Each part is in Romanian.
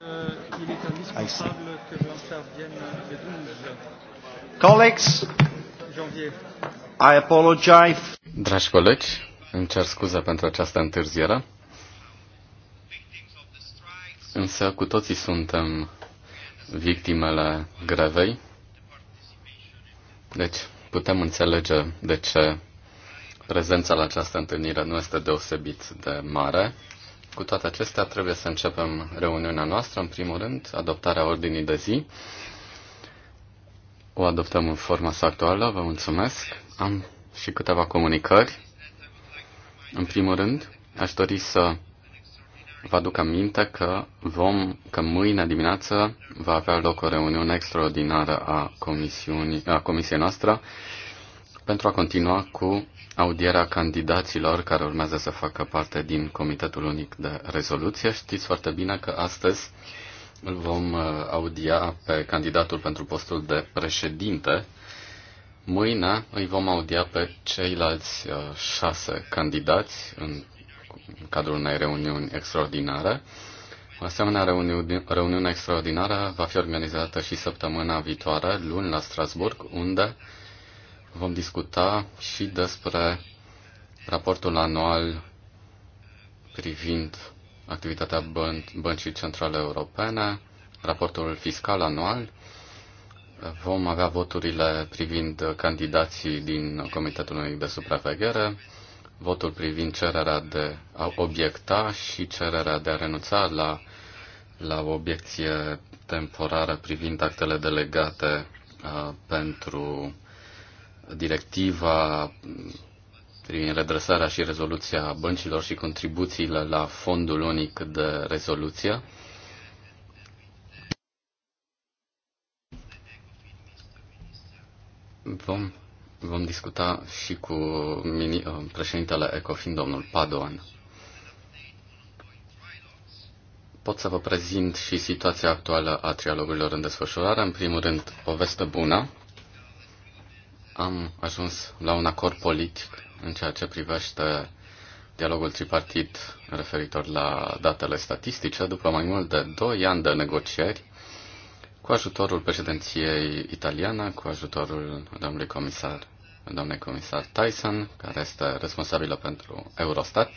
Euh, il Colleagues, I apologize. Dragi colegi, îmi cer scuze pentru această întârziere. Însă cu toții suntem victimele grevei. Deci putem înțelege de ce prezența la această întâlnire nu este deosebit de mare, cu toate acestea, trebuie să începem reuniunea noastră. În primul rând, adoptarea ordinii de zi. O adoptăm în forma sa actuală, vă mulțumesc. Am și câteva comunicări. În primul rând, aș dori să vă aduc aminte că, vom, că mâine dimineață va avea loc o reuniune extraordinară a, a comisiei noastre pentru a continua cu audierea candidaților care urmează să facă parte din Comitetul Unic de Rezoluție. Știți foarte bine că astăzi îl vom uh, audia pe candidatul pentru postul de președinte. Mâine îi vom audia pe ceilalți uh, șase candidați în cadrul unei reuniuni extraordinare. O asemenea reuniune, reuniune extraordinară va fi organizată și săptămâna viitoare, luni la Strasburg, unde vom discuta și despre raportul anual privind activitatea Băncii Centrale Europene, raportul fiscal anual. Vom avea voturile privind candidații din Comitetul de Supraveghere, votul privind cererea de a obiecta și cererea de a renunța la, la o obiecție temporară privind actele delegate uh, pentru directiva privind redresarea și rezoluția băncilor și contribuțiile la fondul unic de rezoluție. Vom, vom discuta și cu mini, uh, președintele Ecofin, domnul Padoan. Pot să vă prezint și situația actuală a trialogurilor în desfășurare. În primul rând, o veste bună am ajuns la un acord politic în ceea ce privește dialogul tripartit referitor la datele statistice după mai mult de 2 ani de negocieri cu ajutorul președinției italiană, cu ajutorul domnului comisar, domnului comisar Tyson, care este responsabilă pentru Eurostat,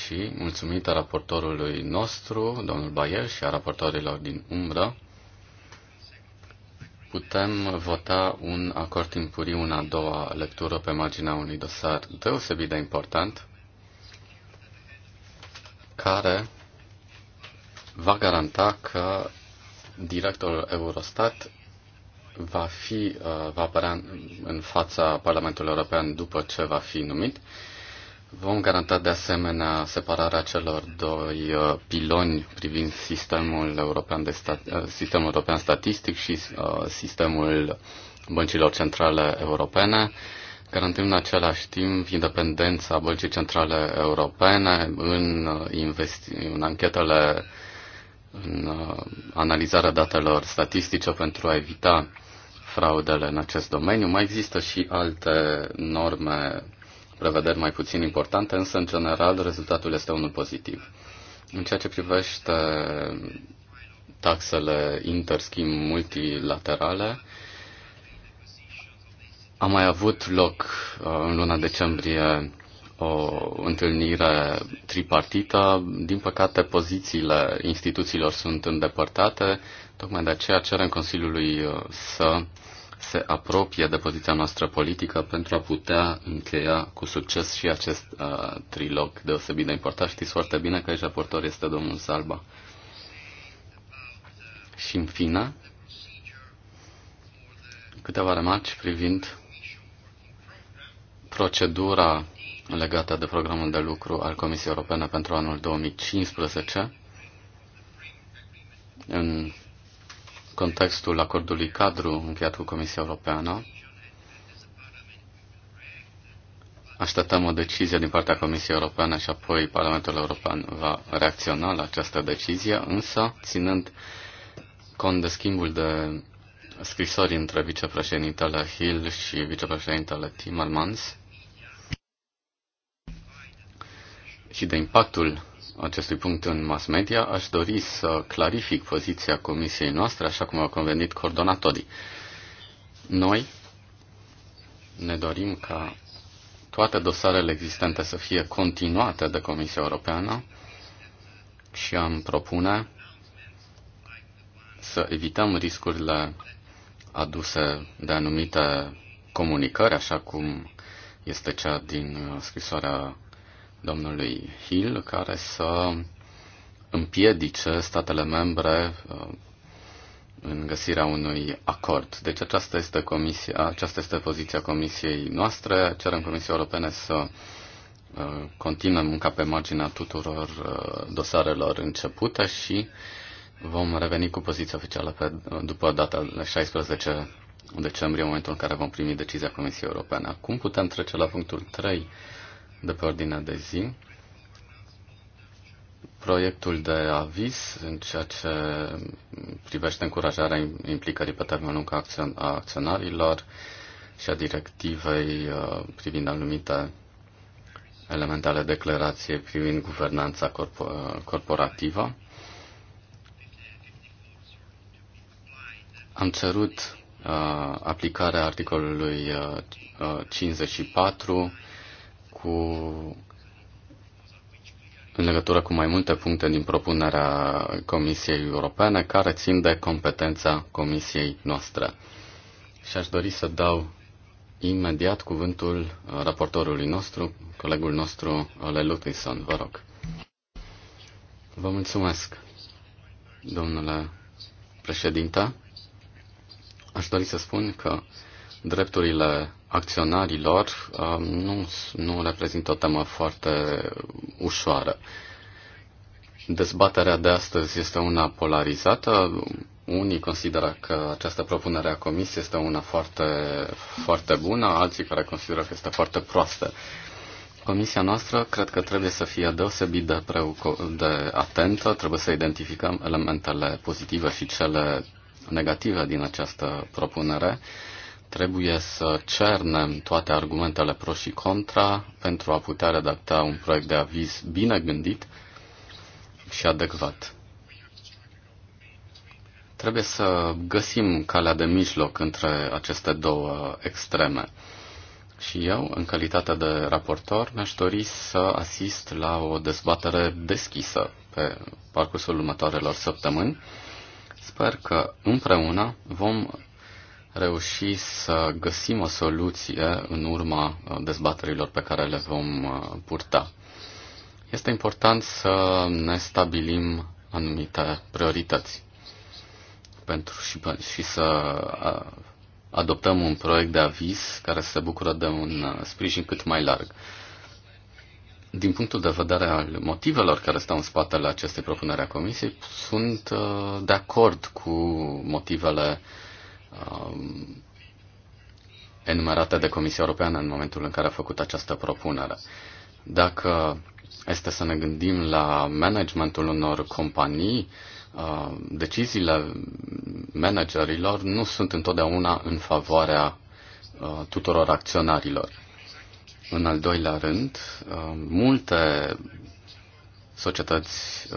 și mulțumită raportorului nostru, domnul Bayer, și a raportorilor din umbră, putem vota un acord timpuriu în a doua lectură pe marginea unui dosar deosebit de important, care va garanta că directorul Eurostat va, fi, uh, va apărea în fața Parlamentului European după ce va fi numit Vom garanta de asemenea separarea celor doi uh, piloni privind sistemul european, de stat, uh, sistemul european statistic și uh, sistemul băncilor centrale europene, Garantăm în același timp independența băncii centrale europene în, investi- în anchetele, în analizarea datelor statistice pentru a evita fraudele în acest domeniu. Mai există și alte norme prevederi mai puțin importante, însă, în general, rezultatul este unul pozitiv. În ceea ce privește taxele interschimb multilaterale, a mai avut loc uh, în luna decembrie o întâlnire tripartită. Din păcate, pozițiile instituțiilor sunt îndepărtate. Tocmai de aceea cerem Consiliului uh, să se apropie de poziția noastră politică pentru a putea încheia cu succes și acest uh, trilog deosebit de important. Știți foarte bine că aici raportor este domnul Salba. Și în fine, câteva remarci privind procedura legată de programul de lucru al Comisiei Europene pentru anul 2015 în contextul acordului cadru încheiat cu Comisia Europeană, Așteptăm o decizie din partea Comisiei Europene și apoi Parlamentul European va reacționa la această decizie, însă ținând cont de schimbul de scrisori între vicepreședintele Hill și vicepreședintele Timmermans și de impactul acestui punct în mass media, aș dori să clarific poziția comisiei noastre, așa cum au convenit coordonatorii. Noi ne dorim ca toate dosarele existente să fie continuate de Comisia Europeană și am propune să evităm riscurile aduse de anumite comunicări, așa cum este cea din scrisoarea domnului Hill care să împiedice statele membre uh, în găsirea unui acord. Deci aceasta este, comisia, aceasta este poziția Comisiei noastre. Cerem Comisiei Europene să uh, continue munca pe marginea tuturor uh, dosarelor începute și vom reveni cu poziția oficială pe, după data 16 decembrie, în momentul în care vom primi decizia Comisiei Europene. Acum putem trece la punctul 3 de pe ordinea de zi. Proiectul de aviz în ceea ce privește încurajarea implicării pe termen lung a acționarilor și a directivei uh, privind anumite elemente ale declarației privind guvernanța corporativă. Am cerut uh, aplicarea articolului uh, 54 cu în legătură cu mai multe puncte din propunerea Comisiei Europene care țin de competența Comisiei noastre. Și aș dori să dau imediat cuvântul raportorului nostru, colegul nostru, Ole Lutison, vă rog. Vă mulțumesc, domnule președinte. Aș dori să spun că drepturile acționarilor um, nu, nu reprezintă o temă foarte ușoară. Dezbaterea de astăzi este una polarizată. Unii consideră că această propunere a comisiei este una foarte, foarte bună, alții care consideră că este foarte proastă. Comisia noastră cred că trebuie să fie deosebit de, preuco- de atentă, trebuie să identificăm elementele pozitive și cele negative din această propunere Trebuie să cernem toate argumentele pro și contra pentru a putea redacta un proiect de aviz bine gândit și adecvat. Trebuie să găsim calea de mijloc între aceste două extreme. Și eu, în calitate de raportor, mi-aș dori să asist la o dezbatere deschisă pe parcursul următoarelor săptămâni. Sper că împreună vom reuși să găsim o soluție în urma uh, dezbaterilor pe care le vom uh, purta. Este important să ne stabilim anumite priorități pentru și, și să uh, adoptăm un proiect de aviz care se bucură de un sprijin cât mai larg. Din punctul de vedere al motivelor care stau în spatele acestei propuneri a Comisiei, sunt de acord cu motivele uh, Um, enumerate de Comisia Europeană în momentul în care a făcut această propunere. Dacă este să ne gândim la managementul unor companii, uh, deciziile managerilor nu sunt întotdeauna în favoarea uh, tuturor acționarilor. În al doilea rând, uh, multe societăți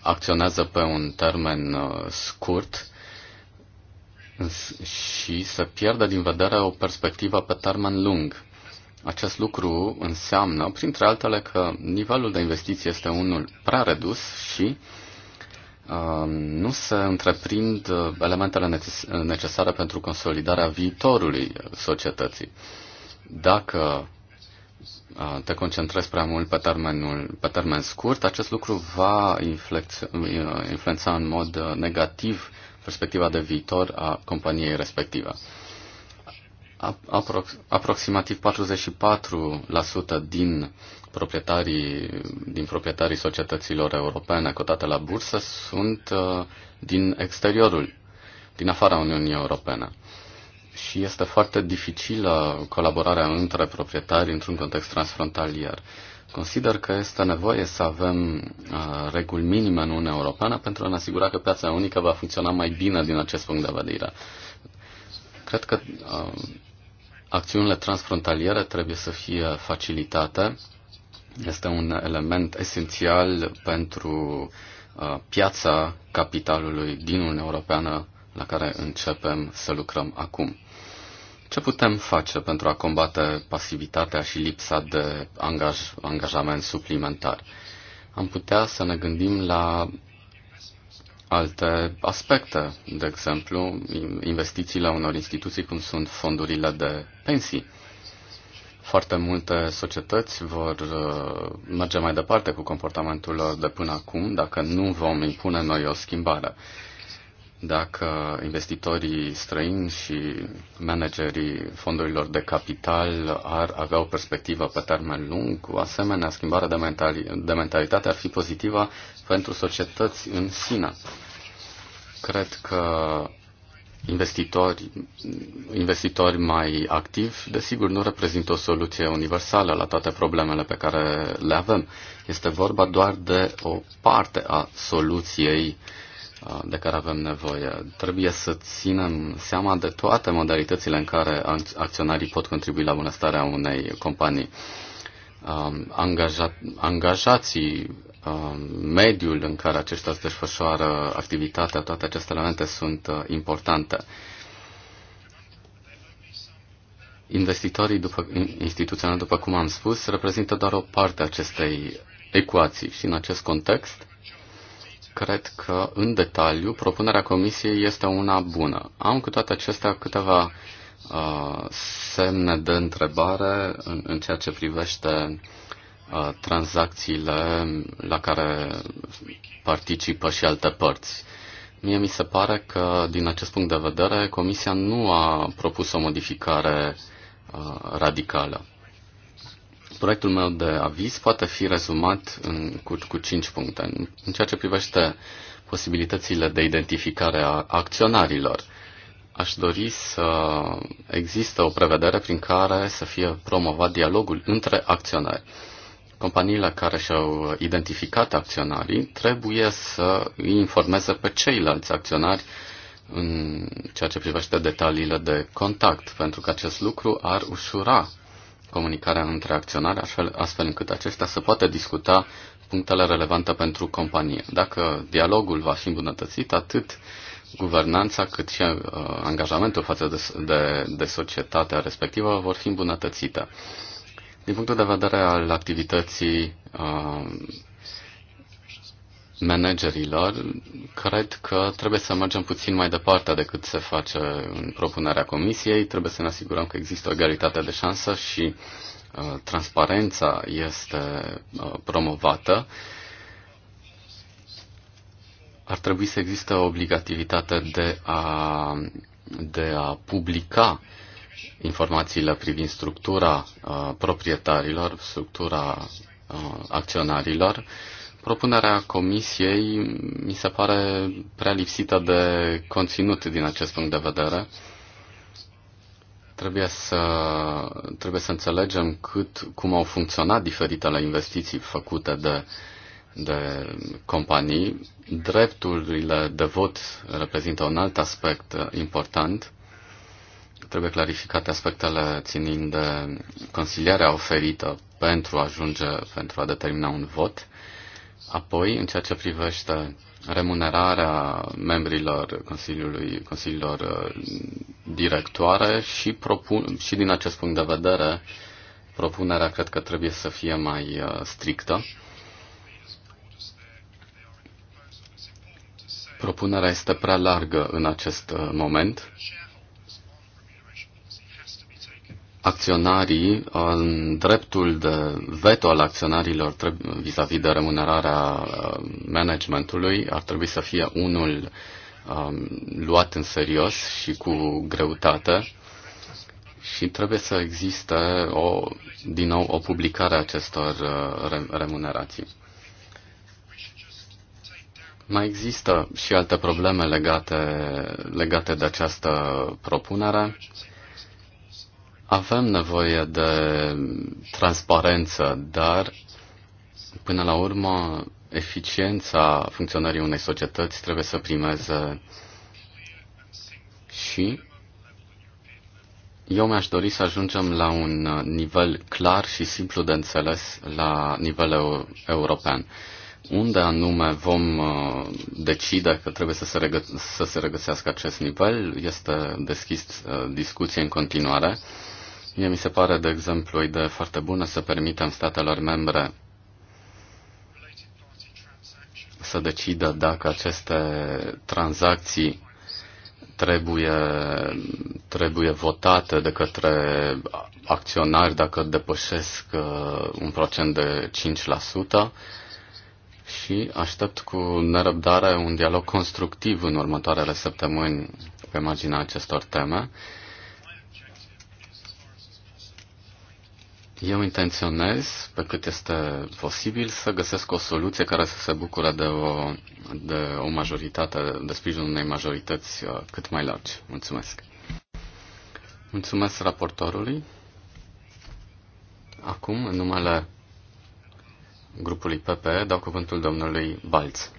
acționează pe un termen scurt și să pierdă din vedere o perspectivă pe termen lung. Acest lucru înseamnă, printre altele, că nivelul de investiție este unul prea redus și uh, nu se întreprind uh, elementele necesare pentru consolidarea viitorului societății. Dacă uh, te concentrezi prea mult pe, termenul, pe termen scurt, acest lucru va uh, influența în mod negativ perspectiva de viitor a companiei respective. Aprox- aproximativ 44% din proprietarii, din proprietarii societăților europene cotate la bursă sunt uh, din exteriorul, din afara Uniunii Europene. Și este foarte dificilă colaborarea între proprietari într-un context transfrontalier. Consider că este nevoie să avem uh, reguli minime în Uniunea Europeană pentru a ne asigura că piața unică va funcționa mai bine din acest punct de vedere. Cred că uh, acțiunile transfrontaliere trebuie să fie facilitate. Este un element esențial pentru uh, piața capitalului din Uniunea Europeană la care începem să lucrăm acum. Ce putem face pentru a combate pasivitatea și lipsa de angaj, angajament suplimentar? Am putea să ne gândim la alte aspecte, de exemplu, investițiile unor instituții cum sunt fondurile de pensii. Foarte multe societăți vor uh, merge mai departe cu comportamentul lor de până acum dacă nu vom impune noi o schimbare dacă investitorii străini și managerii fondurilor de capital ar avea o perspectivă pe termen lung, o asemenea schimbare de, mentali- de mentalitate ar fi pozitivă pentru societăți în sine. Cred că investitori, investitori mai activi, desigur, nu reprezintă o soluție universală la toate problemele pe care le avem. Este vorba doar de o parte a soluției uh, de care avem nevoie. Trebuie să ținem seama de toate modalitățile în care acționarii pot contribui la bunăstarea unei companii. angajații, mediul în care aceștia se desfășoară activitatea, toate aceste elemente sunt importante. Investitorii după, instituționali, după cum am spus, reprezintă doar o parte a acestei ecuații și în acest context cred că, în detaliu, propunerea Comisiei este una bună. Am cu toate acestea câteva uh, semne de întrebare în, în ceea ce privește uh, tranzacțiile la care participă și alte părți. Mie mi se pare că, din acest punct de vedere, Comisia nu a propus o modificare uh, radicală proiectul meu de aviz poate fi rezumat în, cu, cu cinci puncte. În ceea ce privește posibilitățile de identificare a acționarilor, aș dori să există o prevedere prin care să fie promovat dialogul între acționari. Companiile care și-au identificat acționarii trebuie să îi informeze pe ceilalți acționari în ceea ce privește detaliile de contact, pentru că acest lucru ar ușura comunicarea între acționari, astfel, astfel încât aceștia să poată discuta punctele relevante pentru companie. Dacă dialogul va fi îmbunătățit, atât guvernanța cât și uh, angajamentul față de, de, de societatea respectivă vor fi îmbunătățite. Din punctul de vedere al activității uh, managerilor, cred că trebuie să mergem puțin mai departe decât se face în propunerea comisiei. Trebuie să ne asigurăm că există o egalitate de șansă și uh, transparența este uh, promovată. Ar trebui să existe o obligativitate de a, de a publica informațiile privind structura uh, proprietarilor, structura uh, acționarilor. Uh, Propunerea comisiei mi se pare prea lipsită de conținut din acest punct de vedere. Trebuie să, trebuie să înțelegem cât, cum au funcționat diferitele investiții făcute de, de companii. Drepturile de vot reprezintă un alt aspect important. Trebuie clarificate aspectele ținind de consilierea oferită pentru a ajunge, pentru a determina un vot Apoi, în ceea ce privește remunerarea membrilor Consiliului, Consiliilor uh, Directoare și, propun, și din acest punct de vedere, propunerea cred că trebuie să fie mai uh, strictă. Propunerea este prea largă în acest uh, moment acționarii, dreptul de veto al acționarilor vis-a-vis -vis de remunerarea uh, managementului ar trebui să fie unul um, luat în serios și cu greutate și trebuie să existe o, din nou o publicare a acestor uh, remunerații. Mai există și alte probleme legate, legate de această propunere. Avem nevoie de transparență, dar până la urmă eficiența funcționării unei societăți trebuie să primeze și eu mi-aș dori să ajungem la un nivel clar și simplu de înțeles la nivel european. Unde anume vom uh, decide că trebuie să se, regă- să se regăsească acest nivel este deschis uh, discuție în continuare. Mie mi se pare, de exemplu, o idee foarte bună să permitem statelor membre să decidă dacă aceste tranzacții trebuie, trebuie votate de către acționari dacă depășesc uh, un procent de 5% și aștept cu nerăbdare un dialog constructiv în următoarele săptămâni pe marginea acestor teme Eu intenționez, pe cât este posibil, să găsesc o soluție care să se bucure de o, de o majoritate, de sprijinul unei majorități uh, cât mai largi. Mulțumesc. Mulțumesc raportorului. Acum, în numele grupului PP, dau cuvântul domnului Balț.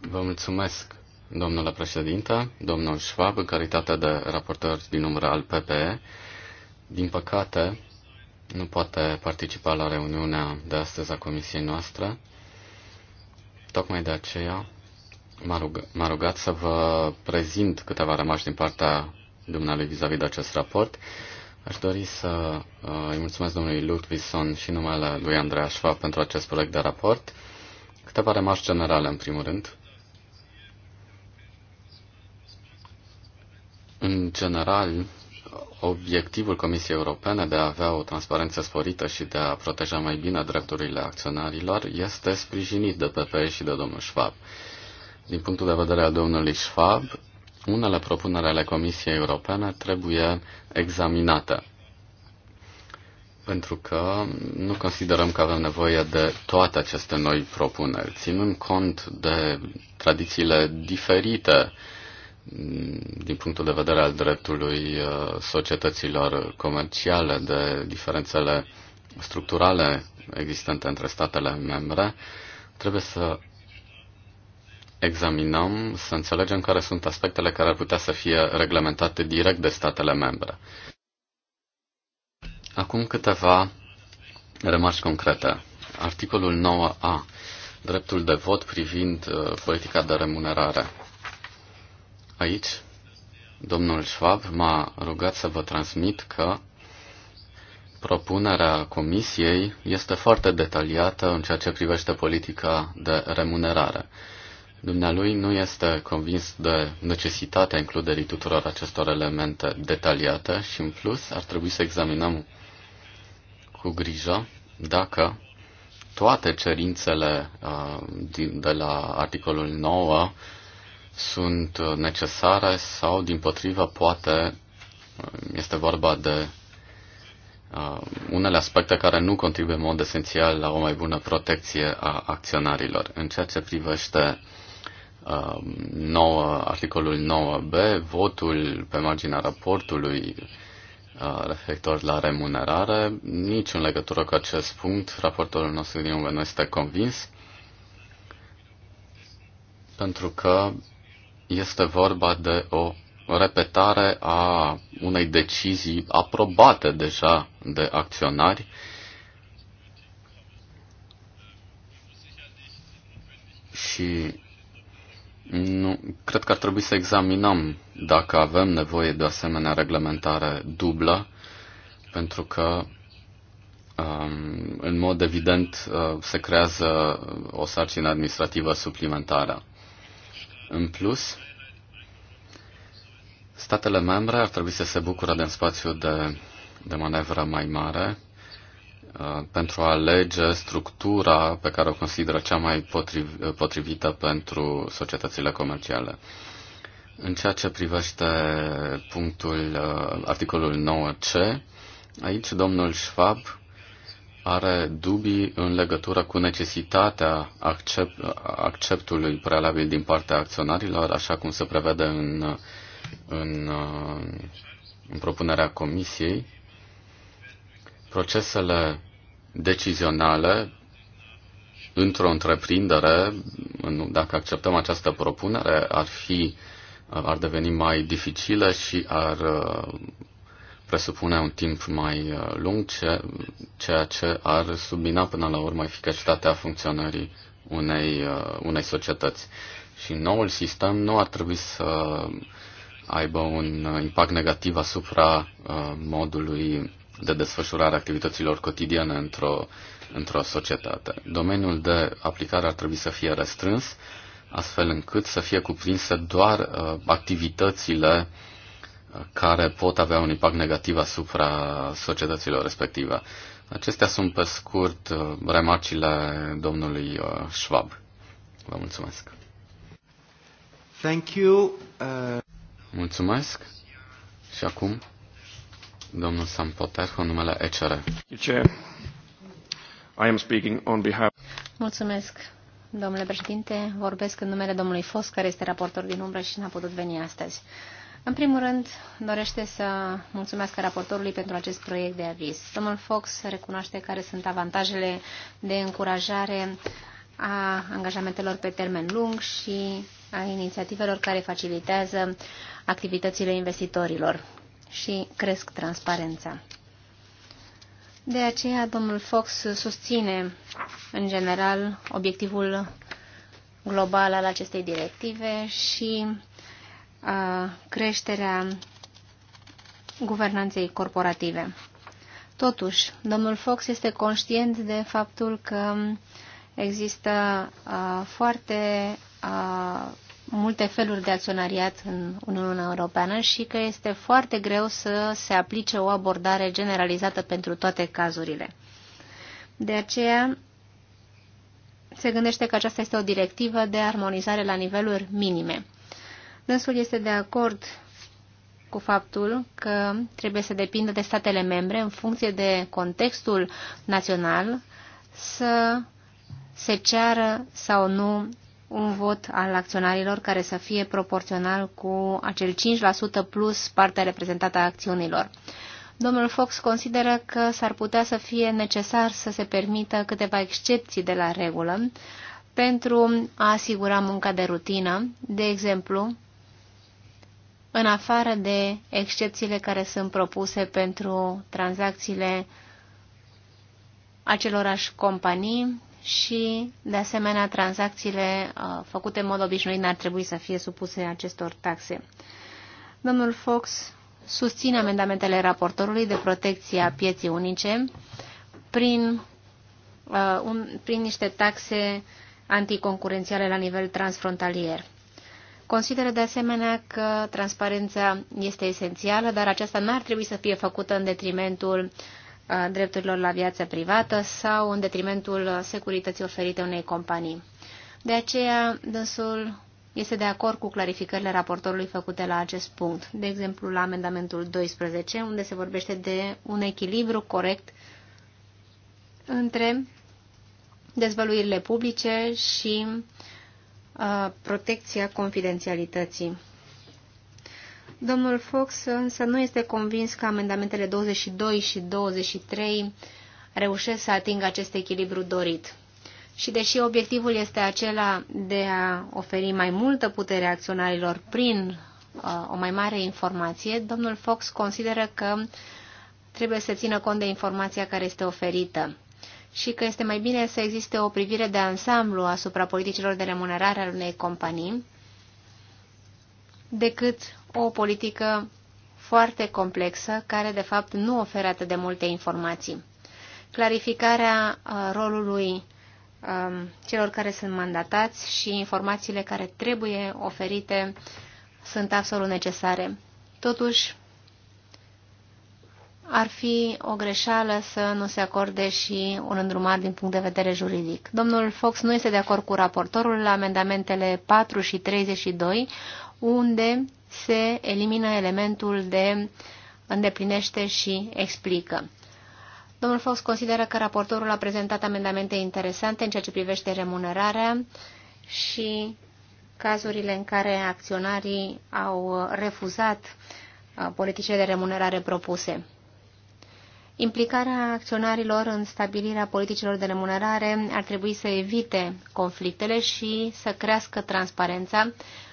Vă mulțumesc, domnule președinte, domnul Schwab, în calitate de raportor din umbră al PPE. Din păcate, nu poate participa la reuniunea de astăzi a comisiei noastre. Tocmai de aceea m-a, rug- rugat să vă prezint câteva rămași din partea dumnealui vis-a-vis -vis de acest raport. Aș dori să uh, îi mulțumesc domnului Ludvison și numele lui Andreea Schwab pentru acest proiect de raport. Câteva rămași generale, în primul rând. În general, obiectivul Comisiei Europene de a avea o transparență sporită și de a proteja mai bine drepturile acționarilor este sprijinit de PPE și de domnul Schwab. Din punctul de vedere al domnului Schwab, unele propuneri ale Comisiei Europene trebuie examinate pentru că nu considerăm că avem nevoie de toate aceste noi propuneri. Ținând cont de tradițiile diferite Mm, din punctul de vedere al dreptului uh, societăților comerciale, de diferențele structurale existente între statele membre, trebuie să examinăm, să înțelegem care sunt aspectele care ar putea să fie reglementate direct de statele membre. Acum câteva remarci concrete. Articolul 9a, dreptul de vot privind uh, politica de remunerare. Aici, domnul Schwab m-a rugat să vă transmit că propunerea comisiei este foarte detaliată în ceea ce privește politica de remunerare. Dumnealui nu este convins de necesitatea includerii tuturor acestor elemente detaliate și, în plus, ar trebui să examinăm cu grijă dacă toate cerințele uh, din, de la articolul 9 sunt uh, necesare sau, din potrivă, poate uh, este vorba de uh, unele aspecte care nu contribuie în mod esențial la o mai bună protecție a acționarilor. În ceea ce privește uh, articolul 9b, votul pe marginea raportului uh, referitor la remunerare, nici în legătură cu acest punct, raportorul nostru din UV nu este convins, pentru că este vorba de o repetare a unei decizii aprobate deja de acționari și nu, cred că ar trebui să examinăm dacă avem nevoie de o asemenea reglementare dublă, pentru că um, în mod evident uh, se creează o sarcină administrativă suplimentară. În plus, statele membre ar trebui să se bucure de un spațiu de, de manevră mai mare uh, pentru a alege structura pe care o consideră cea mai uh, potrivită pentru societățile comerciale. În ceea ce privește punctul, uh, articolul 9c, aici domnul Schwab are dubii în legătură cu necesitatea accept, acceptului prealabil din partea acționarilor, așa cum se prevede în, în, în propunerea comisiei. Procesele decizionale într-o întreprindere, dacă acceptăm această propunere, ar fi ar deveni mai dificile și ar presupune un timp mai uh, lung, ceea ce ar submina până la urmă eficacitatea funcționării unei, uh, unei societăți. Și noul sistem nu ar trebui să aibă un impact negativ asupra uh, modului de desfășurare a activităților cotidiene într-o, într-o societate. Domeniul de aplicare ar trebui să fie restrâns, astfel încât să fie cuprinse doar uh, activitățile uh, care pot avea un impact negativ asupra societăților respective. Acestea sunt, pe scurt, remarcile domnului uh, Schwab. Vă mulțumesc. Thank you. Uh... Mulțumesc. Și acum, domnul Sam Potter, cu numele ECR. I am speaking on behalf... Mulțumesc, domnule președinte. Vorbesc în numele domnului Fos, care este raportor din umbră și n-a putut veni astăzi. Uh, în primul rând, dorește să mulțumesc raportorului pentru acest proiect de aviz. Domnul Fox recunoaște care sunt avantajele de încurajare a angajamentelor pe termen lung și a inițiativelor care facilitează activitățile investitorilor și cresc transparența. De aceea, domnul Fox susține, în general, obiectivul global al acestei directive și creșterea guvernanței corporative. Totuși, domnul Fox este conștient de faptul că există uh, foarte uh, multe feluri de acționariat în Uniunea Europeană și că este foarte greu să se aplice o abordare generalizată pentru toate cazurile. De aceea, se gândește că aceasta este o directivă de armonizare la niveluri minime. Dânsul este de acord cu faptul că trebuie să depindă de statele membre, în funcție de contextul național, să se ceară sau nu un vot al acționarilor care să fie proporțional cu acel 5% plus partea reprezentată a acțiunilor. Domnul Fox consideră că s-ar putea să fie necesar să se permită câteva excepții de la regulă pentru a asigura munca de rutină, de exemplu, în afară de excepțiile care sunt propuse pentru tranzacțiile acelorași companii și, de asemenea, tranzacțiile uh, făcute în mod obișnuit n-ar trebui să fie supuse acestor taxe. Domnul Fox susține amendamentele raportorului de protecție a pieții unice prin, uh, un, prin niște taxe anticoncurențiale la nivel transfrontalier. Consideră de asemenea că transparența este esențială, dar aceasta n-ar trebui să fie făcută în detrimentul uh, drepturilor la viață privată sau în detrimentul securității oferite unei companii. De aceea, dânsul este de acord cu clarificările raportorului făcute la acest punct, de exemplu la amendamentul 12, unde se vorbește de un echilibru corect între dezvăluirile publice și protecția confidențialității. Domnul Fox însă nu este convins că amendamentele 22 și 23 reușesc să atingă acest echilibru dorit. Și deși obiectivul este acela de a oferi mai multă putere acționarilor prin o mai mare informație, domnul Fox consideră că trebuie să țină cont de informația care este oferită și că este mai bine să existe o privire de ansamblu asupra politicilor de remunerare al unei companii decât o politică foarte complexă, care de fapt nu oferă atât de multe informații. Clarificarea uh, rolului um, celor care sunt mandatați și informațiile care trebuie oferite sunt absolut necesare. Totuși, ar fi o greșeală să nu se acorde și un îndrumat din punct de vedere juridic. Domnul Fox nu este de acord cu raportorul la amendamentele 4 și 32, unde se elimină elementul de îndeplinește și explică. Domnul Fox consideră că raportorul a prezentat amendamente interesante în ceea ce privește remunerarea și cazurile în care acționarii au refuzat uh, politicile de remunerare propuse. Implicarea acționarilor în stabilirea politicilor de remunerare ar trebui să evite conflictele și să crească transparența,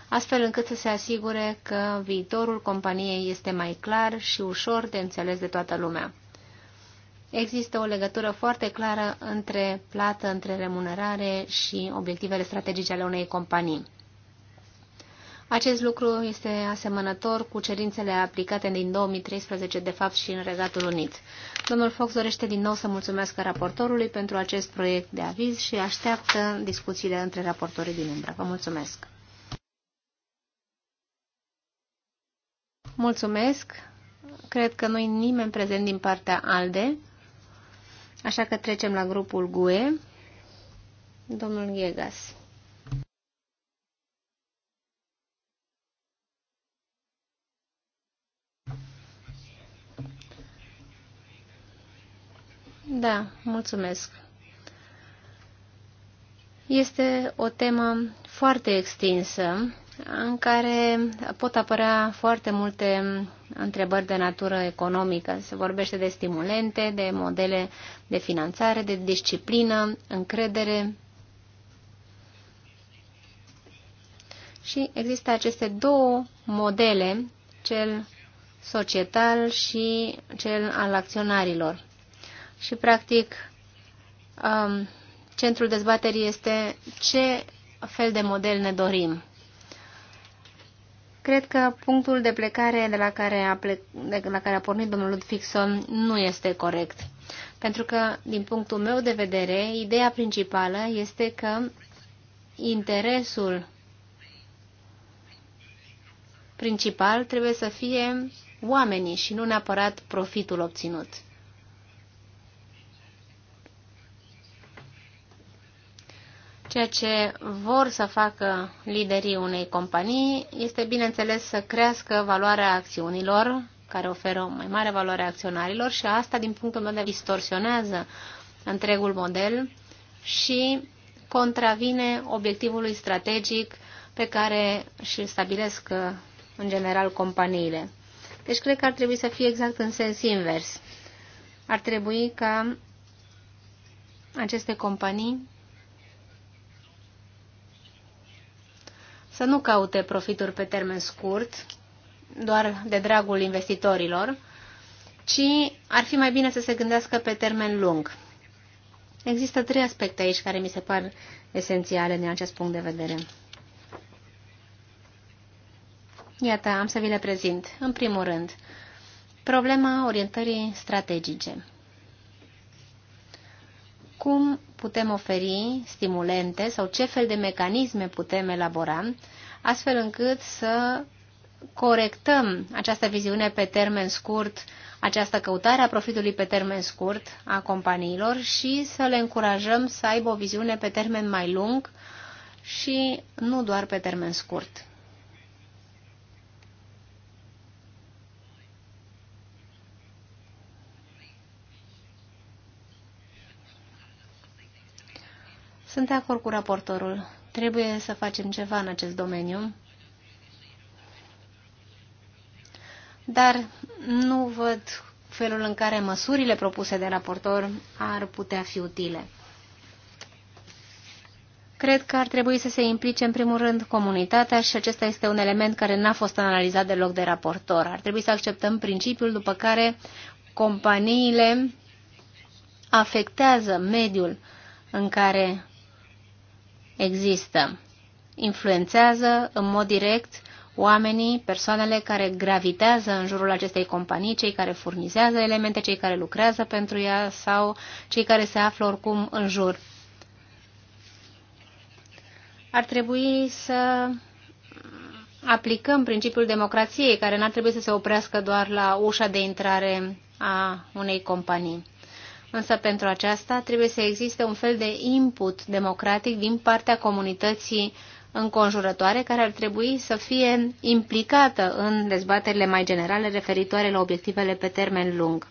astfel încât să se asigure că viitorul companiei este mai clar și ușor de înțeles de toată lumea. Există o legătură foarte clară între plată, între remunerare și obiectivele strategice ale unei companii. Acest lucru este asemănător cu cerințele aplicate din 2013, de fapt, și în Regatul Unit. Domnul Fox dorește din nou să mulțumesc raportorului pentru acest proiect de aviz și așteaptă discuțiile între raportorii din umbră. Vă mulțumesc! Mulțumesc! Cred că nu-i nimeni prezent din partea ALDE, așa că trecem la grupul GUE. Domnul Ghegas. Da, mulțumesc. Este o temă foarte extinsă în care pot apărea foarte multe întrebări de natură economică. Se vorbește de stimulente, de modele de finanțare, de disciplină, încredere. Și există aceste două modele, cel societal și cel al acționarilor și, practic, um, centrul dezbaterii este ce fel de model ne dorim. Cred că punctul de plecare de la care a, plec, de la care a pornit domnul Ludfixon nu este corect. Pentru că, din punctul meu de vedere, ideea principală este că interesul principal trebuie să fie oamenii și nu neapărat profitul obținut. Ceea ce vor să facă liderii unei companii este, bineînțeles, să crească valoarea acțiunilor, care oferă o mai mare valoare acționarilor și asta, din punctul meu de vedere, distorsionează întregul model și contravine obiectivului strategic pe care și stabilesc în general companiile. Deci cred că ar trebui să fie exact în sens invers. Ar trebui ca aceste companii să nu caute profituri pe termen scurt, doar de dragul investitorilor, ci ar fi mai bine să se gândească pe termen lung. Există trei aspecte aici care mi se par esențiale din acest punct de vedere. Iată, am să vi le prezint. În primul rând, problema orientării strategice. Cum putem oferi stimulente sau ce fel de mecanisme putem elabora, astfel încât să corectăm această viziune pe termen scurt, această căutare a profitului pe termen scurt a companiilor și să le încurajăm să aibă o viziune pe termen mai lung și nu doar pe termen scurt. Sunt de acord cu raportorul. Trebuie să facem ceva în acest domeniu. Dar nu văd felul în care măsurile propuse de raportor ar putea fi utile. Cred că ar trebui să se implice în primul rând comunitatea și acesta este un element care n-a fost analizat deloc de raportor. Ar trebui să acceptăm principiul după care companiile afectează mediul în care există. Influențează în mod direct oamenii, persoanele care gravitează în jurul acestei companii, cei care furnizează elemente, cei care lucrează pentru ea sau cei care se află oricum în jur. Ar trebui să aplicăm principiul democrației, care n-ar trebui să se oprească doar la ușa de intrare a unei companii. Însă pentru aceasta trebuie să existe un fel de input democratic din partea comunității înconjurătoare care ar trebui să fie implicată în dezbaterile mai generale referitoare la obiectivele pe termen lung.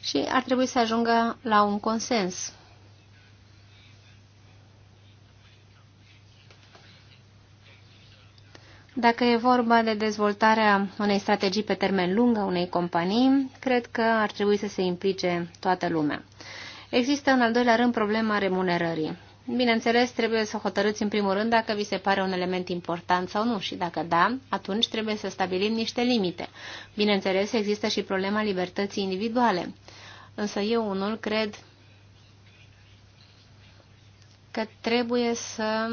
Și ar trebui să ajungă la un consens Dacă e vorba de dezvoltarea unei strategii pe termen lung a unei companii, cred că ar trebui să se implice toată lumea. Există în al doilea rând problema remunerării. Bineînțeles, trebuie să hotărâți în primul rând dacă vi se pare un element important sau nu și dacă da, atunci trebuie să stabilim niște limite. Bineînțeles, există și problema libertății individuale. Însă eu unul cred că trebuie să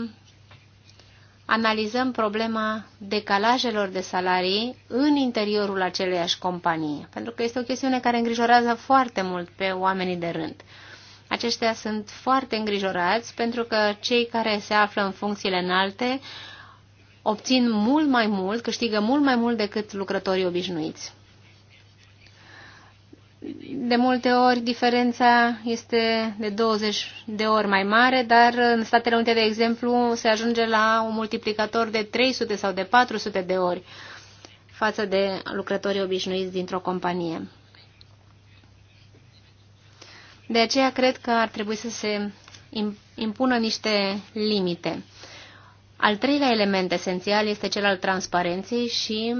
analizăm problema decalajelor de salarii în interiorul aceleiași companii, pentru că este o chestiune care îngrijorează foarte mult pe oamenii de rând. Aceștia sunt foarte îngrijorați pentru că cei care se află în funcțiile înalte obțin mult mai mult, câștigă mult mai mult decât lucrătorii obișnuiți. De multe ori diferența este de 20 de ori mai mare, dar în Statele Unite, de exemplu, se ajunge la un multiplicator de 300 sau de 400 de ori față de lucrătorii obișnuiți dintr-o companie. De aceea cred că ar trebui să se impună niște limite. Al treilea element esențial este cel al transparenței și,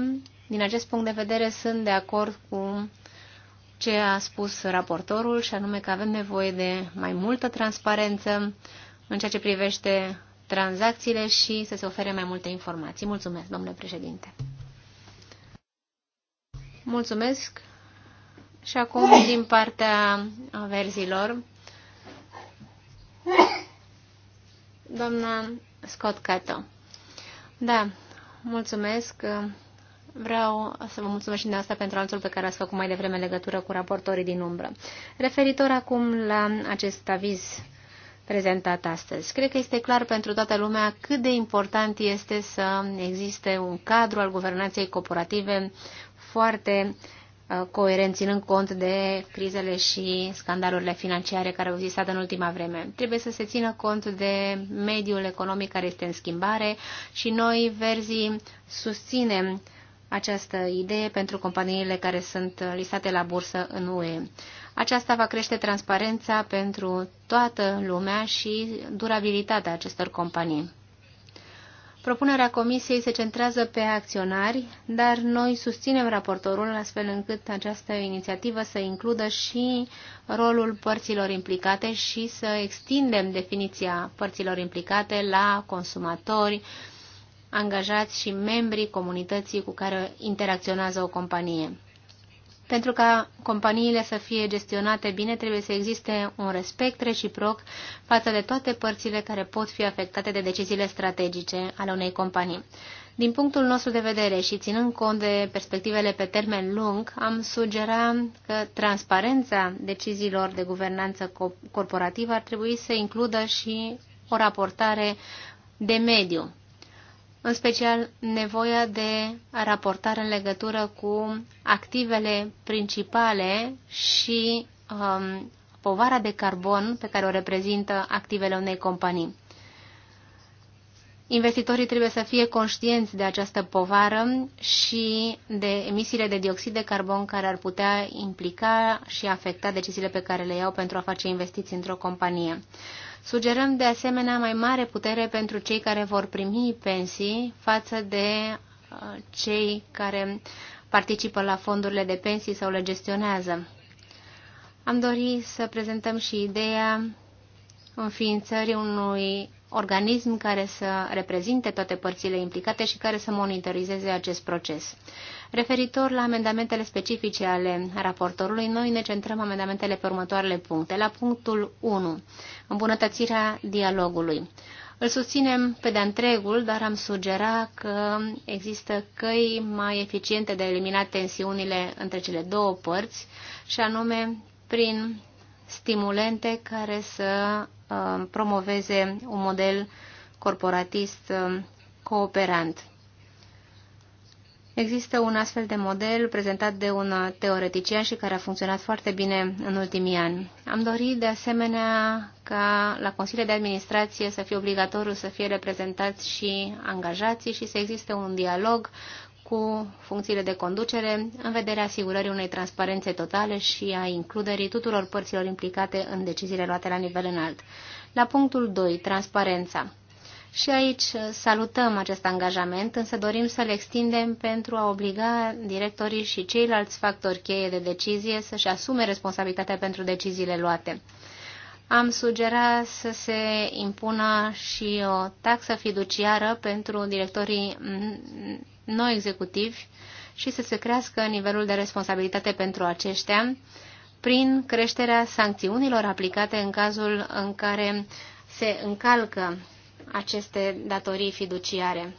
din acest punct de vedere, sunt de acord cu ce a spus raportorul și anume că avem nevoie de mai multă transparență în ceea ce privește tranzacțiile și să se ofere mai multe informații. Mulțumesc, domnule președinte. Mulțumesc. Și acum, din partea verzilor, doamna Scott Cato. Da, mulțumesc. Vreau să vă mulțumesc și de asta pentru anunțul pe care ați făcut mai devreme legătură cu raportorii din umbră. Referitor acum la acest aviz prezentat astăzi. Cred că este clar pentru toată lumea cât de important este să existe un cadru al guvernanței corporative foarte uh, coerent, ținând cont de crizele și scandalurile financiare care au existat în ultima vreme. Trebuie să se țină cont de mediul economic care este în schimbare și noi, verzii, susținem această idee pentru companiile care sunt listate la bursă în UE. Aceasta va crește transparența pentru toată lumea și durabilitatea acestor companii. Propunerea comisiei se centrează pe acționari, dar noi susținem raportorul astfel încât această inițiativă să includă și rolul părților implicate și să extindem definiția părților implicate la consumatori, angajați și membrii comunității cu care interacționează o companie. Pentru ca companiile să fie gestionate bine, trebuie să existe un respect reciproc față de toate părțile care pot fi afectate de deciziile strategice ale unei companii. Din punctul nostru de vedere și ținând cont de perspectivele pe termen lung, am sugera că transparența deciziilor de guvernanță corporativă ar trebui să includă și o raportare de mediu în special nevoia de raportare în legătură cu activele principale și um, povara de carbon pe care o reprezintă activele unei companii. Investitorii trebuie să fie conștienți de această povară și de emisiile de dioxid de carbon care ar putea implica și afecta deciziile pe care le iau pentru a face investiții într-o companie. Sugerăm de asemenea mai mare putere pentru cei care vor primi pensii față de uh, cei care participă la fondurile de pensii sau le gestionează. Am dorit să prezentăm și ideea înființării unui organism care să reprezinte toate părțile implicate și care să monitorizeze acest proces. Referitor la amendamentele specifice ale raportorului, noi ne centrăm amendamentele pe următoarele puncte. La punctul 1, îmbunătățirea dialogului. Îl susținem pe de întregul, dar am sugera că există căi mai eficiente de a elimina tensiunile între cele două părți, și anume prin stimulente care să uh, promoveze un model corporatist uh, cooperant. Există un astfel de model prezentat de un teoretician și care a funcționat foarte bine în ultimii ani. Am dorit de asemenea ca la Consiliul de Administrație să fie obligatoriu să fie reprezentați și angajații și să existe un dialog cu funcțiile de conducere în vederea asigurării unei transparențe totale și a includerii tuturor părților implicate în deciziile luate la nivel înalt. La punctul 2, transparența. Și aici uh, salutăm acest angajament, însă dorim să-l extindem pentru a obliga directorii și ceilalți factori cheie de decizie să-și asume responsabilitatea pentru deciziile luate. Am sugerat să se impună și o taxă fiduciară pentru directorii noi executivi și să se crească nivelul de responsabilitate pentru aceștia prin creșterea sancțiunilor aplicate în cazul în care se încalcă aceste datorii fiduciare.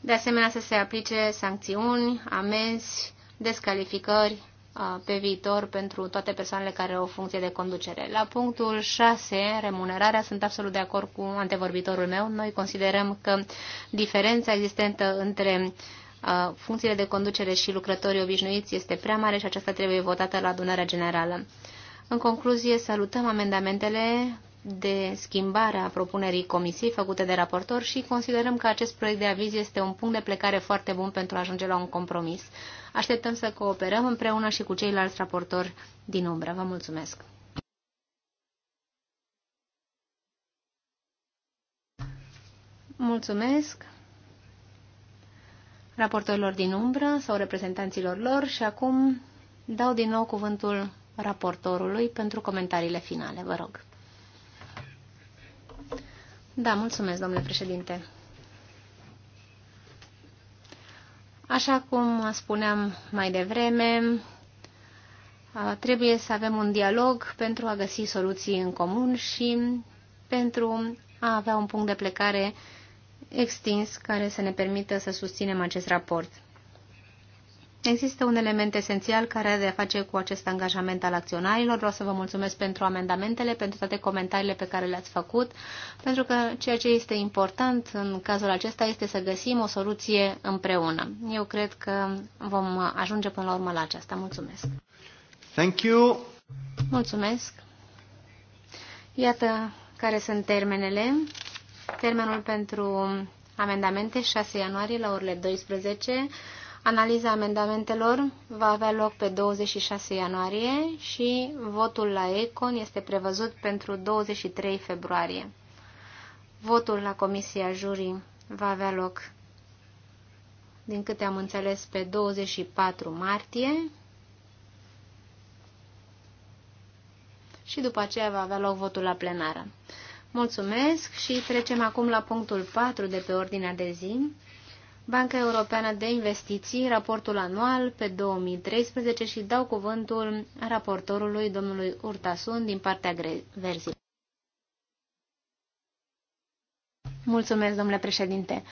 De asemenea, să se aplice sancțiuni, amenzi, descalificări pe viitor pentru toate persoanele care au funcție de conducere. La punctul 6, remunerarea, sunt absolut de acord cu antevorbitorul meu. Noi considerăm că diferența existentă între funcțiile de conducere și lucrătorii obișnuiți este prea mare și aceasta trebuie votată la adunarea generală. În concluzie, salutăm amendamentele de schimbare a propunerii comisiei făcute de raportor și considerăm că acest proiect de aviz este un punct de plecare foarte bun pentru a ajunge la un compromis. Așteptăm să cooperăm împreună și cu ceilalți raportori din umbră. Vă mulțumesc! Mulțumesc raportorilor din umbră sau reprezentanților lor și acum dau din nou cuvântul raportorului pentru comentariile finale. Vă rog. Da, mulțumesc, domnule președinte. Așa cum spuneam mai devreme, trebuie să avem un dialog pentru a găsi soluții în comun și pentru a avea un punct de plecare extins care să ne permită să susținem acest raport. Există un element esențial care are de a face cu acest angajament al acționarilor. Vreau să vă mulțumesc pentru amendamentele, pentru toate comentariile pe care le-ați făcut, pentru că ceea ce este important în cazul acesta este să găsim o soluție împreună. Eu cred că vom ajunge până la urmă la aceasta. Mulțumesc! Thank you! Mulțumesc! Iată care sunt termenele. Termenul pentru amendamente 6 ianuarie la orele 12 Analiza amendamentelor va avea loc pe 26 ianuarie și votul la ECON este prevăzut pentru 23 februarie. Votul la Comisia Jurii va avea loc, din câte am înțeles, pe 24 martie și după aceea va avea loc votul la plenară. Mulțumesc și trecem acum la punctul 4 de pe ordinea de zi. Banca Europeană de Investiții, raportul anual pe 2013 și dau cuvântul raportorului domnului Urtasun din partea verzii. Mulțumesc, domnule președinte.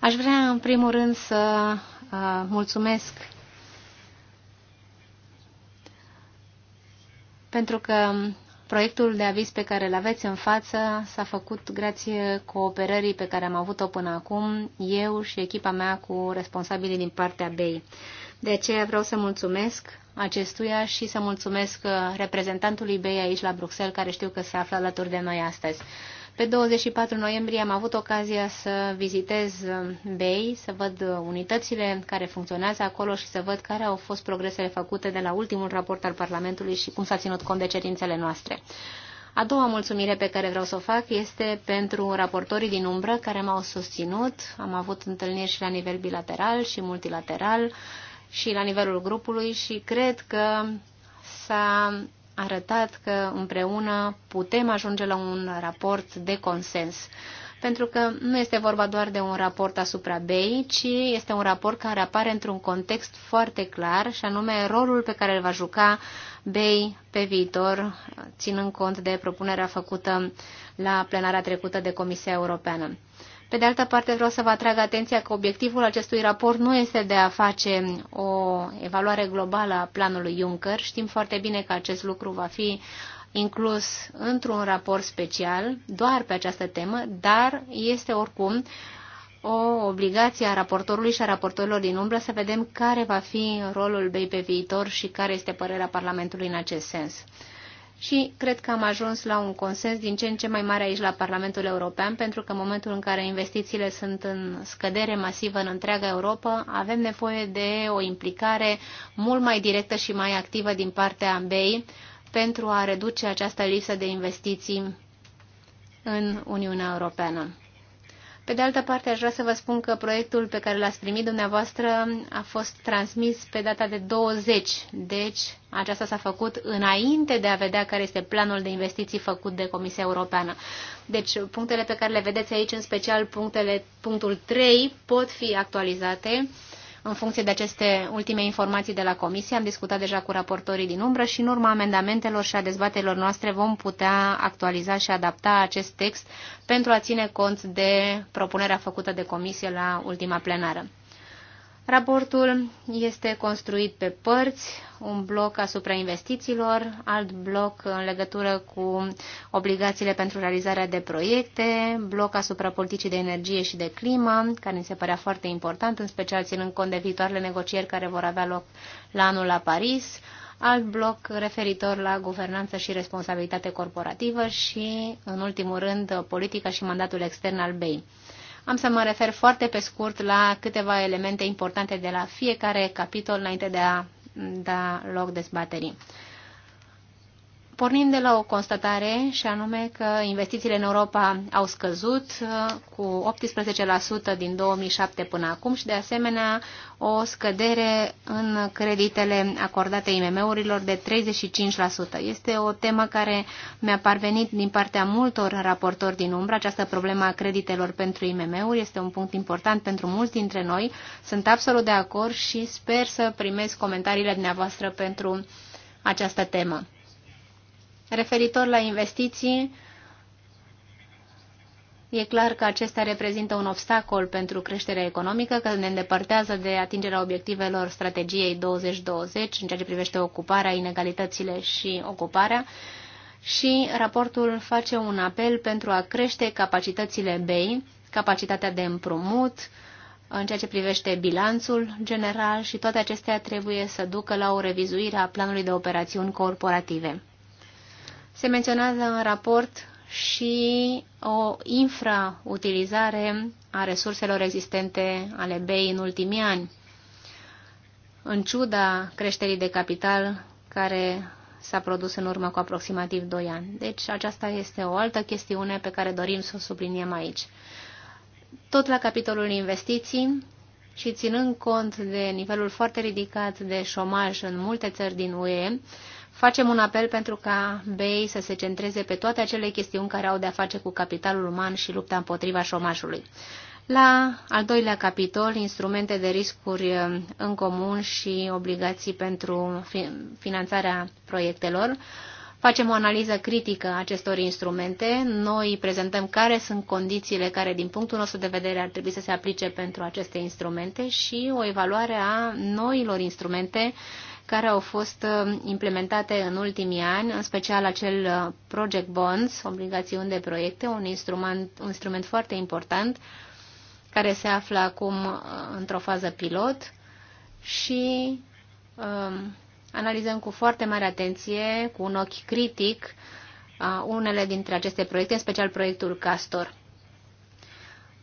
Aș vrea, în primul rând, să uh, mulțumesc pentru că Proiectul de aviz pe care îl aveți în față s-a făcut grație cooperării pe care am avut-o până acum, eu și echipa mea cu responsabilii din partea BEI. De aceea vreau să mulțumesc acestuia și să mulțumesc reprezentantului BEI aici la Bruxelles, care știu că se află alături de noi astăzi. Pe 24 noiembrie am avut ocazia să vizitez um, BEI, să văd uh, unitățile care funcționează acolo și să văd care au fost progresele făcute de la ultimul raport al Parlamentului și cum s-a ținut cont de cerințele noastre. A doua mulțumire pe care vreau să o fac este pentru raportorii din umbră care m-au susținut. Am avut întâlniri și la nivel bilateral și multilateral și la nivelul grupului și cred că s-a arătat că împreună putem ajunge la un raport de consens. Pentru că nu este vorba doar de un raport asupra BEI, ci este un raport care apare într-un context foarte clar, și anume rolul pe care îl va juca BEI pe viitor, ținând cont de propunerea făcută la plenara trecută de Comisia Europeană. Pe de altă parte, vreau să vă atrag atenția că obiectivul acestui raport nu este de a face o evaluare globală a planului Juncker. Știm foarte bine că acest lucru va fi inclus într-un raport special doar pe această temă, dar este oricum o obligație a raportorului și a raportorilor din umbră să vedem care va fi rolul BEI pe viitor și care este părerea Parlamentului în acest sens și cred că am ajuns la un consens din ce în ce mai mare aici la Parlamentul European, pentru că în momentul în care investițiile sunt în scădere masivă în întreaga Europa, avem nevoie de o implicare mult mai directă și mai activă din partea BEI pentru a reduce această lipsă de investiții în Uniunea Europeană. Pe de altă parte, aș vrea să vă spun că proiectul pe care l-ați primit dumneavoastră a fost transmis pe data de 20, deci aceasta s-a făcut înainte de a vedea care este planul de investiții făcut de Comisia Europeană. Deci, punctele pe care le vedeți aici, în special punctele, punctul 3, pot fi actualizate în funcție de aceste ultime informații de la Comisie. Am discutat deja cu raportorii din umbră și în urma amendamentelor și a dezbatelor noastre vom putea actualiza și adapta acest text pentru a ține cont de propunerea făcută de Comisie la ultima plenară. Raportul este construit pe părți, un bloc asupra investițiilor, alt bloc în legătură cu obligațiile pentru realizarea de proiecte, bloc asupra politicii de energie și de climă, care mi se părea foarte important, în special ținând cont de viitoarele negocieri care vor avea loc la anul la Paris, alt bloc referitor la guvernanță și responsabilitate corporativă și, în ultimul rând, politica și mandatul extern al BEI. Am să mă refer foarte pe scurt la câteva elemente importante de la fiecare capitol înainte de a da loc dezbaterii pornind de la o constatare și anume că investițiile în Europa au scăzut uh, cu 18% din 2007 până acum și de asemenea o scădere în creditele acordate IMM-urilor de 35%. Este o temă care mi-a parvenit din partea multor raportori din umbră, această problemă a creditelor pentru IMM-uri este un punct important pentru mulți dintre noi. Sunt absolut de acord și sper să primesc comentariile dumneavoastră pentru această temă. Referitor la investiții, e clar că acestea reprezintă un obstacol pentru creșterea economică, că ne îndepărtează de atingerea obiectivelor strategiei 2020 în ceea ce privește ocuparea, inegalitățile și ocuparea și raportul face un apel pentru a crește capacitățile BEI, capacitatea de împrumut, în ceea ce privește bilanțul general și toate acestea trebuie să ducă la o revizuire a planului de operațiuni corporative. Se menționează în raport și o infrautilizare a resurselor existente ale BEI în ultimii ani. În ciuda creșterii de capital care s-a produs în urmă cu aproximativ 2 ani. Deci aceasta este o altă chestiune pe care dorim să o subliniem aici. Tot la capitolul investiții și ținând cont de nivelul foarte ridicat de șomaj în multe țări din UE, Facem un apel pentru ca BEI să se centreze pe toate acele chestiuni care au de-a face cu capitalul uman și lupta împotriva șomajului. La al doilea capitol, instrumente de riscuri eh, în comun și obligații pentru finanțarea proiectelor, facem o analiză critică a acestor instrumente. Noi prezentăm care sunt condițiile care, din punctul nostru de vedere, ar trebui să se aplice pentru aceste instrumente și o evaluare a noilor instrumente care au fost uh, implementate în ultimii ani, în special acel uh, Project Bonds, obligațiuni de proiecte, un instrument, un instrument foarte important care se află acum uh, într-o fază pilot și um, analizăm cu foarte mare atenție, cu un ochi critic, unele dintre aceste proiecte, în special proiectul Castor.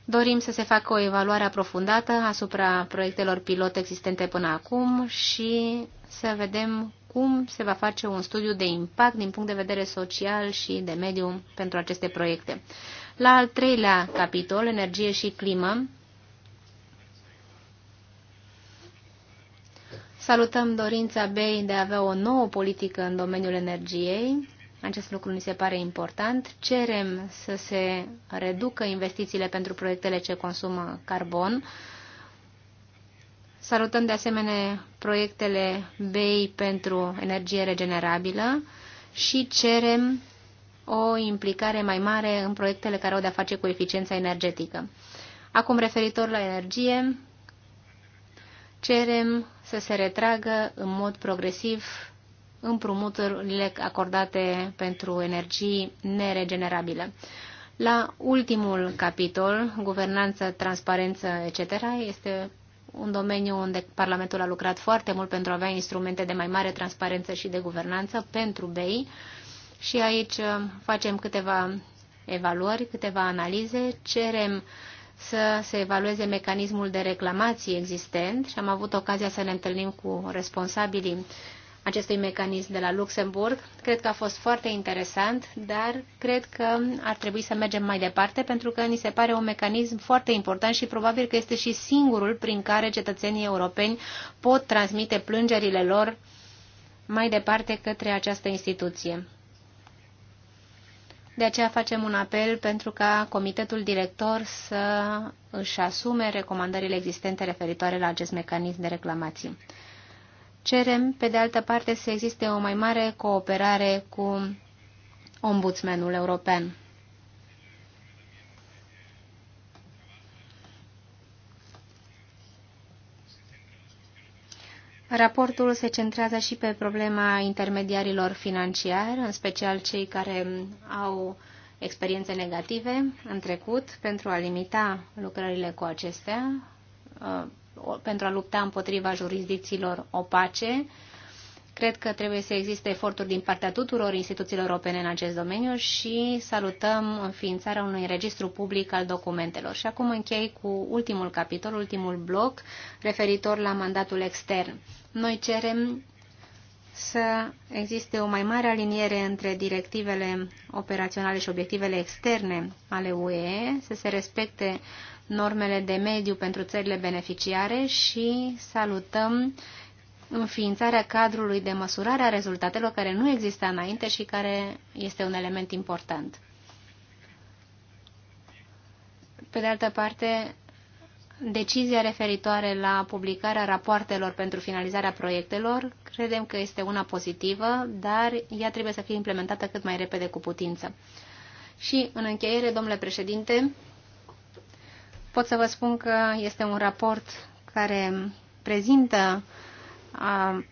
Dorim să se facă o evaluare aprofundată asupra proiectelor pilot existente până acum și să vedem cum se va face un studiu de impact din punct de vedere social și de mediu pentru aceste proiecte. La al treilea capitol, energie și climă, salutăm dorința BEI de a avea o nouă politică în domeniul energiei acest lucru ni se pare important. Cerem să se reducă investițiile pentru proiectele ce consumă carbon. Salutăm de asemenea proiectele BEI pentru energie regenerabilă și cerem o implicare mai mare în proiectele care au de-a face cu eficiența energetică. Acum, referitor la energie, cerem să se retragă în mod progresiv împrumuturile acordate pentru energii neregenerabile. La ultimul capitol, guvernanță, transparență, etc., este un domeniu unde Parlamentul a lucrat foarte mult pentru a avea instrumente de mai mare transparență și de guvernanță pentru BEI și aici uh, facem câteva evaluări, câteva analize, cerem să se evalueze mecanismul de reclamații existent și am avut ocazia să ne întâlnim cu responsabilii acestui mecanism de la Luxemburg. Cred că a fost foarte interesant, dar cred că ar trebui să mergem mai departe pentru că ni se pare un mecanism foarte important și probabil că este și singurul prin care cetățenii europeni pot transmite plângerile lor mai departe către această instituție. De aceea facem un apel pentru ca comitetul director să își asume recomandările existente referitoare la acest mecanism de reclamații. Cerem, pe de altă parte, să existe o mai mare cooperare cu ombudsmanul european. Raportul se centrează și pe problema intermediarilor financiari, în special cei care au experiențe negative în trecut, pentru a limita lucrările cu acestea, pentru a lupta împotriva jurisdicțiilor opace. Cred că trebuie să existe eforturi din partea tuturor instituțiilor europene în acest domeniu și salutăm înființarea unui registru public al documentelor. Și acum închei cu ultimul capitol, ultimul bloc, referitor la mandatul extern. Noi cerem să existe o mai mare aliniere între directivele operaționale și obiectivele externe ale UE, să se respecte uh, normele de mediu pentru țările beneficiare și salutăm înființarea cadrului de măsurare a rezultatelor care nu exista înainte și care este un element important. Pe de altă parte, Decizia referitoare la publicarea rapoartelor pentru finalizarea proiectelor credem că este una pozitivă, dar ea trebuie să fie implementată cât mai repede cu putință. Și, în încheiere, domnule președinte, pot să vă spun că este un raport care prezintă a,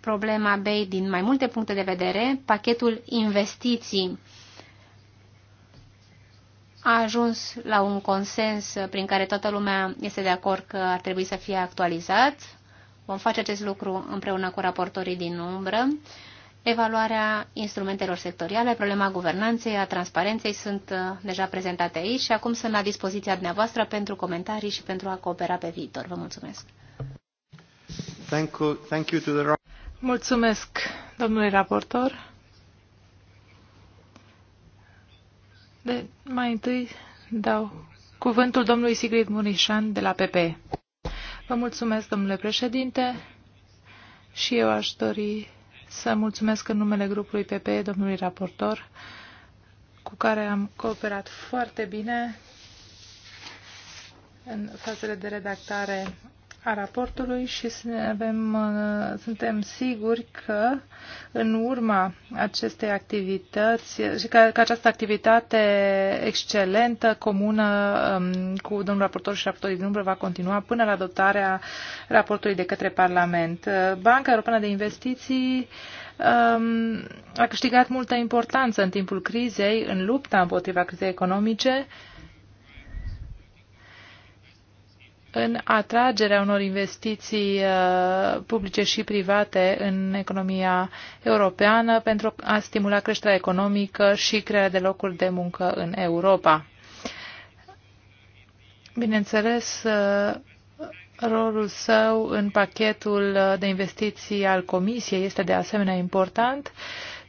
problema BEI din mai multe puncte de vedere. Pachetul investiții a ajuns la un consens prin care toată lumea este de acord că ar trebui să fie actualizat. Vom face acest lucru împreună cu raportorii din umbră. Evaluarea instrumentelor sectoriale, problema guvernanței, a transparenței sunt uh, deja prezentate aici și acum sunt la dispoziția dumneavoastră pentru comentarii și pentru a coopera pe viitor. Vă mulțumesc! Thank you, thank you to the... Mulțumesc, domnului raportor. De, mai întâi dau cuvântul domnului Sigrid Murișan de la PP. Vă mulțumesc, domnule președinte, și eu aș dori să mulțumesc în numele grupului PPE, domnului raportor, cu care am cooperat foarte bine în fazele de redactare a raportului și avem, uh, suntem siguri că în urma acestei activități și că, că această activitate excelentă, comună um, cu domnul raportor și raportorii din umbră va continua până la adoptarea raportului de către Parlament. Uh, Banca Europeană de Investiții um, a câștigat multă importanță în timpul crizei, în lupta împotriva crizei economice, în atragerea unor investiții uh, publice și private în economia europeană pentru a stimula creșterea economică și crearea de locuri de muncă în Europa. Bineînțeles, uh, rolul său în pachetul de investiții al Comisiei este de asemenea important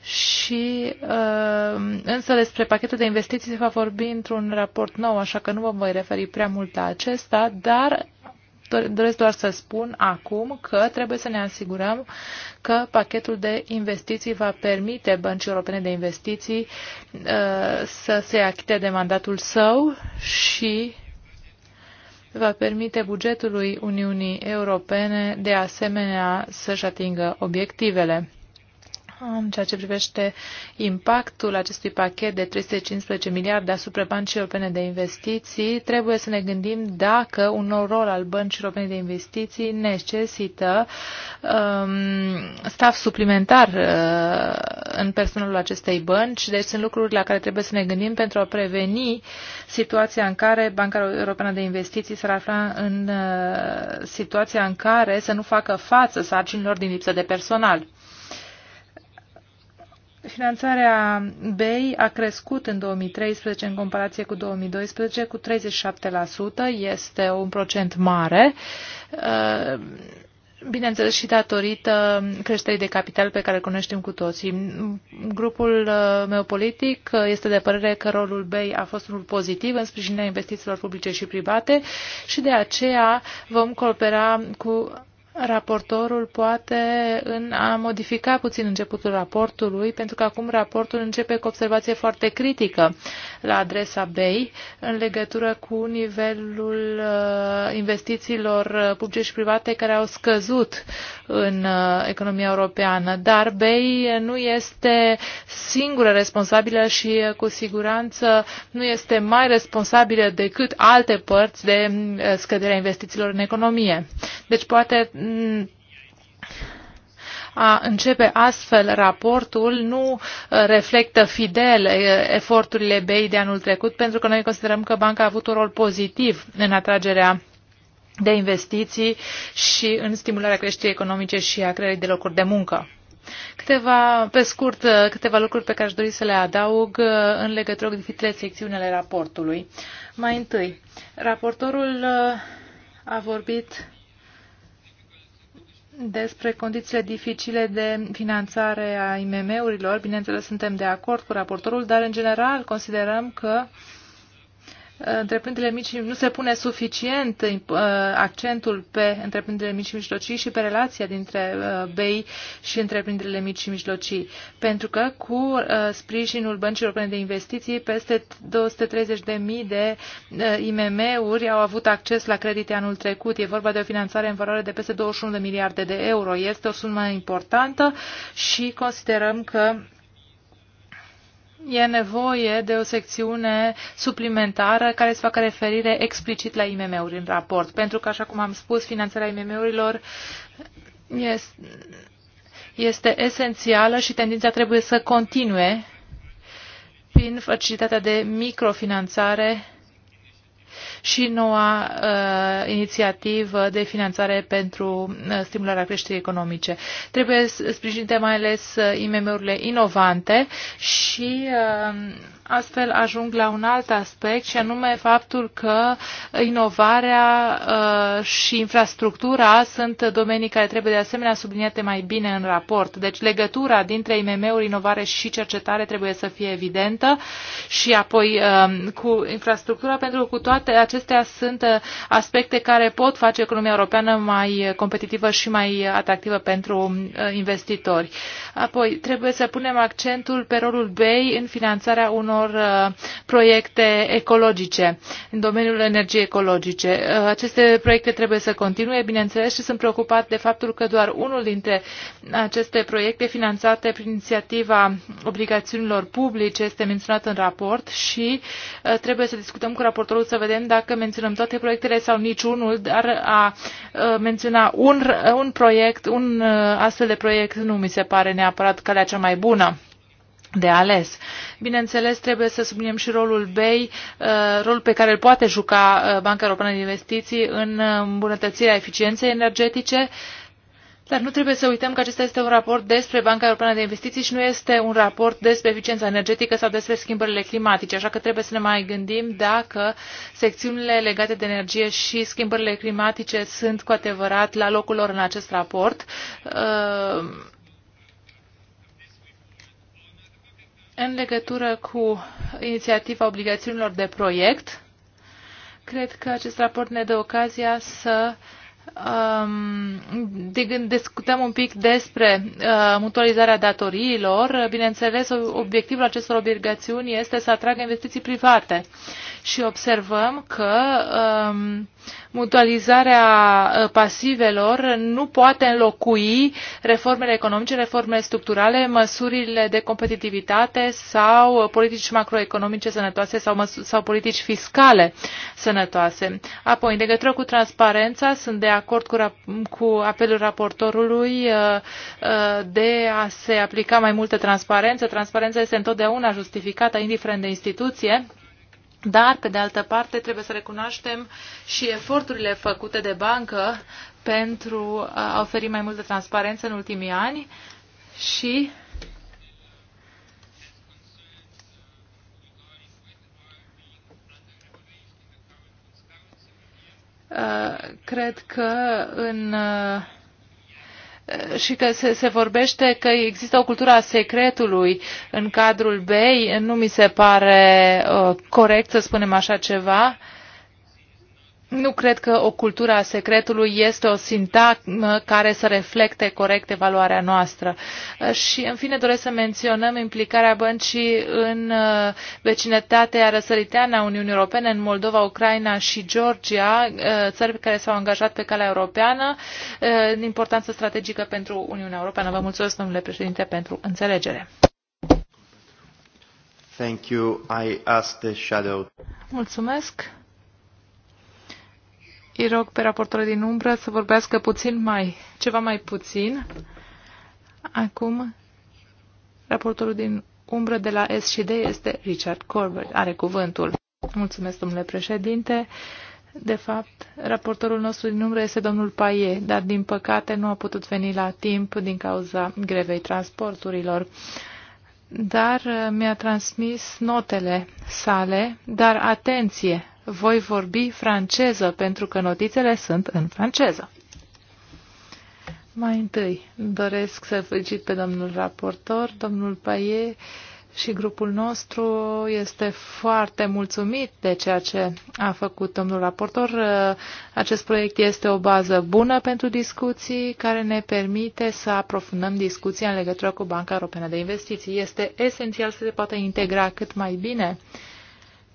și uh, însă despre pachetul de investiții se va vorbi într-un raport nou, așa că nu vă voi referi prea mult la acesta, dar doresc doar să spun acum că trebuie să ne asigurăm că pachetul de investiții va permite băncii europene de investiții uh, să se achite de mandatul său și va permite bugetului Uniunii Europene de asemenea să-și atingă obiectivele în ceea ce privește impactul acestui pachet de 315 miliarde asupra băncii europene de investiții, trebuie să ne gândim dacă un nou rol al băncii europene de investiții necesită um, staff suplimentar uh, în personalul acestei bănci. Deci sunt lucruri la care trebuie să ne gândim pentru a preveni situația în care Banca Europeană de Investiții s-ar afla în uh, situația în care să nu facă față sarcinilor din lipsă de personal. Finanțarea BEI a crescut în 2013 în comparație cu 2012 cu 37%, este un procent mare, uh, bineînțeles și datorită creșterii de capital pe care îl cunoaștem cu toții. Grupul uh, meu politic uh, este de părere că rolul BEI a fost unul pozitiv în sprijinirea investițiilor publice și private și de aceea vom coopera cu raportorul poate în a modifica puțin începutul raportului, pentru că acum raportul începe cu observație foarte critică la adresa BEI în legătură cu nivelul uh, investițiilor uh, publice și private care au scăzut în uh, economia europeană. Dar BEI nu este singură responsabilă și cu siguranță nu este mai responsabilă decât alte părți de scăderea investițiilor în economie. Deci poate a începe astfel raportul nu uh, reflectă fidel uh, eforturile BEI de anul trecut, pentru că noi considerăm că banca a avut un rol pozitiv în atragerea de investiții și în stimularea creșterii economice și a creării de locuri de muncă. Câteva, pe scurt, uh, câteva lucruri pe care aș dori să le adaug în legătură cu diferitele secțiuni ale raportului. Mai întâi, raportorul a vorbit despre condițiile dificile de finanțare a IMM-urilor. Bineînțeles, suntem de acord cu raportorul, dar în general considerăm că uh, întreprinderile mici, nu se pune suficient uh, accentul pe întreprinderile mici și mijlocii și pe relația dintre uh, BEI și întreprinderile mici și mijlocii. Pentru că cu uh, sprijinul Băncii Europene de Investiții, peste 230.000 de IMM-uri au avut acces la credite anul trecut. E vorba de o finanțare în valoare de peste 21 de miliarde de euro. Este o sumă importantă și considerăm că e nevoie de o secțiune suplimentară care să facă referire explicit la IMM-uri în raport, pentru că, așa cum am spus, finanțarea IMM-urilor este esențială și tendința trebuie să continue prin facilitatea de microfinanțare și noua uh, inițiativă de finanțare pentru uh, stimularea creșterii economice. Trebuie sprijinite mai ales uh, IMM-urile inovante și uh, astfel ajung la un alt aspect și anume faptul că inovarea uh, și infrastructura sunt domenii care trebuie de asemenea subliniate mai bine în raport. Deci legătura dintre IMM-uri, inovare și cercetare trebuie să fie evidentă și apoi uh, cu infrastructura pentru că cu toate acestea Acestea sunt uh, aspecte care pot face economia europeană mai uh, competitivă și mai uh, atractivă pentru investitori. Apoi, trebuie să punem accentul pe rolul BEI în finanțarea unor uh, proiecte ecologice, în domeniul energiei ecologice. Uh, aceste proiecte trebuie să continue, bineînțeles, și sunt preocupat de faptul că doar unul dintre aceste proiecte finanțate prin inițiativa obligațiunilor publice este menționat în raport și uh, trebuie să discutăm cu raportorul să vedem dacă menționăm toate proiectele sau niciunul, dar a menționa un, un proiect, un astfel de proiect nu mi se pare neapărat neapărat calea cea mai bună de ales. Bineînțeles, trebuie să subliniem și rolul BEI, uh, rolul pe care îl poate juca uh, Banca Europeană de Investiții în îmbunătățirea eficienței energetice, dar nu trebuie să uităm că acesta este un raport despre Banca Europeană de Investiții și nu este un raport despre eficiența energetică sau despre schimbările climatice, așa că trebuie să ne mai gândim dacă secțiunile legate de energie și schimbările climatice sunt cu adevărat la locul lor în acest raport. Uh În legătură cu inițiativa obligațiunilor de proiect, cred că acest raport ne dă ocazia să um, discutăm un pic despre uh, mutualizarea datoriilor. Bineînțeles, obiectivul acestor obligațiuni este să atragă investiții private și observăm că um, mutualizarea ă, pasivelor nu poate înlocui reformele economice, reformele structurale, măsurile de competitivitate sau politici macroeconomice sănătoase sau, sau politici fiscale sănătoase. Apoi, în legătură cu transparența, sunt de acord cu, cu apelul raportorului ă, ă, de a se aplica mai multă transparență. Transparența este întotdeauna justificată, indiferent de instituție dar, pe de altă parte, trebuie să recunoaștem și eforturile făcute de bancă pentru a oferi mai multă transparență în ultimii ani și uh, cred că în uh, și că se, se vorbește că există o cultură a secretului în cadrul BEI. Nu mi se pare uh, corect să spunem așa ceva. Uh, nu cred că o cultură a secretului este o sintagmă care să reflecte corect evaluarea noastră. Uh, și, în fine, doresc să menționăm implicarea băncii în uh, vecinătatea răsăriteană a Uniunii Europene, în Moldova, Ucraina și Georgia, uh, țări care s-au angajat pe calea europeană, în importanță strategică pentru Uniunea Europeană. Vă mulțumesc, domnule președinte, pentru înțelegere. Thank you. I ask the shadow. Mulțumesc. Îi rog pe raportorul din umbră să vorbească puțin mai, ceva mai puțin. Acum, raportorul din umbră de la SCD este Richard Corbett. Are cuvântul. Mulțumesc, domnule președinte. De fapt, raportorul nostru din umbră este domnul Paie, dar din păcate nu a putut veni la timp din cauza grevei transporturilor. Dar mi-a transmis notele sale, dar atenție, voi vorbi franceză pentru că notițele sunt în franceză. Mai întâi doresc să felicit pe domnul raportor, domnul Paie și grupul nostru este foarte mulțumit de ceea ce a făcut domnul raportor. Acest proiect este o bază bună pentru discuții care ne permite să aprofundăm discuția în legătură cu Banca Europeană de Investiții. Este esențial să se poată integra cât mai bine uh,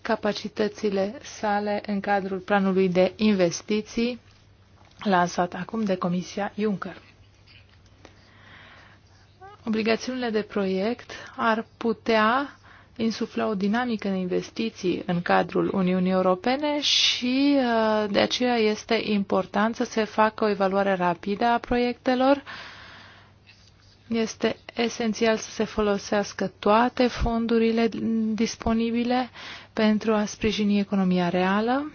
capacitățile sale în cadrul planului de investiții lansat acum de Comisia Juncker. Obligațiunile de proiect ar putea insufla o dinamică în investiții în cadrul Uniunii Europene și uh, de aceea este important să se facă o evaluare rapidă a proiectelor este esențial să se folosească toate fondurile disponibile pentru a sprijini economia reală.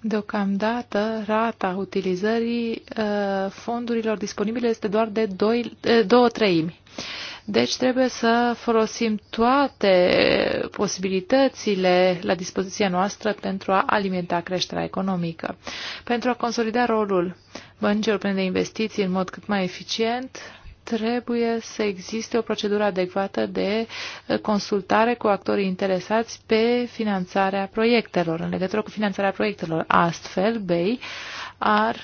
Deocamdată, rata utilizării uh, fondurilor disponibile este doar de 2, uh, treimi. Deci trebuie să folosim toate posibilitățile la dispoziția noastră pentru a alimenta creșterea economică. Pentru a consolida rolul băncii europene de investiții în mod cât mai eficient, trebuie să existe o procedură adecvată de uh, consultare cu actorii interesați pe finanțarea proiectelor, în legătură cu finanțarea proiectelor. Astfel, BEI ar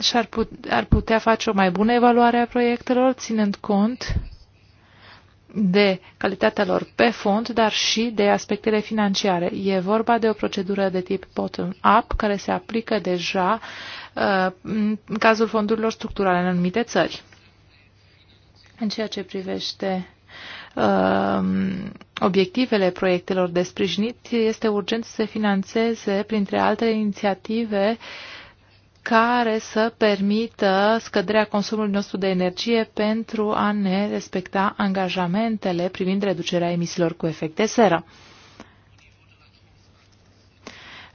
și ar, put, ar putea face o mai bună evaluare a proiectelor, ținând cont de calitatea lor pe fond, dar și de aspectele financiare. E vorba de o procedură de tip bottom-up care se aplică deja uh, în cazul fondurilor structurale în anumite țări. În ceea ce privește uh, obiectivele proiectelor de sprijinit, este urgent să se financeze, printre alte inițiative, uh, care să permită scăderea consumului nostru de energie pentru a ne respecta angajamentele privind reducerea emisiilor cu efect de seră.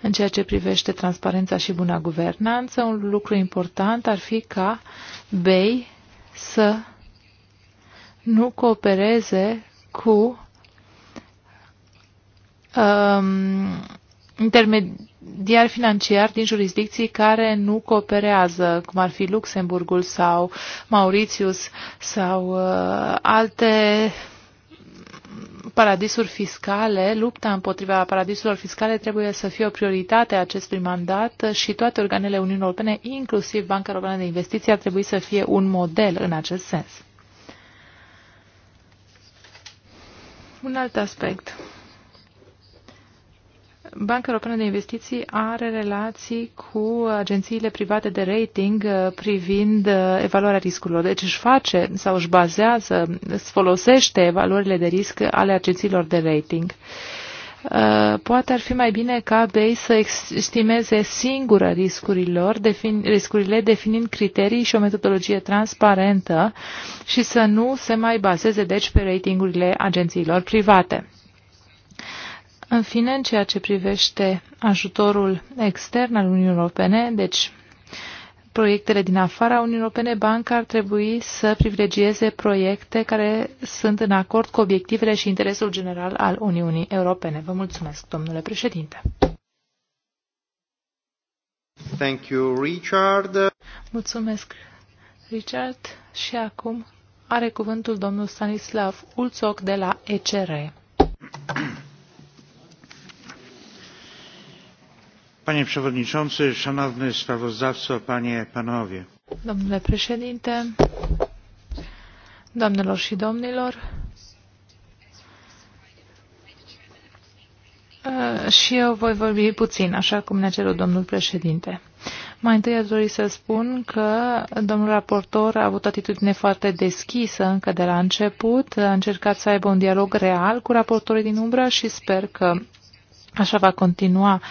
În ceea ce privește transparența și buna guvernanță, un lucru important ar fi ca BEI să nu coopereze cu um, intermediari financiari din jurisdicții care nu cooperează, cum ar fi Luxemburgul sau Mauritius sau uh, alte paradisuri fiscale, lupta împotriva paradisurilor fiscale trebuie să fie o prioritate a acestui mandat și toate organele Uniunii Europene, inclusiv Banca Europeană de Investiții, ar trebui să fie un model în acest sens. Un alt aspect. Banca Europeană de Investiții are relații cu agențiile private de rating uh, privind uh, evaluarea riscurilor. Deci își face sau își bazează, își folosește evaluările de risc ale agențiilor de rating. Uh, poate ar fi mai bine ca BEI să estimeze singură riscurilor, defin, riscurile definind criterii și o metodologie transparentă și să nu se mai bazeze deci pe ratingurile agențiilor private. În fine, în ceea ce privește ajutorul extern al Uniunii Europene, deci proiectele din afara Uniunii Europene, banca ar trebui să privilegieze proiecte care sunt în acord cu obiectivele și interesul general al Uniunii Europene. Vă mulțumesc, domnule președinte. Thank you, Richard. Mulțumesc, Richard. Și acum are cuvântul domnul Stanislav Ulțoc de la ECR. Domnule președinte, doamnelor și domnilor, și eu voi vorbi puțin, așa cum ne-a cerut domnul președinte. Mai întâi aș dori să spun că domnul raportor a avut o atitudine foarte deschisă încă de la început, a încercat să aibă un dialog real cu raportorii din umbră și sper că așa va continua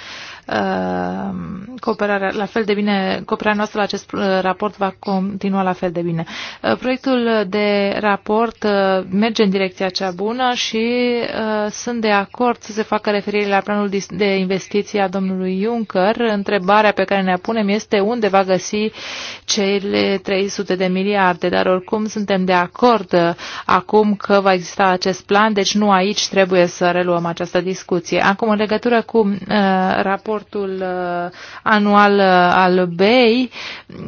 Uh, cooperarea, la fel de bine, cooperarea noastră la acest uh, raport va continua la fel de bine. Uh, proiectul de raport merge în direcția cea bună și sunt de acord să se facă referire la planul de investiții a domnului Juncker. Întrebarea pe care ne-a punem este unde va găsi cele 300 de miliarde, dar oricum suntem de acord acum că va exista acest plan, deci nu aici trebuie să reluăm această discuție. Acum, în legătură cu uh, raportul raportul uh, anual uh, al BEI.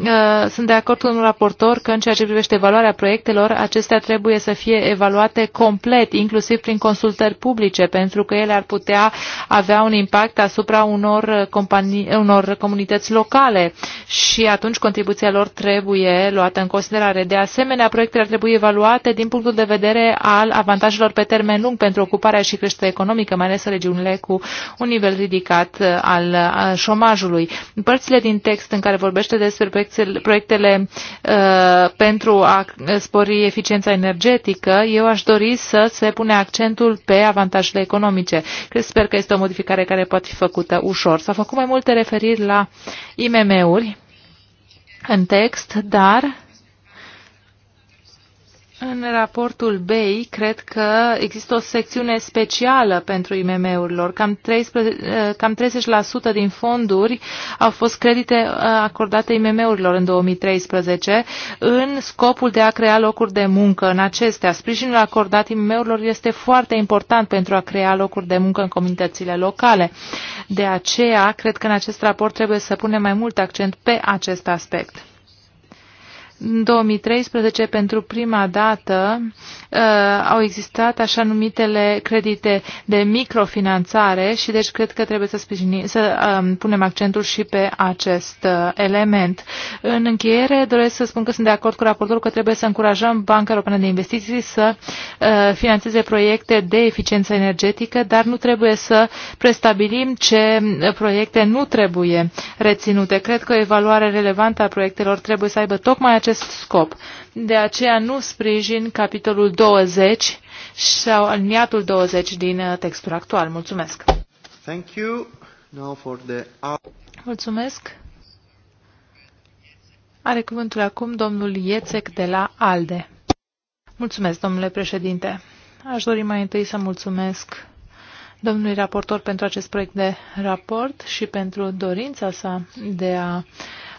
Uh, sunt de acord cu un raportor că în ceea ce privește evaluarea proiectelor, acestea trebuie să fie evaluate complet, inclusiv prin consultări publice, pentru că ele ar putea avea un impact asupra unor, companii, unor comunități locale și atunci contribuția lor trebuie luată în considerare. De asemenea, proiectele ar trebui evaluate din punctul de vedere al avantajelor pe termen lung pentru ocuparea și creșterea economică, mai ales în regiunile cu un nivel ridicat al, al șomajului. Părțile din text în care vorbește despre proiectele uh, pentru a spori eficiența energetică, eu aș dori să se pune accentul pe avantajele economice. Cred, sper că este o modificare care poate fi făcută ușor. S-au făcut mai multe referiri la IMM-uri în text, dar în raportul BEI, cred că există o secțiune specială pentru IMM-urilor. Cam, 13, cam 30% din fonduri au fost credite uh, acordate IMM-urilor în 2013 în scopul de a crea locuri de muncă în acestea. Sprijinul acordat IMM-urilor este foarte important pentru a crea locuri de muncă în comunitățile locale. De aceea, cred că în acest raport trebuie să punem mai mult accent pe acest aspect în 2013, pentru prima dată, uh, au existat așa numitele credite de microfinanțare și deci cred că trebuie să, sprijini, să um, punem accentul și pe acest uh, element. În încheiere, doresc să spun că sunt de acord cu raportul că trebuie să încurajăm Banca Europeană de Investiții să uh, finanțeze proiecte de eficiență energetică, dar nu trebuie să prestabilim ce proiecte nu trebuie reținute. Cred că o evaluare relevantă a proiectelor trebuie să aibă tocmai acest acest scop. De aceea nu sprijin capitolul 20 sau aliniatul 20 din uh, textul actual. Mulțumesc! Thank you. Now for the... Mulțumesc! Are cuvântul acum domnul Iețec de la ALDE. Mulțumesc, domnule președinte. Aș dori mai întâi să mulțumesc domnului raportor pentru acest proiect de raport și pentru dorința sa de a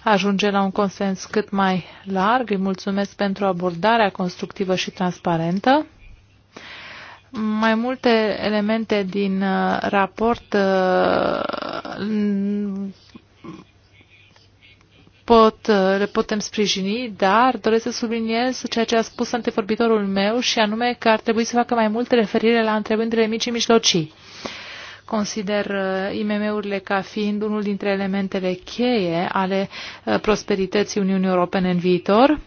ajunge la un consens cât mai larg. Îi mulțumesc pentru abordarea constructivă și transparentă. Mai multe elemente din uh, raport uh, pot, uh, le putem sprijini, dar doresc să subliniez ceea ce a spus antevorbitorul meu și anume că ar trebui să facă mai multe referire la întrebările mici și mijlocii. Consider uh, IMM-urile ca fiind unul dintre elementele cheie ale uh, prosperității Uniunii Europene în viitor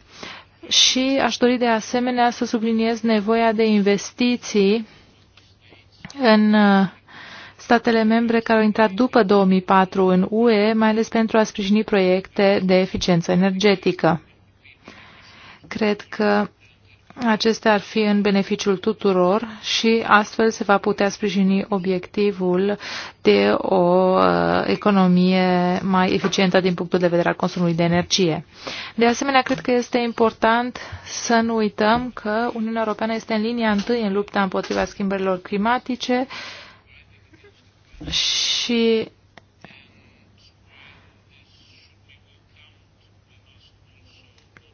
și aș dori de asemenea să subliniez nevoia de investiții în uh, statele membre care au intrat după 2004 în UE, mai ales pentru a sprijini proiecte de eficiență energetică. Cred că Acestea ar fi în beneficiul tuturor și astfel se va putea sprijini obiectivul de o uh, economie mai eficientă din punctul de vedere al consumului de energie. De asemenea, cred că este important să nu uităm că Uniunea Europeană este în linia întâi în lupta împotriva schimbărilor climatice și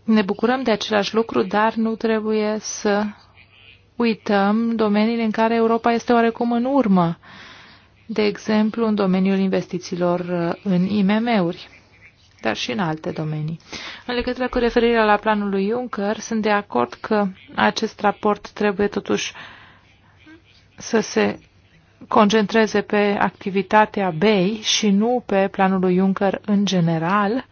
ne bucurăm de același lucru, dar nu trebuie să uităm domeniile în care Europa este oarecum în urmă, de exemplu în domeniul investițiilor în IMM-uri, dar și în alte domenii. În legătură cu referirea la planul lui Juncker, sunt de acord că acest raport trebuie totuși să se concentreze pe activitatea BEI și nu pe planul lui Juncker în general,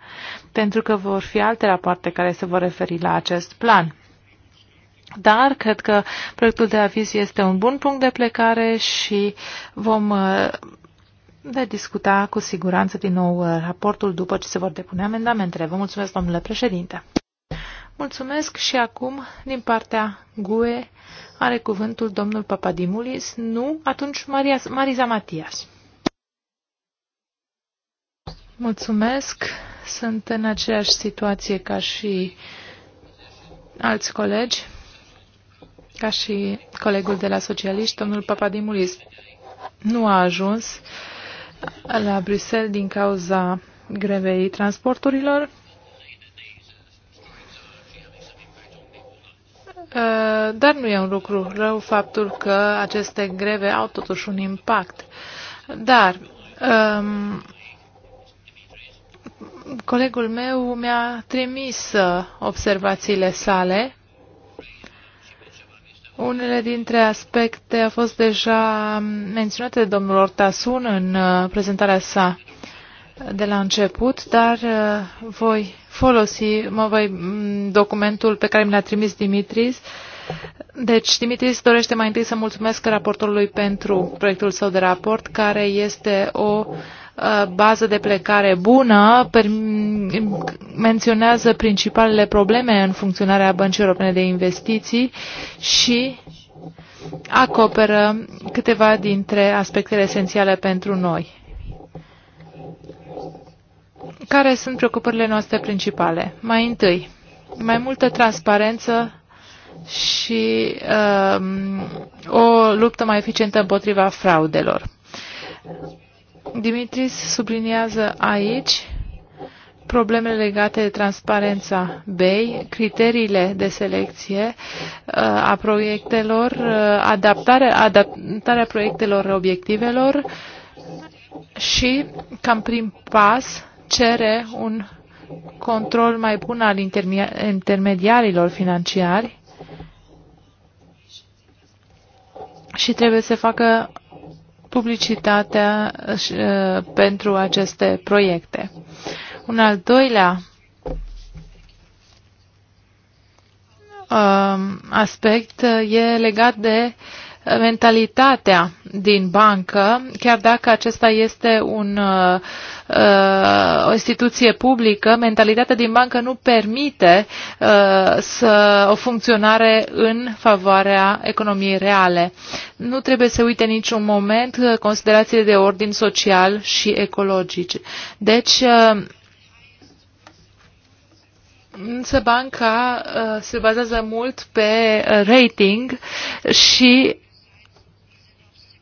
pentru că vor fi alte rapoarte care se vor referi la acest plan. Dar cred că proiectul de aviz este un bun punct de plecare și vom de uh, discuta cu siguranță din nou uh, raportul după ce se vor depune amendamentele. Vă mulțumesc, domnule președinte. Mulțumesc și acum, din partea GUE, are cuvântul domnul Papadimulis. Nu? Atunci Maria, Mariza Matias. Mulțumesc. Sunt în aceeași situație ca și alți colegi, ca și colegul de la socialiști, domnul Papadimulis. Nu a ajuns la Bruxelles din cauza grevei transporturilor Eh, dar nu e un lucru rău faptul că aceste greve au totuși un impact. Dar um, colegul meu mi-a trimis eh, observațiile sale. Unele dintre aspecte au fost deja menționate de domnul Ortasun în eh, prezentarea sa de la început, dar voi folosi, mă voi, documentul pe care mi l-a trimis Dimitris. Deci, Dimitris dorește mai întâi să mulțumesc raportorului pentru proiectul său de raport, care este o uh, bază de plecare bună, menționează principalele probleme în funcționarea Băncii Europene de Investiții și acoperă câteva dintre aspectele esențiale pentru noi. Care sunt preocupările noastre principale? Mai întâi, mai multă transparență și uh, o luptă mai eficientă împotriva fraudelor. Dimitris subliniază aici problemele legate de transparența BEI, criteriile de selecție uh, a proiectelor, uh, adaptare, adaptarea proiectelor obiectivelor și, cam prim pas, cere un control mai bun al intermediarilor financiari și trebuie să facă publicitatea uh, pentru aceste proiecte. Un al doilea um, aspect uh, e legat de mentalitatea din bancă, chiar dacă acesta este un, uh, o instituție publică, mentalitatea din bancă nu permite uh, să o funcționare în favoarea economiei reale. Nu trebuie să uite niciun moment considerațiile de ordin social și ecologic. Deci, uh, Însă banca uh, se bazează mult pe rating și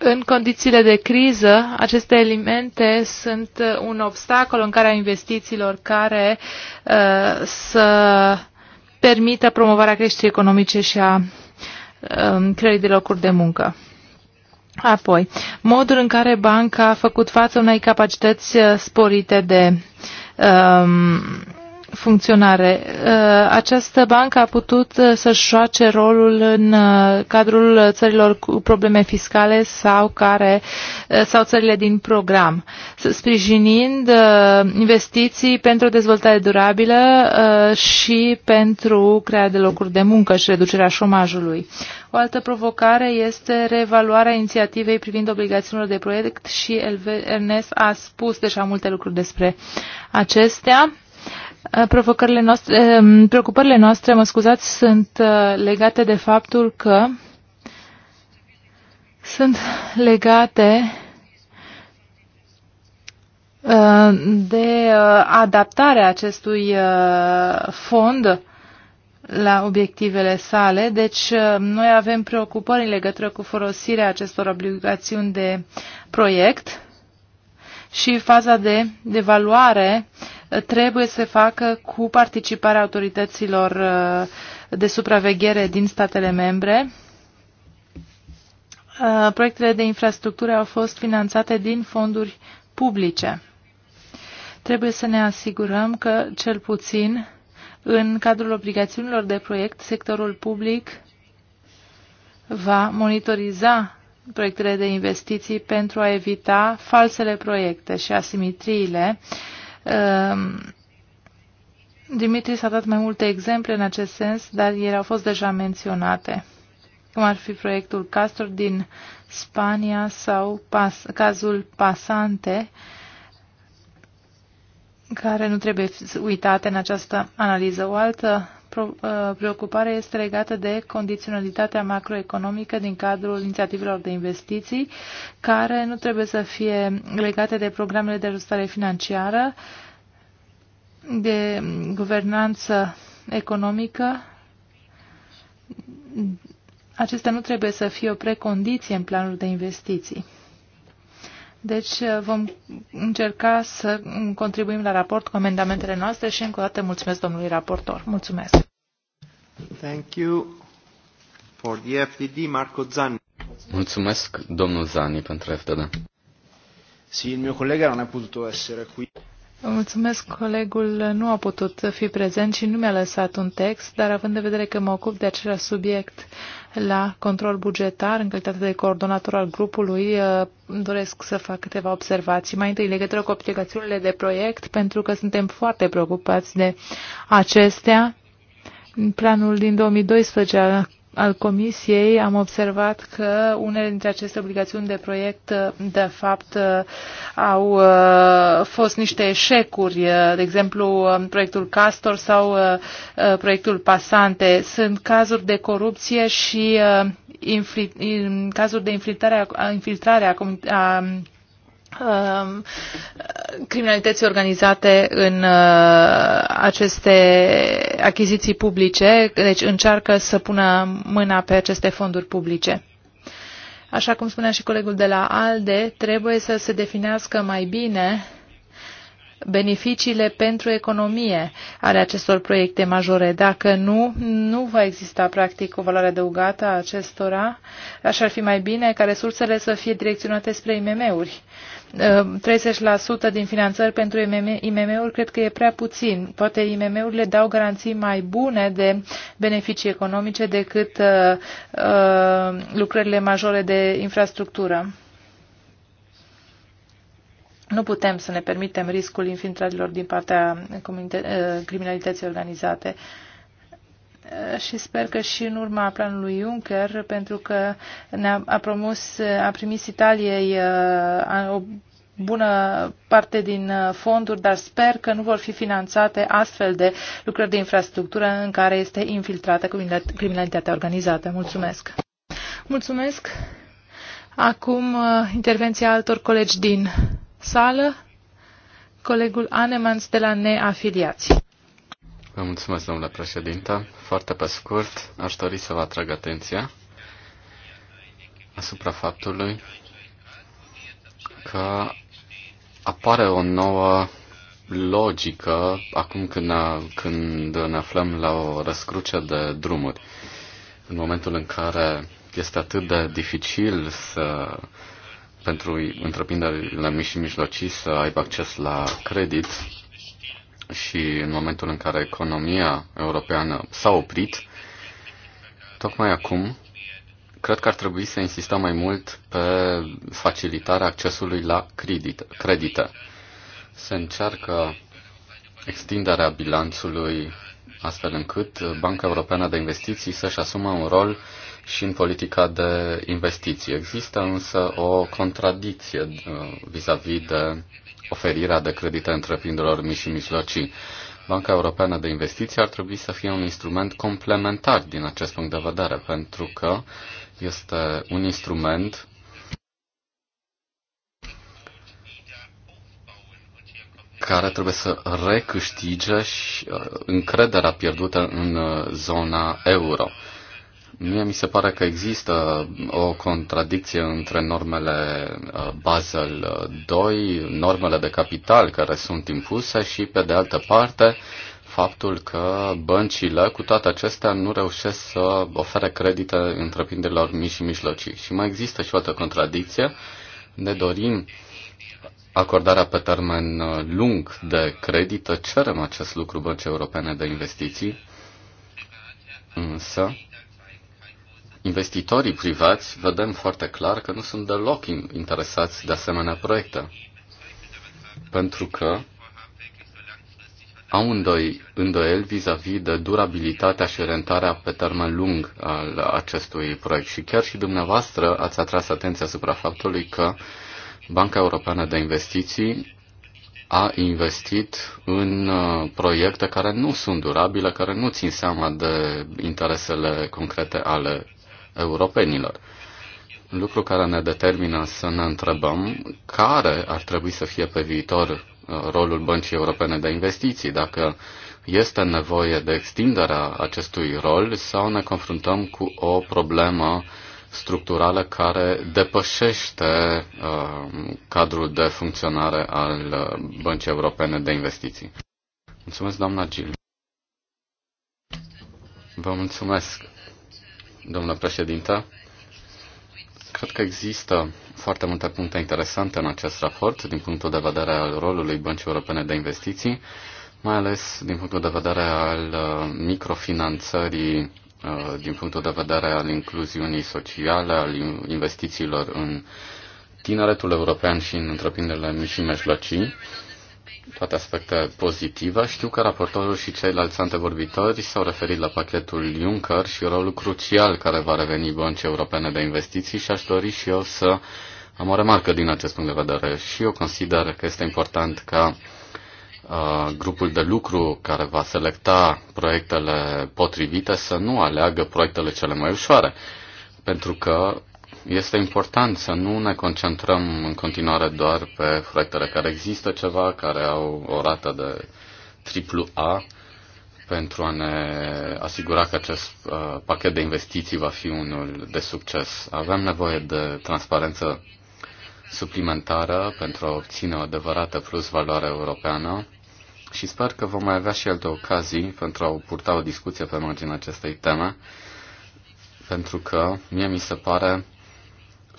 în condițiile de criză, aceste elemente sunt uh, un obstacol în calea investițiilor care uh, să permită promovarea creșterii economice și a uh, um, creării de locuri de muncă. Apoi, modul în care banca a făcut față unei capacități uh, sporite de um, funcționare. Uh, această bancă a putut uh, să-și joace rolul în uh, cadrul țărilor cu probleme fiscale sau, care, sau țările din program, sprijinind investiții pentru dezvoltare durabilă și pentru crearea de locuri de muncă și reducerea șomajului. O altă provocare este reevaluarea inițiativei privind obligațiunile de proiect și Ernest a spus deja multe lucruri despre acestea. Eh, provocările noastre, eh, preocupările noastre, mă scuzați, sunt eh, legate de faptul că sunt legate de adaptarea acestui fond la obiectivele sale. Deci noi avem preocupări în legătură cu folosirea acestor obligațiuni de proiect și faza de evaluare trebuie să se facă cu participarea autorităților uh, de supraveghere din statele membre. Uh, proiectele de infrastructură au fost finanțate din fonduri publice. Trebuie să ne asigurăm că, cel puțin, în cadrul obligațiunilor de proiect, sectorul public va monitoriza proiectele de investiții pentru a evita falsele proiecte și asimetriile Ehm, s a dat mai multe exemple în acest sens, dar ele au fost deja menționate, cum ar fi proiectul Castor din Spania sau pas, cazul Pasante, care nu trebuie uitate în această analiză. O altă Uh, preocupare este legată de condiționalitatea macroeconomică din cadrul inițiativelor de investiții, care nu trebuie să fie legate de programele de ajustare financiară, de guvernanță economică. Acestea nu trebuie să fie o precondiție în planul de investiții. Deci uh, vom încerca să contribuim la raport cu amendamentele noastre și încă o dată mulțumesc domnului raportor. Mulțumesc. Thank you for the FDD, Marco Zani Mulțumesc, domnul Zani, pentru FDD. Sì, il mio collega non ha potuto essere qui. Mulțumesc, colegul nu a putut fi prezent și nu mi-a lăsat un text, dar având în vedere că mă ocup de același subiect la control bugetar, în calitate de coordonator al grupului, uh, doresc să fac câteva observații. Mai întâi, legătură cu obligațiunile de proiect, pentru că suntem foarte preocupați de acestea. Planul din 2012 a al Comisiei am observat că unele dintre aceste obligațiuni de proiect, de fapt, au uh, fost niște eșecuri. Uh, de exemplu, um, proiectul Castor sau uh, proiectul Pasante sunt cazuri de corupție și cazuri de infiltrare a, infiltrare a, a Um, criminalității organizate în uh, aceste achiziții publice, deci încearcă să pună mâna pe aceste fonduri publice. Așa cum spunea și colegul de la ALDE, trebuie să se definească mai bine beneficiile pentru economie ale acestor proiecte majore. Dacă nu, nu va exista practic o valoare adăugată a acestora. Așa ar fi mai bine ca resursele să fie direcționate spre IMM-uri. 30% din finanțări pentru IMM-uri cred că e prea puțin. Poate IMM-urile dau garanții mai bune de beneficii economice decât uh, uh, lucrările majore de infrastructură. Nu putem să ne permitem riscul infiltrărilor din partea uh, criminalității organizate. Uh, Eh, și sper că și în urma planului Juncker, pentru că ne-a a promus, a primis Italiei eh, a, o bună parte din eh, fonduri, dar sper că nu vor fi finanțate astfel de lucrări de infrastructură în care este infiltrată criminalitatea organizată. Mulțumesc! Mulțumesc! Acum intervenția altor colegi din sală, colegul Anemans de la Neafiliații. Vă mulțumesc, domnule președinte. Foarte pe scurt, aș dori să vă atrag atenția asupra faptului că apare o nouă logică acum când ne, când ne aflăm la o răscruce de drumuri. În momentul în care este atât de dificil să, pentru întreprinderile mici și mijlocii să aibă acces la credit, și în momentul în care economia europeană s-a oprit, tocmai acum cred că ar trebui să insistăm mai mult pe facilitarea accesului la credit, credite. Se încearcă extinderea bilanțului astfel încât Banca Europeană de Investiții să-și asumă un rol și în politica de investiții. Există însă o contradicție uh, vis-a-vis -vis de oferirea de credite întreprinderilor mici și mijlocii. Banca Europeană de Investiții ar trebui să fie un instrument complementar din acest punct de vedere, pentru că este un instrument care trebuie să recâștige și uh, încrederea pierdută în uh, zona euro. Mie mi se pare că există o contradicție între normele uh, Basel II, uh, normele de capital care sunt impuse și, pe de altă parte, faptul că băncile, cu toate acestea, nu reușesc să ofere credite întreprinderilor mici și mijlocii. Și mai există și o altă contradicție. Ne dorim acordarea pe termen uh, lung de credită, cerem acest lucru băncii europene de investiții, însă investitorii privați vedem foarte clar că nu sunt deloc interesați de asemenea proiecte. Pentru că au îndoi, îndoieli vis-a-vis -vis de durabilitatea și rentarea pe termen lung al acestui proiect. Și chiar și dumneavoastră ați atras atenția asupra faptului că Banca Europeană de Investiții a investit în uh, proiecte care nu sunt durabile, care nu țin seama de interesele concrete ale europenilor. Lucru care ne determină să ne întrebăm care ar trebui să fie pe viitor uh, rolul Băncii Europene de Investiții, dacă este nevoie de extinderea acestui rol sau ne confruntăm cu o problemă structurală care depășește uh, cadrul de funcționare al uh, Băncii Europene de Investiții. Mulțumesc, doamna Gil. Vă mulțumesc domnule președinte. Cred că există foarte multe puncte interesante în acest raport, din punctul de vedere al rolului Băncii Europene de Investiții, mai ales din punctul de vedere al uh, microfinanțării, uh, din punctul de vedere al incluziunii sociale, al investițiilor în tineretul european și în întreprinderile mici și mijlocii toate aspecte pozitive. Știu că raportorul și ceilalți antevorbitori s-au referit la pachetul Juncker și rolul crucial care va reveni băncii europene de investiții și aș dori și eu să am o remarcă din acest punct de vedere. Și eu consider că este important ca uh, grupul de lucru care va selecta proiectele potrivite să nu aleagă proiectele cele mai ușoare, pentru că este important să nu ne concentrăm în continuare doar pe proiectele care există ceva, care au o rată de triplu A, pentru a ne asigura că acest uh, pachet de investiții va fi unul de succes. Avem nevoie de transparență suplimentară pentru a obține o adevărată plus valoare europeană și sper că vom mai avea și alte ocazii pentru a purta o discuție pe marginea acestei teme, pentru că mie mi se pare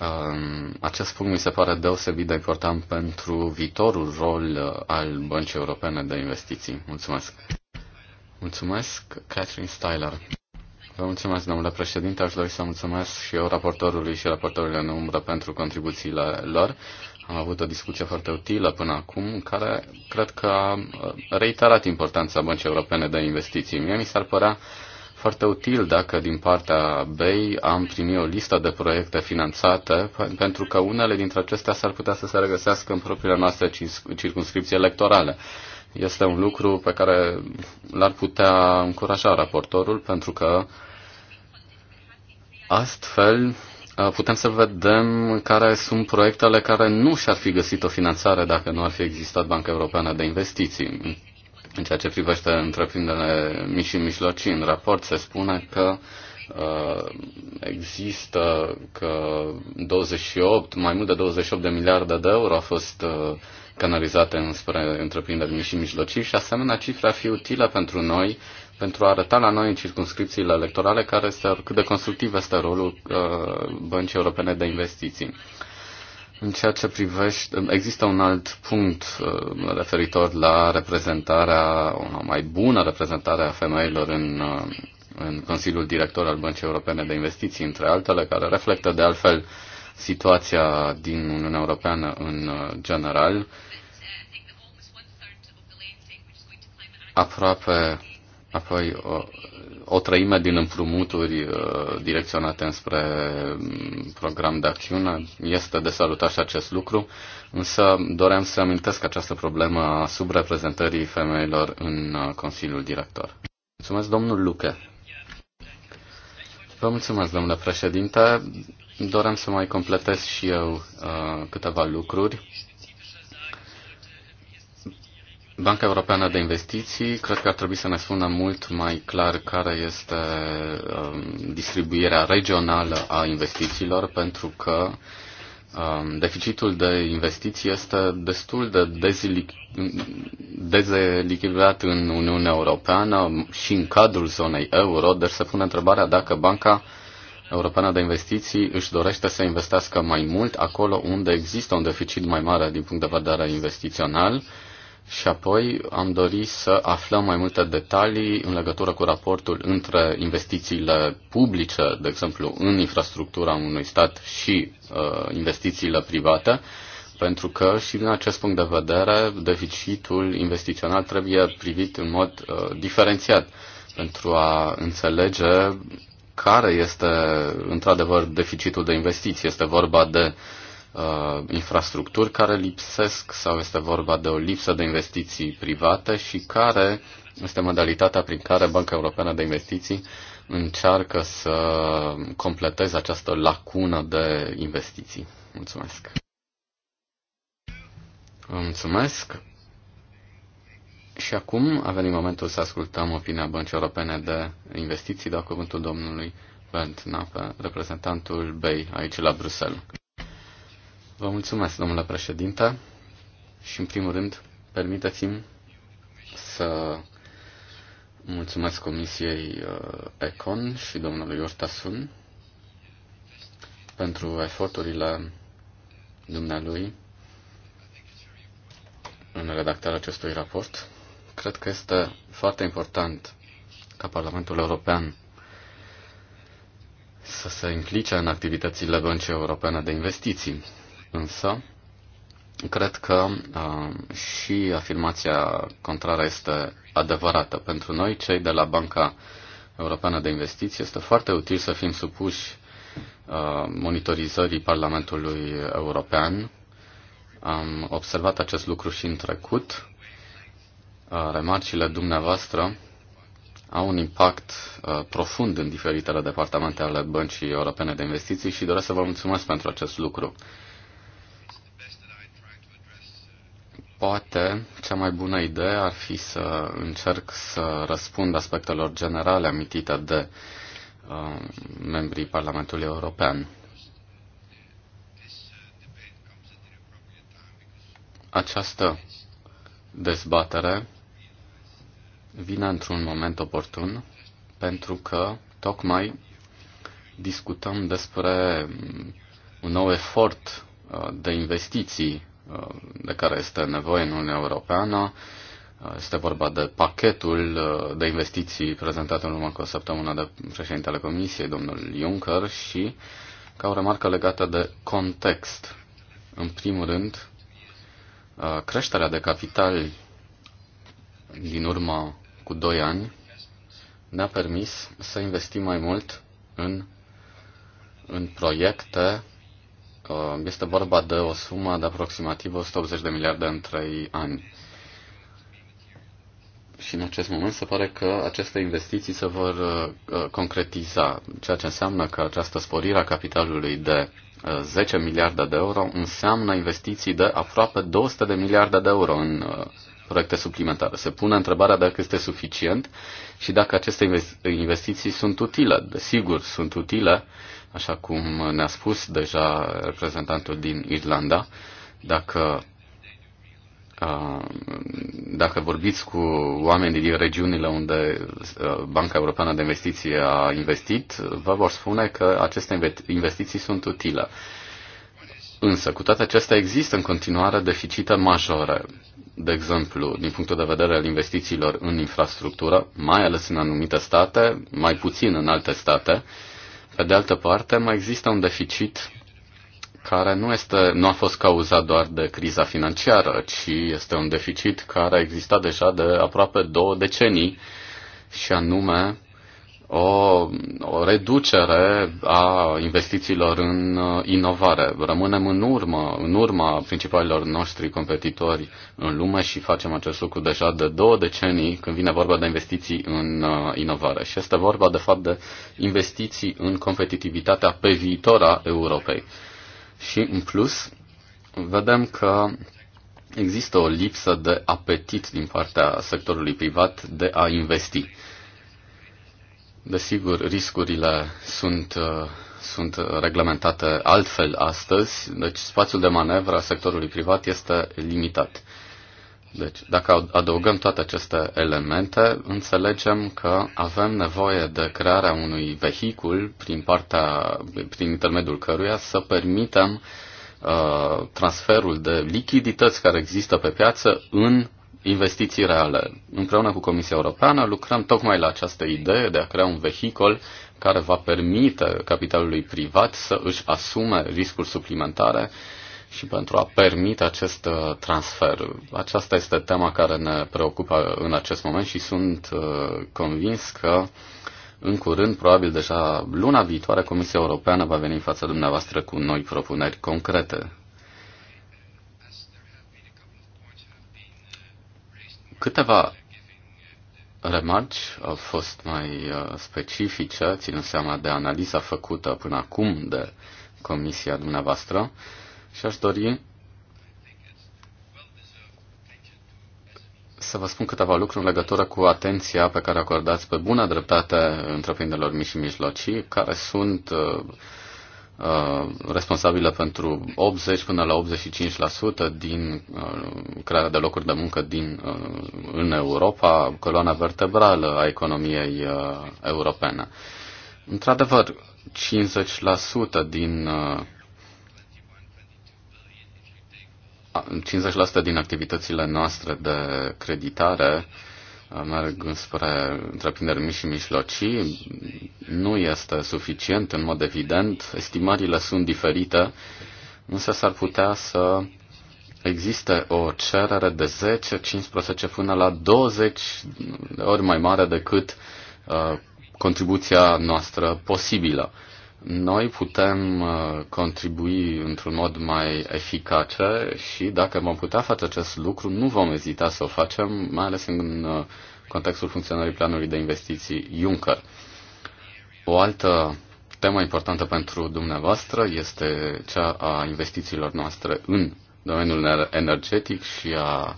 Um, acest punct mi se pare deosebit de important pentru viitorul rol uh, al Băncii Europene de Investiții. Mulțumesc! Mulțumesc, Catherine Styler. Vă mulțumesc, domnule președinte. Aș dori să mulțumesc și eu raportorului și raportorilor în umbră pentru contribuțiile lor. Am avut o discuție foarte utilă până acum, care cred că a reiterat importanța Băncii Europene de Investiții. Mie mi s-ar părea foarte util dacă din partea BEI am primit o listă de proiecte finanțate, pentru că unele dintre acestea s-ar putea să se regăsească în propriile noastre circunscripții electorale. Este un lucru pe care l-ar putea încuraja raportorul, pentru că astfel putem să vedem care sunt proiectele care nu și-ar fi găsit o finanțare dacă nu ar fi existat Banca Europeană de Investiții. În ceea ce privește întreprinderile mici și mijlocii, în raport se spune că uh, există că 28, mai mult de 28 de miliarde de euro a fost uh, canalizate înspre întreprinderi mici și mijlocii și asemenea cifre ar fi utile pentru noi pentru a arăta la noi în circunscripțiile electorale care este, cât de constructiv este rolul uh, Băncii Europene de Investiții. Uh, în ceea ce privește, există un alt punct uh, referitor la reprezentarea, o mai bună reprezentare a femeilor în, uh, în Consiliul Director al Băncii Europene de Investiții, între altele, care reflectă de altfel situația din Uniunea Europeană în uh, general. Aproape apoi o, o treime din împrumuturi uh, direcționate înspre mm, program de acțiune. Este de salutat și acest lucru, însă doream să amintesc această problemă a subreprezentării femeilor în uh, Consiliul Director. Mulțumesc, domnul Luche. Vă mulțumesc, domnule președinte. Doream să mai completez și eu uh, câteva lucruri Banca Europeană de Investiții, cred că ar trebui să ne spună mult mai clar care este um, distribuirea regională a investițiilor, pentru că um, deficitul de investiții este destul de dezechilibrat în Uniunea Europeană și în cadrul zonei euro, deci se pune întrebarea dacă Banca Europeană de Investiții își dorește să investească mai mult acolo unde există un deficit mai mare din punct de vedere investițional, și apoi am dorit să aflăm mai multe detalii în legătură cu raportul între investițiile publice, de exemplu, în infrastructura unui stat și uh, investițiile private, pentru că și din acest punct de vedere deficitul investițional trebuie privit în mod uh, diferențiat pentru a înțelege care este într-adevăr deficitul de investiții. Este vorba de uh, uh, infrastructuri care lipsesc sau este vorba de o lipsă de investiții private și care este modalitatea prin care Banca Europeană de Investiții încearcă să completeze această lacună de investiții. Mulțumesc. Vă mulțumesc. Și acum a venit momentul să ascultăm opinia Băncii Europene de Investiții, dau cuvântul domnului Bernd Nape, reprezentantul BEI aici la Bruxelles. Vă mulțumesc, domnule președinte, și în primul rând, permiteți-mi să mulțumesc Comisiei uh, ECON și domnului Ortasun pentru eforturile dumnealui în redactarea acestui raport. Cred că este foarte important ca Parlamentul European să se implice în activitățile Băncii Europene de Investiții. Însă, cred că uh, și afirmația contrară este adevărată. Pentru noi, cei de la Banca Europeană de Investiții, este foarte util să fim supuși uh, monitorizării Parlamentului European. Am observat acest lucru și în trecut. Uh, remarcile dumneavoastră au un impact uh, profund în diferitele departamente ale Băncii Europene de Investiții și doresc să vă mulțumesc pentru acest lucru. Uh, Poate cea mai bună idee ar fi să încerc să răspund aspectelor generale amintite de uh, membrii Parlamentului European. Această dezbatere vine într-un moment oportun pentru că tocmai discutăm despre un nou efort uh, de investiții Uh, de care este nevoie în Uniunea Europeană. Uh, este vorba de pachetul uh, de investiții prezentat în urmă cu o săptămână de președintele Comisiei, domnul Juncker, și ca o remarcă legată de context. În primul rând, creșterea de capital din urmă cu 2 ani ne-a permis să investim mai mult în, în proiecte Uh, este vorba de o sumă de aproximativ 180 de miliarde în 3 ani. Și în acest moment se pare că aceste investiții se vor uh, uh, concretiza, ceea ce înseamnă că această sporire a capitalului de 10 miliarde de euro înseamnă investiții de aproape 200 de miliarde de euro în proiecte suplimentare. Se pune întrebarea dacă este suficient și dacă aceste investiții sunt utile. Desigur, sunt utile așa cum ne-a spus deja reprezentantul din Irlanda, dacă dacă vorbiți cu oamenii din regiunile unde Banca Europeană de Investiții a investit, vă vor spune că aceste investiții sunt utile. Însă, cu toate acestea, există în continuare deficite majore. De exemplu, din punctul de vedere al investițiilor în infrastructură, mai ales în anumite state, mai puțin în alte state, uh, pe de altă parte, mai există un deficit care nu, este, nu a fost cauzat doar de criza financiară, ci este un deficit care a existat deja de aproape două decenii, și anume o, o reducere a investițiilor în uh, inovare. Rămânem în urmă, în urma principalilor noștri competitori în lume și facem acest lucru deja de două decenii când vine vorba de investiții în uh, inovare. Și este vorba, de fapt, de investiții în competitivitatea pe viitor a Europei. Și, în plus, vedem că există o lipsă de apetit din partea sectorului privat de a investi Desigur, riscurile sunt, uh, sunt reglementate altfel astăzi, deci spațiul de manevră a sectorului privat este limitat. Deci, dacă adăugăm toate aceste elemente, înțelegem că avem nevoie de crearea unui vehicul prin, partea, prin intermediul căruia să permitem uh, transferul de lichidități care există pe piață în investiții reale. Împreună cu Comisia Europeană lucrăm tocmai la această idee de a crea un vehicol care va permite capitalului privat să își asume riscuri suplimentare și pentru a permite acest uh, transfer. Aceasta este tema care ne preocupă în acest moment și sunt uh, convins că în curând, probabil deja luna viitoare, Comisia Europeană va veni în fața dumneavoastră cu noi propuneri concrete Câteva remarci au fost mai uh, specifice, ținând seama de analiza făcută până acum de comisia dumneavoastră și aș dori să vă spun câteva lucruri în legătură cu atenția pe care acordați pe bună dreptate întreprinderilor mici și mijlocii, care sunt uh, Uh, responsabilă pentru 80 până la 85% din uh, crearea de locuri de muncă din, uh, în Europa, coloana vertebrală a economiei europene. Într-adevăr, 50% din 50% din activitățile noastre de creditare uh, merg spre întreprinderi mici și mijlocii, nu este suficient, în mod evident. Estimările sunt diferite, însă s-ar putea să existe o cerere de 10, 15 până la 20 de ori mai mare decât uh, contribuția noastră posibilă noi putem uh, contribui într-un mod mai eficace și dacă vom putea face acest lucru, nu vom ezita să o facem, mai ales în uh, contextul funcționării planului de investiții Juncker. O altă temă importantă pentru dumneavoastră este cea a investițiilor noastre în domeniul energetic și a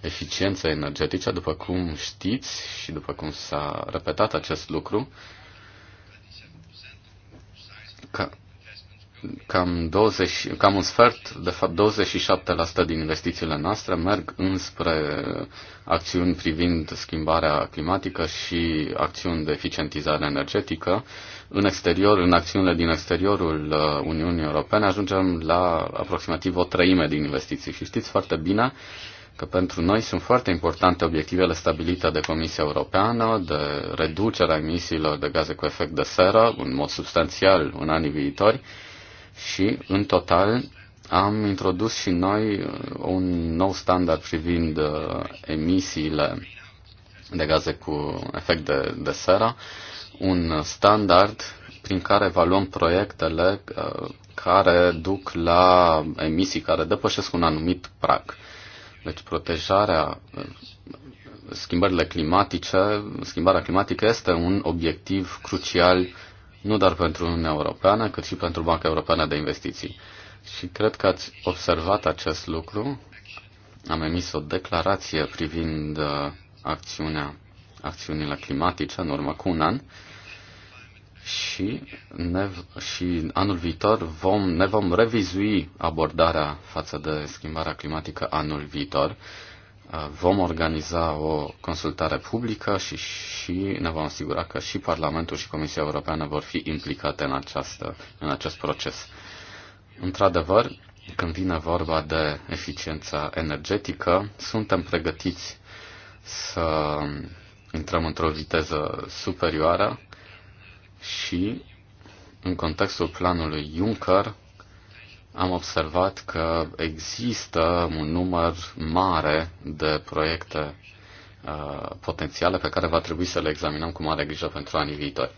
eficienței energetice. După cum știți și după cum s-a repetat acest lucru, ca, cam, 20, cam un sfert, de fapt 27% din investițiile noastre merg înspre acțiuni privind schimbarea climatică și acțiuni de eficientizare energetică. În exterior, în acțiunile din exteriorul uh, Uniunii Europene ajungem la aproximativ o treime din investiții și știți foarte bine că pentru noi sunt foarte importante obiectivele stabilite de Comisia Europeană de reducerea emisiilor de gaze cu efect de seră în mod substanțial în anii viitori și, în total, am introdus și noi uh, un nou standard privind uh, emisiile de gaze cu efect de, de seră, un standard prin care evaluăm proiectele uh, care duc la emisii care depășesc un anumit prag. Deci protejarea, schimbările climatice, schimbarea climatică este un obiectiv crucial nu doar pentru Uniunea Europeană, cât și pentru Banca Europeană de Investiții. Și cred că ați observat acest lucru. Am emis o declarație privind uh, acțiunea, acțiunile climatice în urmă cu un an și, ne, și anul viitor vom, ne vom revizui abordarea față de schimbarea climatică anul viitor. Uh, vom organiza o consultare publică și, și ne vom asigura că și Parlamentul și Comisia Europeană vor fi implicate în, această, în acest proces. Într-adevăr, când vine vorba de eficiența energetică, suntem pregătiți să intrăm într-o viteză superioară și în contextul planului Juncker am observat că există un număr mare de proiecte uh, potențiale pe care va trebui să le examinăm cu mare grijă pentru anii viitori.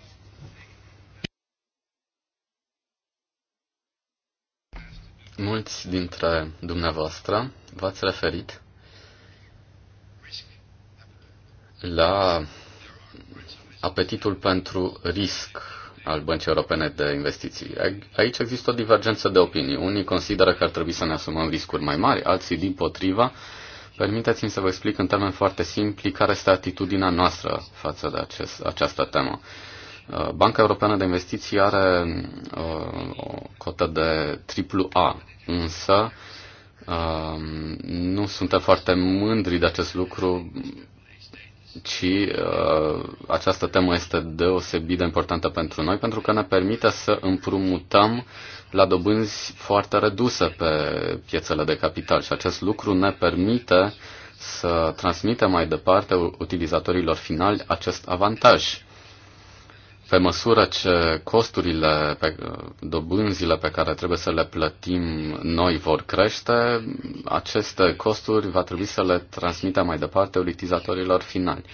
Mulți dintre dumneavoastră v-ați referit la apetitul pentru risc al Băncii Europene de Investiții. Aici există o divergență de opinii. Unii consideră că ar trebui să ne asumăm riscuri mai mari, alții din potriva. Permiteți-mi să vă explic în termeni foarte simpli care este atitudinea noastră față de acest, această temă. Uh, Banca Europeană de Investiții are uh, o cotă de AAA, însă uh, nu suntem foarte mândri de acest lucru ci uh, această temă este deosebit de importantă pentru noi pentru că ne permite să împrumutăm la dobânzi foarte reduse pe piețele de capital și acest lucru ne permite să transmitem mai departe utilizatorilor finali acest avantaj pe măsură ce costurile, pe, dobânzile pe care trebuie să le plătim noi vor crește, aceste costuri va trebui să le transmită mai departe utilizatorilor finali.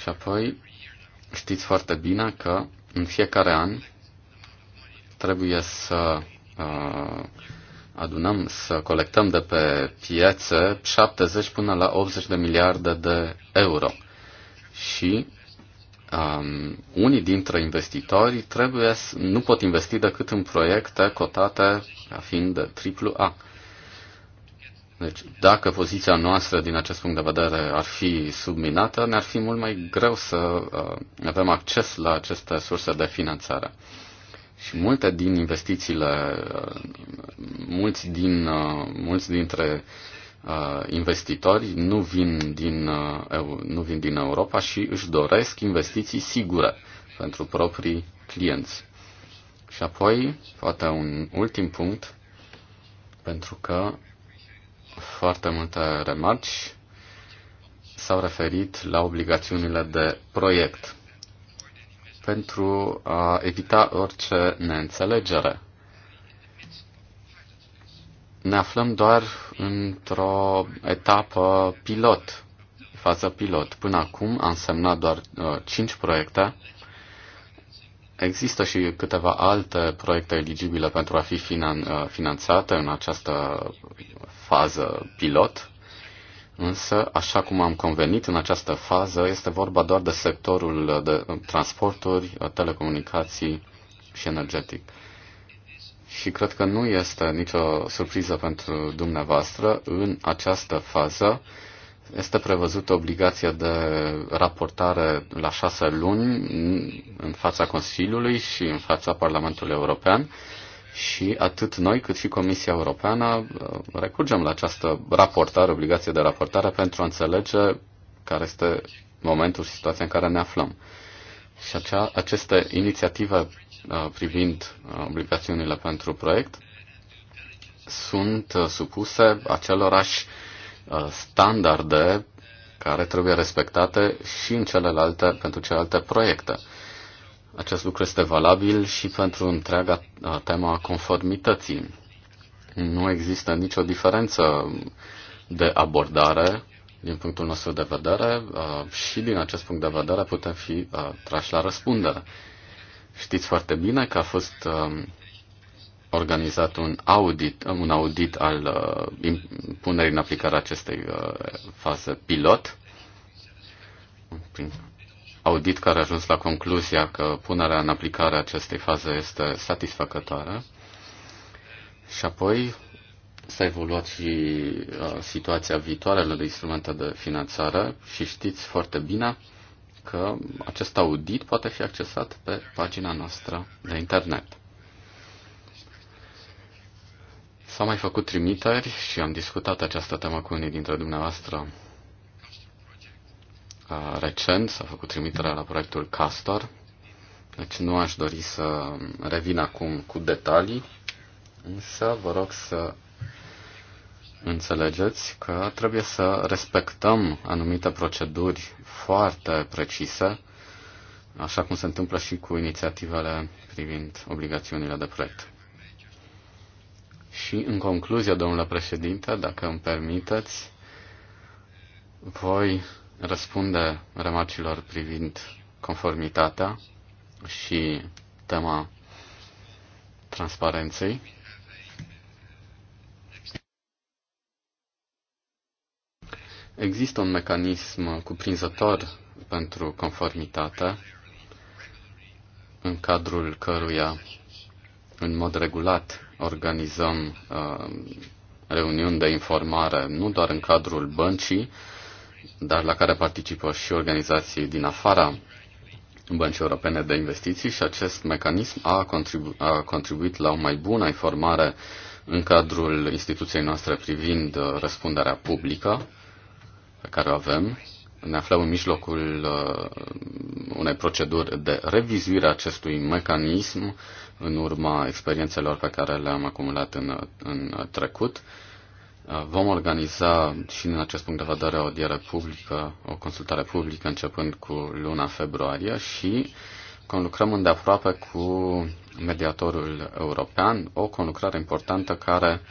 Și apoi știți foarte bine că în fiecare an trebuie să uh, adunăm, să colectăm de pe piețe 70 până la 80 de miliarde de euro. Și um, unii dintre investitori trebuie să nu pot investi decât în proiecte cotate ca fiind de triplu A. Deci, dacă poziția noastră din acest punct de vedere ar fi subminată, ne-ar fi mult mai greu să uh, avem acces la aceste surse de finanțare. Și multe din investițiile, uh, mulți, din, uh, mulți dintre uh, Uh, investitori nu vin, din, uh, nu vin din Europa și își doresc investiții sigure pentru proprii clienți. Și apoi, poate un ultim punct, pentru că foarte multe remarci s-au referit la obligațiunile de proiect pentru a evita orice neînțelegere ne aflăm doar într-o etapă pilot, fază pilot. Până acum am semnat doar uh, 5 proiecte. Există și câteva alte proiecte eligibile pentru a fi finan- uh, finanțate în această fază pilot. Însă, așa cum am convenit în această fază, este vorba doar de sectorul de transporturi, uh, telecomunicații și energetic și cred că nu este nicio surpriză pentru dumneavoastră, în această fază este prevăzută obligația de raportare la șase luni în fața Consiliului și în fața Parlamentului European și atât noi cât și Comisia Europeană uh, recurgem la această raportare, obligație de raportare pentru a înțelege care este momentul și situația în care ne aflăm. Și acea, aceste inițiative Uh, privind uh, obligațiunile pentru proiect sunt uh, supuse acelorași standarde care trebuie respectate și în celelalte, pentru celelalte proiecte. Acest lucru este valabil și pentru întreaga tema conformității. Nu există nicio diferență de abordare din punctul nostru de vedere și din acest punct de vedere putem fi trași la răspundere. Știți foarte bine că a fost um, organizat un audit, un audit al uh, punerii în aplicare acestei uh, faze pilot. Audit care a ajuns la concluzia că punerea în aplicare acestei faze este satisfăcătoare. Și apoi s-a evoluat și uh, situația viitoarelor de instrumente de finanțare și știți foarte bine că acest audit poate fi accesat pe pagina noastră de internet. S-au mai făcut trimiteri și am discutat această temă cu unii dintre dumneavoastră recent. S-a făcut trimiterea la proiectul Castor. Deci nu aș dori să revin acum cu detalii, însă vă rog să înțelegeți că trebuie să respectăm anumite proceduri foarte precise, așa cum se întâmplă și cu inițiativele privind obligațiunile de proiect. Și în concluzie, domnule președinte, dacă îmi permiteți, voi răspunde remarcilor privind conformitatea și tema transparenței Există un mecanism cuprinzător pentru conformitate, în cadrul căruia, în mod regulat, organizăm uh, reuniuni de informare, nu doar în cadrul băncii, dar la care participă și organizații din afara Băncii Europene de Investiții și acest mecanism a, contribu- a contribuit la o mai bună informare în cadrul instituției noastre privind uh, răspunderea publică pe care o avem. Ne aflăm în mijlocul uh, unei proceduri de revizuire a acestui mecanism în urma experiențelor pe care le-am acumulat în, în trecut. Uh, vom organiza și din acest punct de vedere o diere publică, o consultare publică începând cu luna februarie și conlucrăm îndeaproape cu mediatorul european, o conlucrare importantă care uh,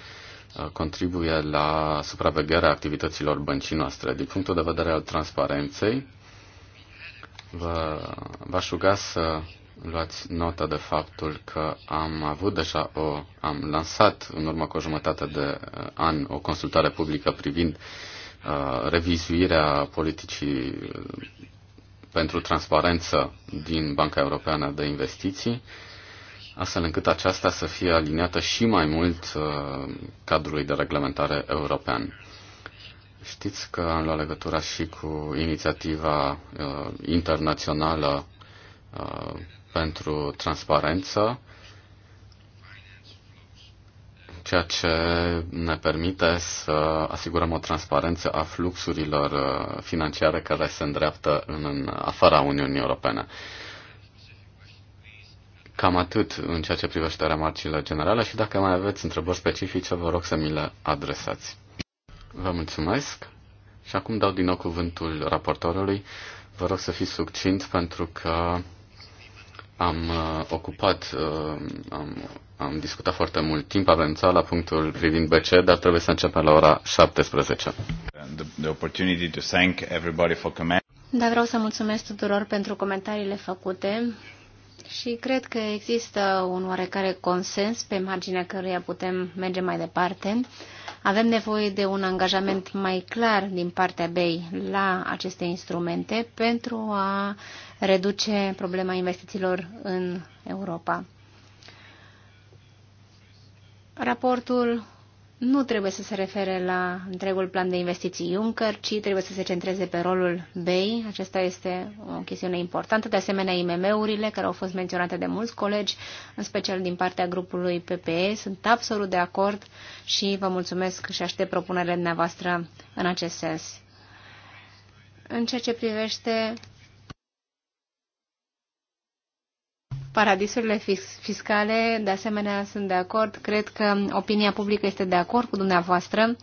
Uh, contribuie la supravegherea activităților băncii noastre. Din punctul de vedere al transparenței, vă, v-aș ruga să luați notă de faptul că am avut deja o, am lansat în urmă cu o jumătate de uh, an o consultare publică privind uh, revizuirea politicii pentru transparență din Banca Europeană de Investiții astfel încât aceasta să fie aliniată și mai mult uh, cadrului de reglementare european. Știți că am luat legătura și cu inițiativa uh, internațională uh, pentru transparență, ceea ce ne permite să asigurăm o transparență a fluxurilor uh, financiare care se îndreaptă în afara Uniunii Europene. Uh, Cam atât în ceea ce privește remarcile generale și dacă mai aveți întrebări specifice, vă rog să mi le adresați. Vă mulțumesc și acum dau din nou cuvântul raportorului. Vă rog să fiți succint pentru că am uh, ocupat, uh, am, am discutat foarte mult timp, avem la punctul privind BC, dar trebuie să începem la ora 17. The, the opportunity to thank everybody for comment. Da, vreau să mulțumesc tuturor pentru comentariile făcute și cred că există un oarecare consens pe marginea căruia putem merge mai departe. Avem nevoie de un angajament mai clar din partea BEI la aceste instrumente pentru a reduce problema investițiilor în Europa. Raportul nu trebuie să se refere la întregul plan de investiții Juncker, ci trebuie să se centreze pe rolul BEI. Acesta este o chestiune importantă. De asemenea, IMM-urile, care au fost menționate de mulți colegi, în special din partea grupului PPE, sunt absolut de acord și vă mulțumesc și aștept propunerea dumneavoastră în acest sens. În ceea ce privește paradisurile fiscale, de asemenea, sunt de acord. Cred că opinia publică este de acord cu dumneavoastră.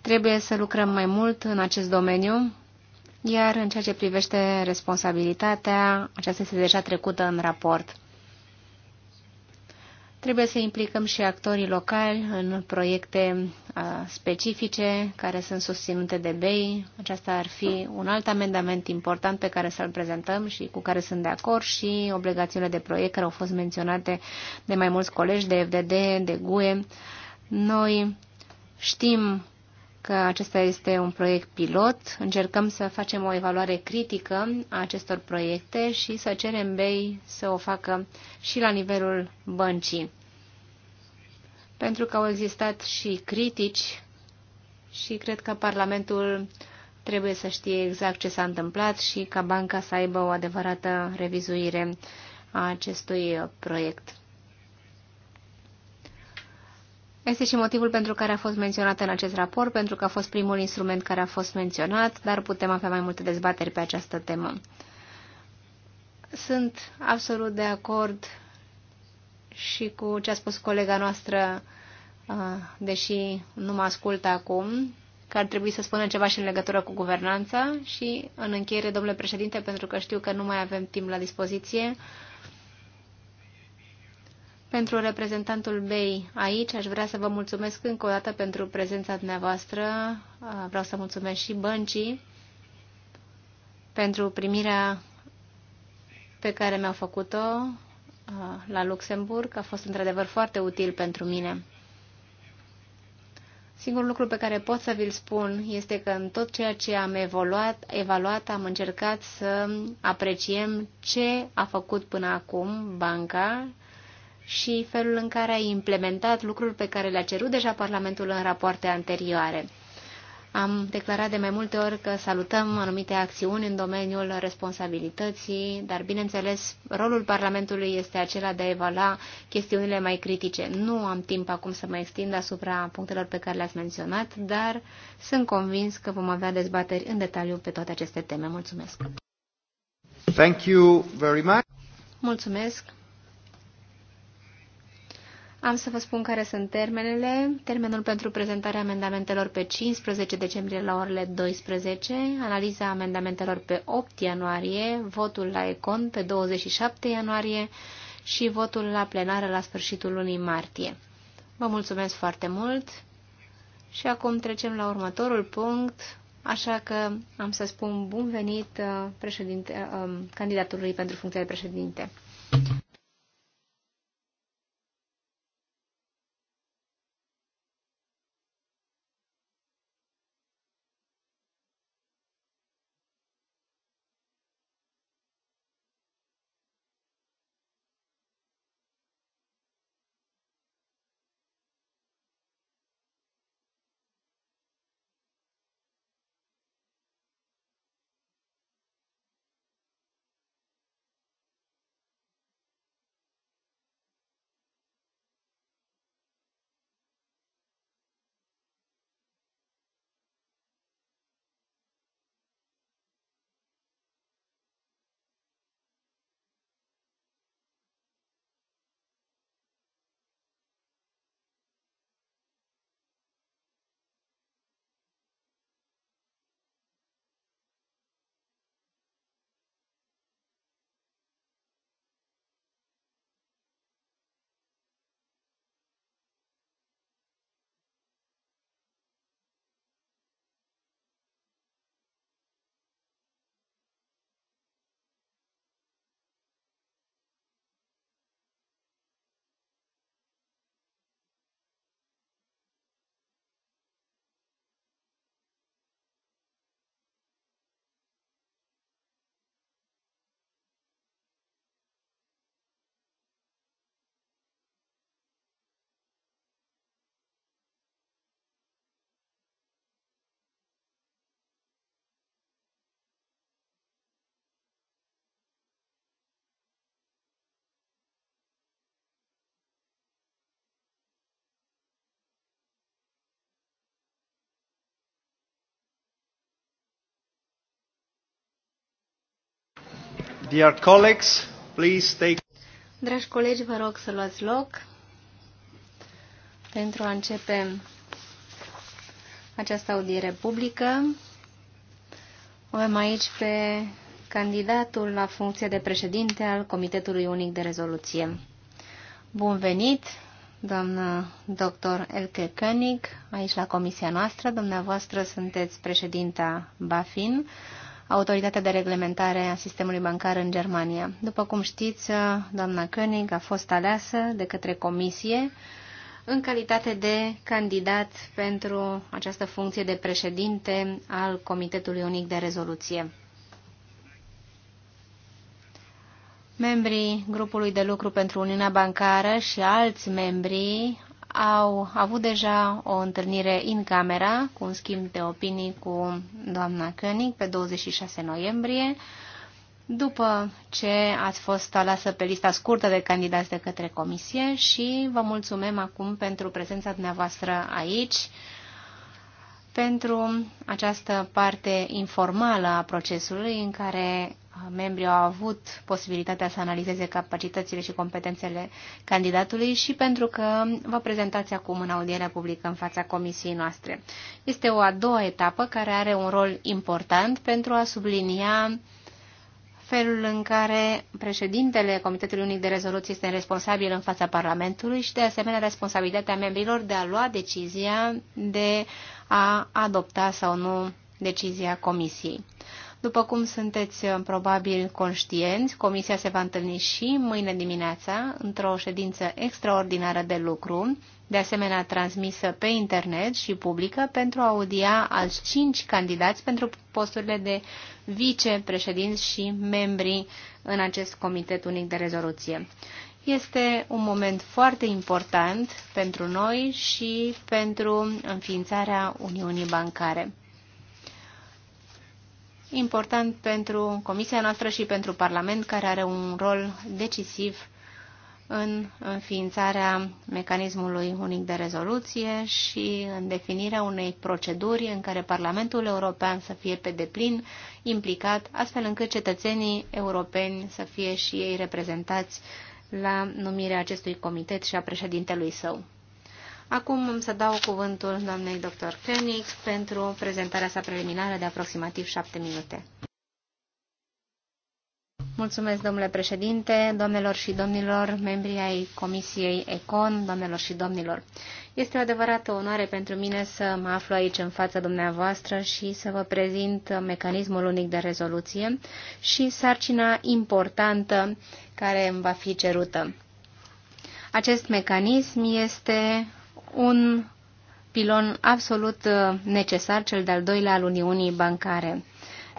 Trebuie să lucrăm mai mult în acest domeniu. Iar în ceea ce privește responsabilitatea, aceasta este deja trecută în raport. Trebuie să implicăm și actorii locali în proiecte specifice care sunt susținute de BEI. Aceasta ar fi un alt amendament important pe care să-l prezentăm și cu care sunt de acord și obligațiile de proiect care au fost menționate de mai mulți colegi de FDD, de GUE. Noi știm că acesta este un proiect pilot. Încercăm să facem o evaluare critică a acestor proiecte și să cerem BEI să o facă și la nivelul băncii. Pentru că au existat și critici și cred că Parlamentul trebuie să știe exact ce s-a întâmplat și ca banca să aibă o adevărată revizuire a acestui proiect. Este și motivul pentru care a fost menționat în acest raport, pentru că a fost primul instrument care a fost menționat, dar putem avea mai multe dezbateri pe această temă. Sunt absolut de acord și cu ce a spus colega noastră, deși nu mă ascultă acum, că ar trebui să spună ceva și în legătură cu guvernanța și, în încheiere, domnule președinte, pentru că știu că nu mai avem timp la dispoziție, pentru reprezentantul BEI aici aș vrea să vă mulțumesc încă o dată pentru prezența dumneavoastră. Vreau să mulțumesc și băncii pentru primirea pe care mi-au făcut-o la Luxemburg. A fost într-adevăr foarte util pentru mine. Singurul lucru pe care pot să vi-l spun este că în tot ceea ce am evoluat, evaluat, am încercat să apreciem ce a făcut până acum banca și felul în care a implementat lucruri pe care le-a cerut deja Parlamentul în rapoarte anterioare. Am declarat de mai multe ori că salutăm anumite acțiuni în domeniul responsabilității, dar, bineînțeles, rolul Parlamentului este acela de a evalua chestiunile mai critice. Nu am timp acum să mă extind asupra punctelor pe care le-ați menționat, dar sunt convins că vom avea dezbateri în detaliu pe toate aceste teme. Mulțumesc! Thank you very much. Mulțumesc! Am să vă spun care sunt termenele. Termenul pentru prezentarea amendamentelor pe 15 decembrie la orele 12, analiza amendamentelor pe 8 ianuarie, votul la ECON pe 27 ianuarie și votul la plenară la sfârșitul lunii martie. Vă mulțumesc foarte mult și acum trecem la următorul punct, așa că am să spun bun venit uh, președinte, uh, um, candidatului pentru funcția de președinte. Dear colleagues, please take... Dragi colegi, vă rog să luați loc pentru a începe această audiere publică. O avem aici pe candidatul la funcție de președinte al Comitetului Unic de Rezoluție. Bun venit, doamnă doctor Elke König, aici la comisia noastră. Dumneavoastră sunteți președinta BAFIN, autoritatea de reglementare a sistemului bancar în Germania. După cum știți, doamna König a fost aleasă de către comisie în calitate de candidat pentru această funcție de președinte al Comitetului Unic de Rezoluție. Membrii grupului de lucru pentru Uniunea Bancară și alți membri au avut deja o întâlnire în camera cu un schimb de opinii cu doamna König pe 26 noiembrie, după ce ați fost alasă pe lista scurtă de candidați de către comisie și vă mulțumim acum pentru prezența dumneavoastră aici, pentru această parte informală a procesului în care membrii au avut posibilitatea să analizeze capacitățile și competențele candidatului și pentru că vă prezentați acum în audierea publică în fața comisiei noastre. Este o a doua etapă care are un rol important pentru a sublinia felul în care președintele Comitetului Unic de Rezoluție este responsabil în fața Parlamentului și, de asemenea, responsabilitatea membrilor de a lua decizia de a adopta sau nu decizia Comisiei. După cum sunteți uh, probabil conștienți, comisia se va întâlni și mâine dimineața într-o ședință extraordinară de lucru, de asemenea transmisă pe internet și publică pentru a audia alți cinci candidați pentru posturile de vicepreședinți și membri în acest comitet unic de rezoluție. Este un moment foarte important pentru noi și pentru înființarea Uniunii Bancare important pentru Comisia noastră și pentru Parlament, care are un rol decisiv în înființarea mecanismului unic de rezoluție și în definirea unei proceduri în care Parlamentul European să fie pe deplin implicat, astfel încât cetățenii europeni să fie și ei reprezentați la numirea acestui comitet și a președintelui său. Acum îmi să dau cuvântul doamnei dr. Koenig pentru prezentarea sa preliminară de aproximativ șapte minute. Mulțumesc, domnule președinte, domnilor și domnilor, membri ai Comisiei ECON, domnilor și domnilor. Este o adevărată onoare pentru mine să mă aflu aici în fața dumneavoastră și să vă prezint mecanismul unic de rezoluție și sarcina importantă care îmi va fi cerută. Acest mecanism este un pilon absolut uh, necesar, cel de-al doilea al Uniunii Bancare.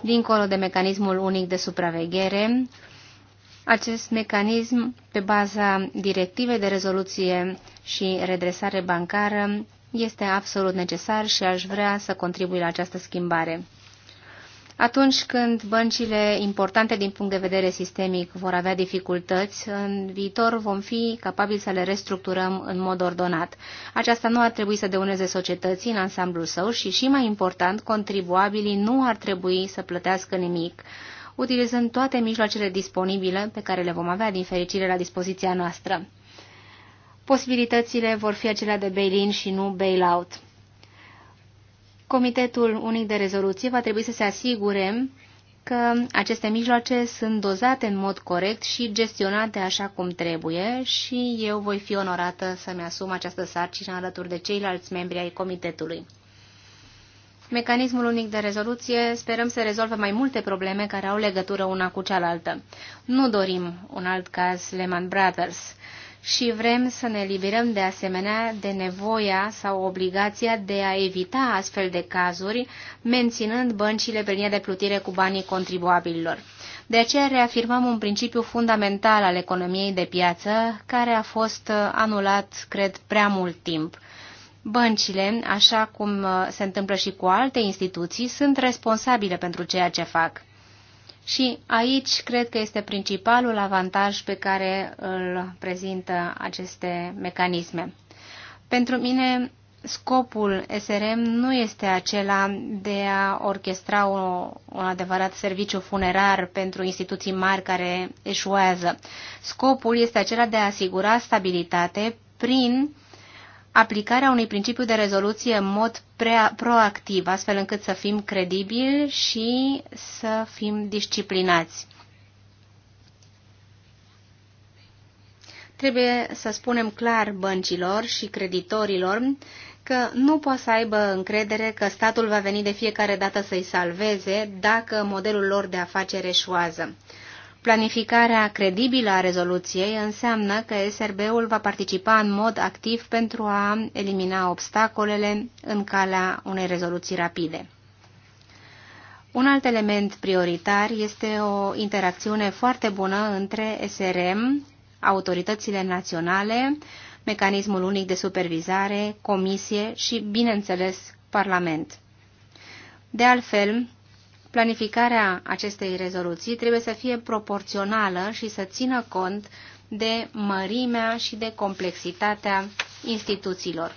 Dincolo de mecanismul unic de supraveghere, acest mecanism, pe baza directivei de rezoluție și redresare bancară, este absolut necesar și aș vrea să contribui la această schimbare. Atunci când băncile importante din punct de vedere sistemic vor avea dificultăți, în viitor vom fi capabili să le restructurăm în mod ordonat. Aceasta nu ar trebui să deuneze societății în ansamblul său și, și mai important, contribuabilii nu ar trebui să plătească nimic, utilizând toate mijloacele disponibile pe care le vom avea din fericire la dispoziția noastră. Posibilitățile vor fi acelea de bail-in și nu bail-out. Comitetul Unic de Rezoluție va trebui să se asigure că aceste mijloace sunt dozate în mod corect și gestionate așa cum trebuie și eu voi fi onorată să-mi asum această sarcină alături de ceilalți membri ai comitetului. Mecanismul unic de rezoluție sperăm să rezolve mai multe probleme care au legătură una cu cealaltă. Nu dorim un alt caz Lehman Brothers și vrem să ne liberăm de asemenea de nevoia sau obligația de a evita astfel de cazuri, menținând băncile pe linia de plutire cu banii contribuabililor. De aceea reafirmăm un principiu fundamental al economiei de piață, care a fost uh, anulat, cred, prea mult timp. Băncile, așa cum uh, se întâmplă și cu alte instituții, sunt responsabile pentru ceea ce fac. Și aici cred că este principalul avantaj pe care îl prezintă aceste mecanisme. Pentru mine, scopul SRM nu este acela de a orchestra o, un adevărat serviciu funerar pentru instituții mari care eșuează. Scopul este acela de a asigura stabilitate prin aplicarea unui principiu de rezoluție în mod prea proactiv, astfel încât să fim credibili și să fim disciplinați. Trebuie să spunem clar băncilor și creditorilor că nu poate să aibă încredere că statul va veni de fiecare dată să-i salveze dacă modelul lor de afacere eșuează. Planificarea credibilă a rezoluției înseamnă că SRB-ul va participa în mod activ pentru a elimina obstacolele în calea unei rezoluții rapide. Un alt element prioritar este o interacțiune foarte bună între SRM, autoritățile naționale, mecanismul unic de supervizare, comisie și, bineînțeles, Parlament. De altfel, Planificarea acestei rezoluții trebuie să fie proporțională și să țină cont de mărimea și de complexitatea instituțiilor.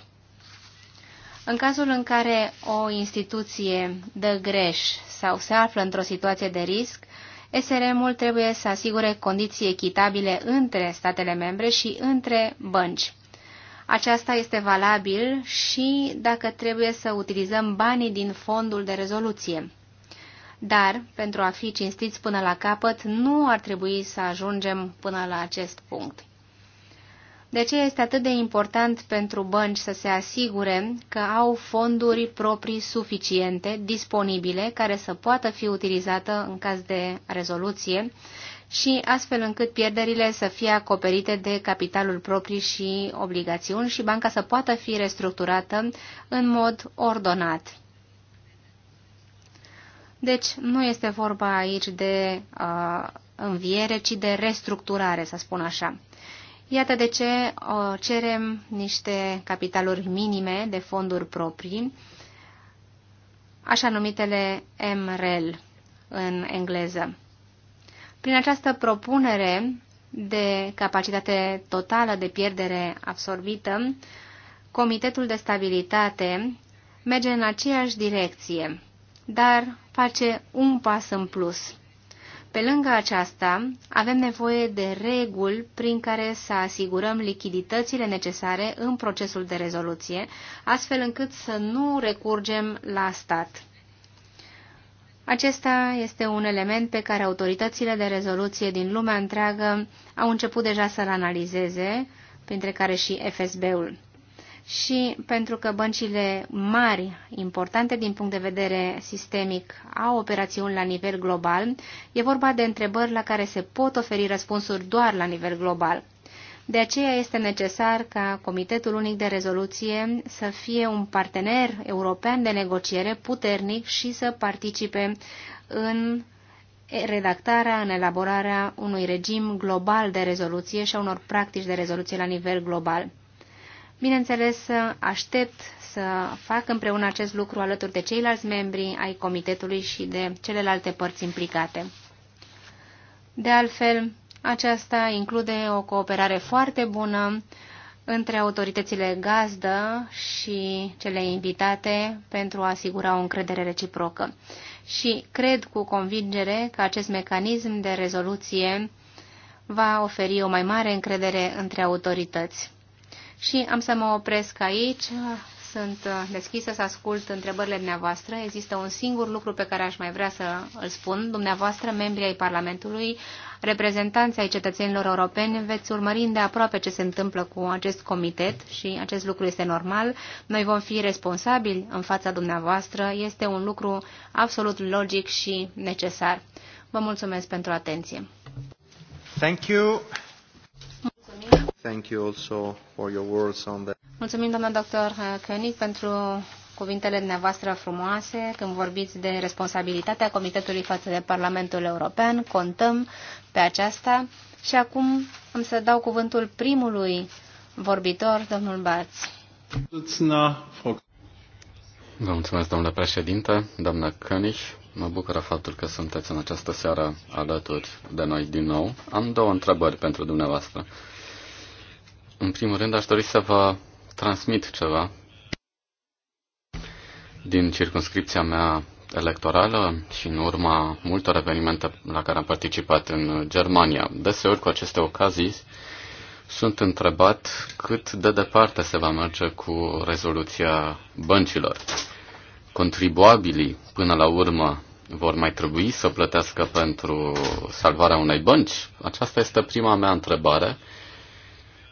În cazul în care o instituție dă greș sau se află într-o situație de risc, SRM-ul trebuie să asigure condiții echitabile între statele membre și între bănci. Aceasta este valabil și dacă trebuie să utilizăm banii din fondul de rezoluție. Dar, pentru a fi cinstiți până la capăt, nu ar trebui să ajungem până la acest punct. De ce este atât de important pentru bănci să se asigure că au fonduri proprii suficiente, disponibile, care să poată fi utilizată în caz de rezoluție și astfel încât pierderile să fie acoperite de capitalul propriu și obligațiuni și banca să poată fi restructurată în mod ordonat. Deci nu este vorba aici de uh, înviere, ci de restructurare, să spun așa. Iată de ce uh, cerem niște capitaluri minime de fonduri proprii, așa numitele MREL în engleză. Prin această propunere de capacitate totală de pierdere absorbită, Comitetul de Stabilitate merge în aceeași direcție dar face un pas în plus. Pe lângă aceasta, avem nevoie de reguli prin care să asigurăm lichiditățile necesare în procesul de rezoluție, astfel încât să nu recurgem la stat. Acesta este un element pe care autoritățile de rezoluție din lumea întreagă au început deja să-l analizeze, printre care și FSB-ul și pentru că băncile mari, importante din punct de vedere sistemic, au operațiuni la nivel global, e vorba de întrebări la care se pot oferi răspunsuri doar la nivel global. De aceea este necesar ca Comitetul Unic de Rezoluție să fie un partener european de negociere puternic și să participe în redactarea, în elaborarea unui regim global de rezoluție și a unor practici de rezoluție la nivel global. Bineînțeles, aștept să fac împreună acest lucru alături de ceilalți membri ai comitetului și de celelalte părți implicate. De altfel, aceasta include o cooperare foarte bună între autoritățile gazdă și cele invitate pentru a asigura o încredere reciprocă. Și cred cu convingere că acest mecanism de rezoluție va oferi o mai mare încredere între autorități. Și am să mă opresc aici. Sunt uh, deschisă să ascult întrebările dumneavoastră. Există un singur lucru pe care aș mai vrea să îl spun. Dumneavoastră, membrii ai Parlamentului, reprezentanții ai cetățenilor europeni, veți urmări aproape ce se întâmplă cu acest comitet și acest lucru este normal. Noi vom fi responsabili în fața dumneavoastră. Este un lucru absolut logic și necesar. Vă mulțumesc pentru atenție. Thank you. Thank you also for your words on that. Mulțumim, doamna doctor Koenig, pentru cuvintele dumneavoastră frumoase când vorbiți de responsabilitatea Comitetului față de Parlamentul European. Contăm pe aceasta. Și acum am să dau cuvântul primului vorbitor, domnul Barți. Vă mulțumesc, domnule președinte, doamna Căniș. Mă bucură faptul că sunteți în această seară alături de noi din nou. Am două întrebări pentru dumneavoastră. În primul rând, aș dori să vă transmit ceva din circunscripția mea electorală și în urma multor evenimente la care am participat în Germania. Deseori cu aceste ocazii sunt întrebat cât de departe se va merge cu rezoluția băncilor. Contribuabilii, până la urmă, vor mai trebui să plătească pentru salvarea unei bănci? Aceasta este prima mea întrebare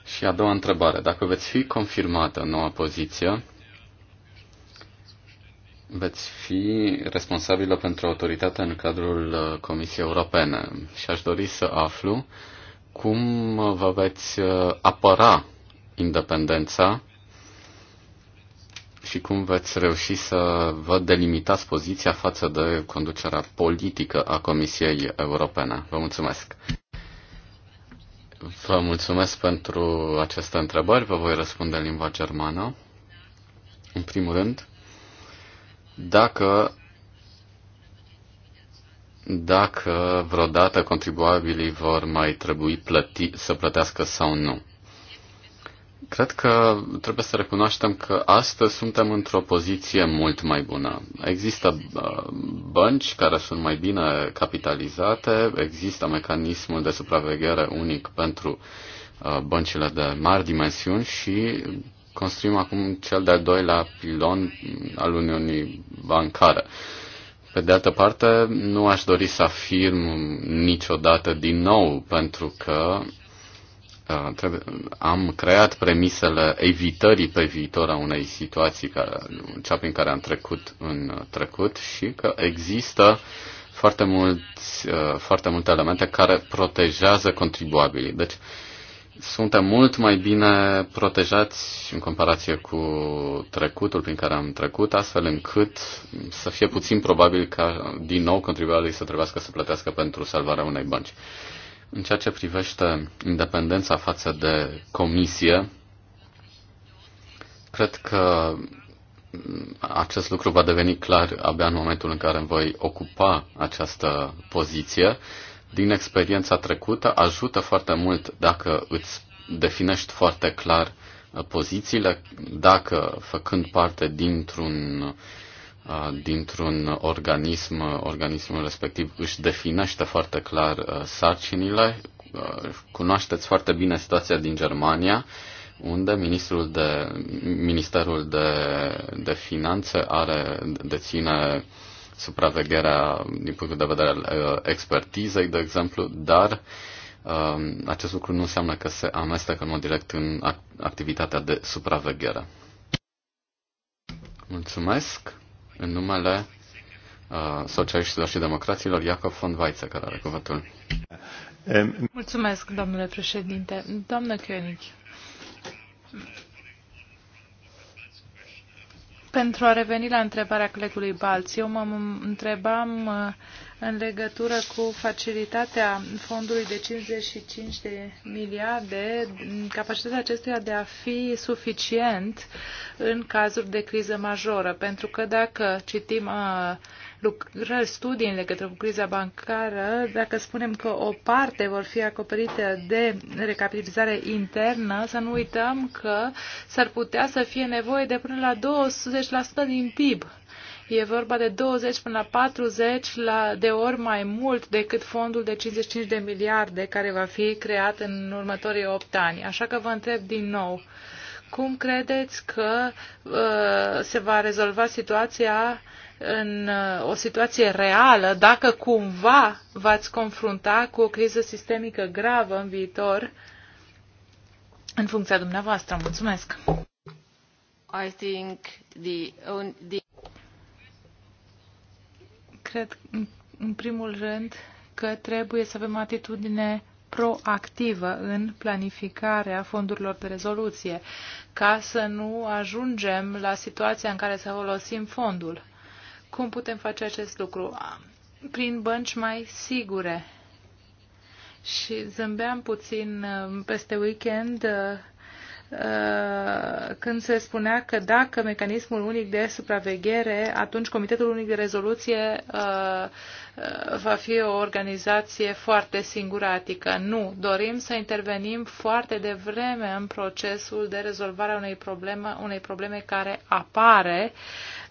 și a doua întrebare. Dacă veți fi confirmată noua poziție, veți fi responsabilă pentru autoritatea în cadrul uh, Comisiei Europene și aș dori să aflu cum uh, vă veți uh, apăra independența și cum veți reuși să vă delimitați poziția față de conducerea politică a Comisiei Europene. Vă mulțumesc! Vă mulțumesc pentru aceste întrebări. Vă voi răspunde în limba germană. În primul rând, dacă dacă vreodată contribuabilii vor mai trebui plăti, să plătească sau nu. Cred că trebuie să recunoaștem că astăzi suntem într-o poziție mult mai bună. Există uh, bănci care sunt mai bine capitalizate, există mecanismul de supraveghere unic pentru uh, băncile de mari dimensiuni și construim acum cel de-al doilea pilon al Uniunii Bancare. Pe de altă parte, nu aș dori să afirm niciodată din nou, pentru că trebuie, am creat premisele evitării pe viitor a unei situații, care, cea prin care am trecut în trecut și că există foarte, mulți, foarte multe elemente care protejează contribuabilii. Deci, suntem mult mai bine protejați în comparație cu trecutul prin care am trecut, astfel încât să fie puțin probabil ca din nou contribuabilii să trebuiască să plătească pentru salvarea unei bănci. În ceea ce privește independența față de comisie, cred că acest lucru va deveni clar abia în momentul în care voi ocupa această poziție. Din experiența trecută, ajută foarte mult dacă îți definești foarte clar pozițiile, dacă făcând parte dintr-un dintr-un organism, organismul respectiv își definește foarte clar sarcinile. Cunoașteți foarte bine situația din Germania, unde ministrul de, Ministerul de, de Finanțe are, deține supravegherea din punct de vedere al expertizei, de exemplu, dar acest lucru nu înseamnă că se amestecă în mod direct în activitatea de supraveghere. Mulțumesc! în numele uh, socialiștilor și democraților, Iacob von Weizsäcker care are cuvântul. Mulțumesc, domnule președinte. Doamnă König, pentru a reveni la întrebarea colegului Balț, eu mă întrebam uh, în legătură cu facilitatea fondului de 55 de miliarde, capacitatea acestuia de a fi suficient în cazuri de criză majoră. Pentru că dacă citim uh, lucrări, studii în legătură cu criza bancară, dacă spunem că o parte vor fi acoperite de recapitalizare internă, să nu uităm că s-ar putea să fie nevoie de până la 20% din PIB. E vorba de 20 până la 40 la, de ori mai mult decât fondul de 55 de miliarde care va fi creat în următorii 8 ani. Așa că vă întreb din nou, cum credeți că uh, se va rezolva situația uh, în uh, o situație reală dacă cumva v-ați confrunta cu o criză sistemică gravă în viitor în funcția dumneavoastră. Mulțumesc! I think the, on, the... Cred, în primul rând, că trebuie să avem atitudine proactivă în planificarea fondurilor de rezoluție, ca să nu ajungem la situația în care să folosim fondul. Cum putem face acest lucru? Prin bănci mai sigure. Și zâmbeam puțin uh, peste weekend uh, uh, când se spunea că dacă mecanismul unic de supraveghere, atunci Comitetul Unic de Rezoluție va fi o organizație foarte singuratică. Nu, dorim să intervenim foarte devreme în procesul de rezolvare a unei probleme, unei probleme care apare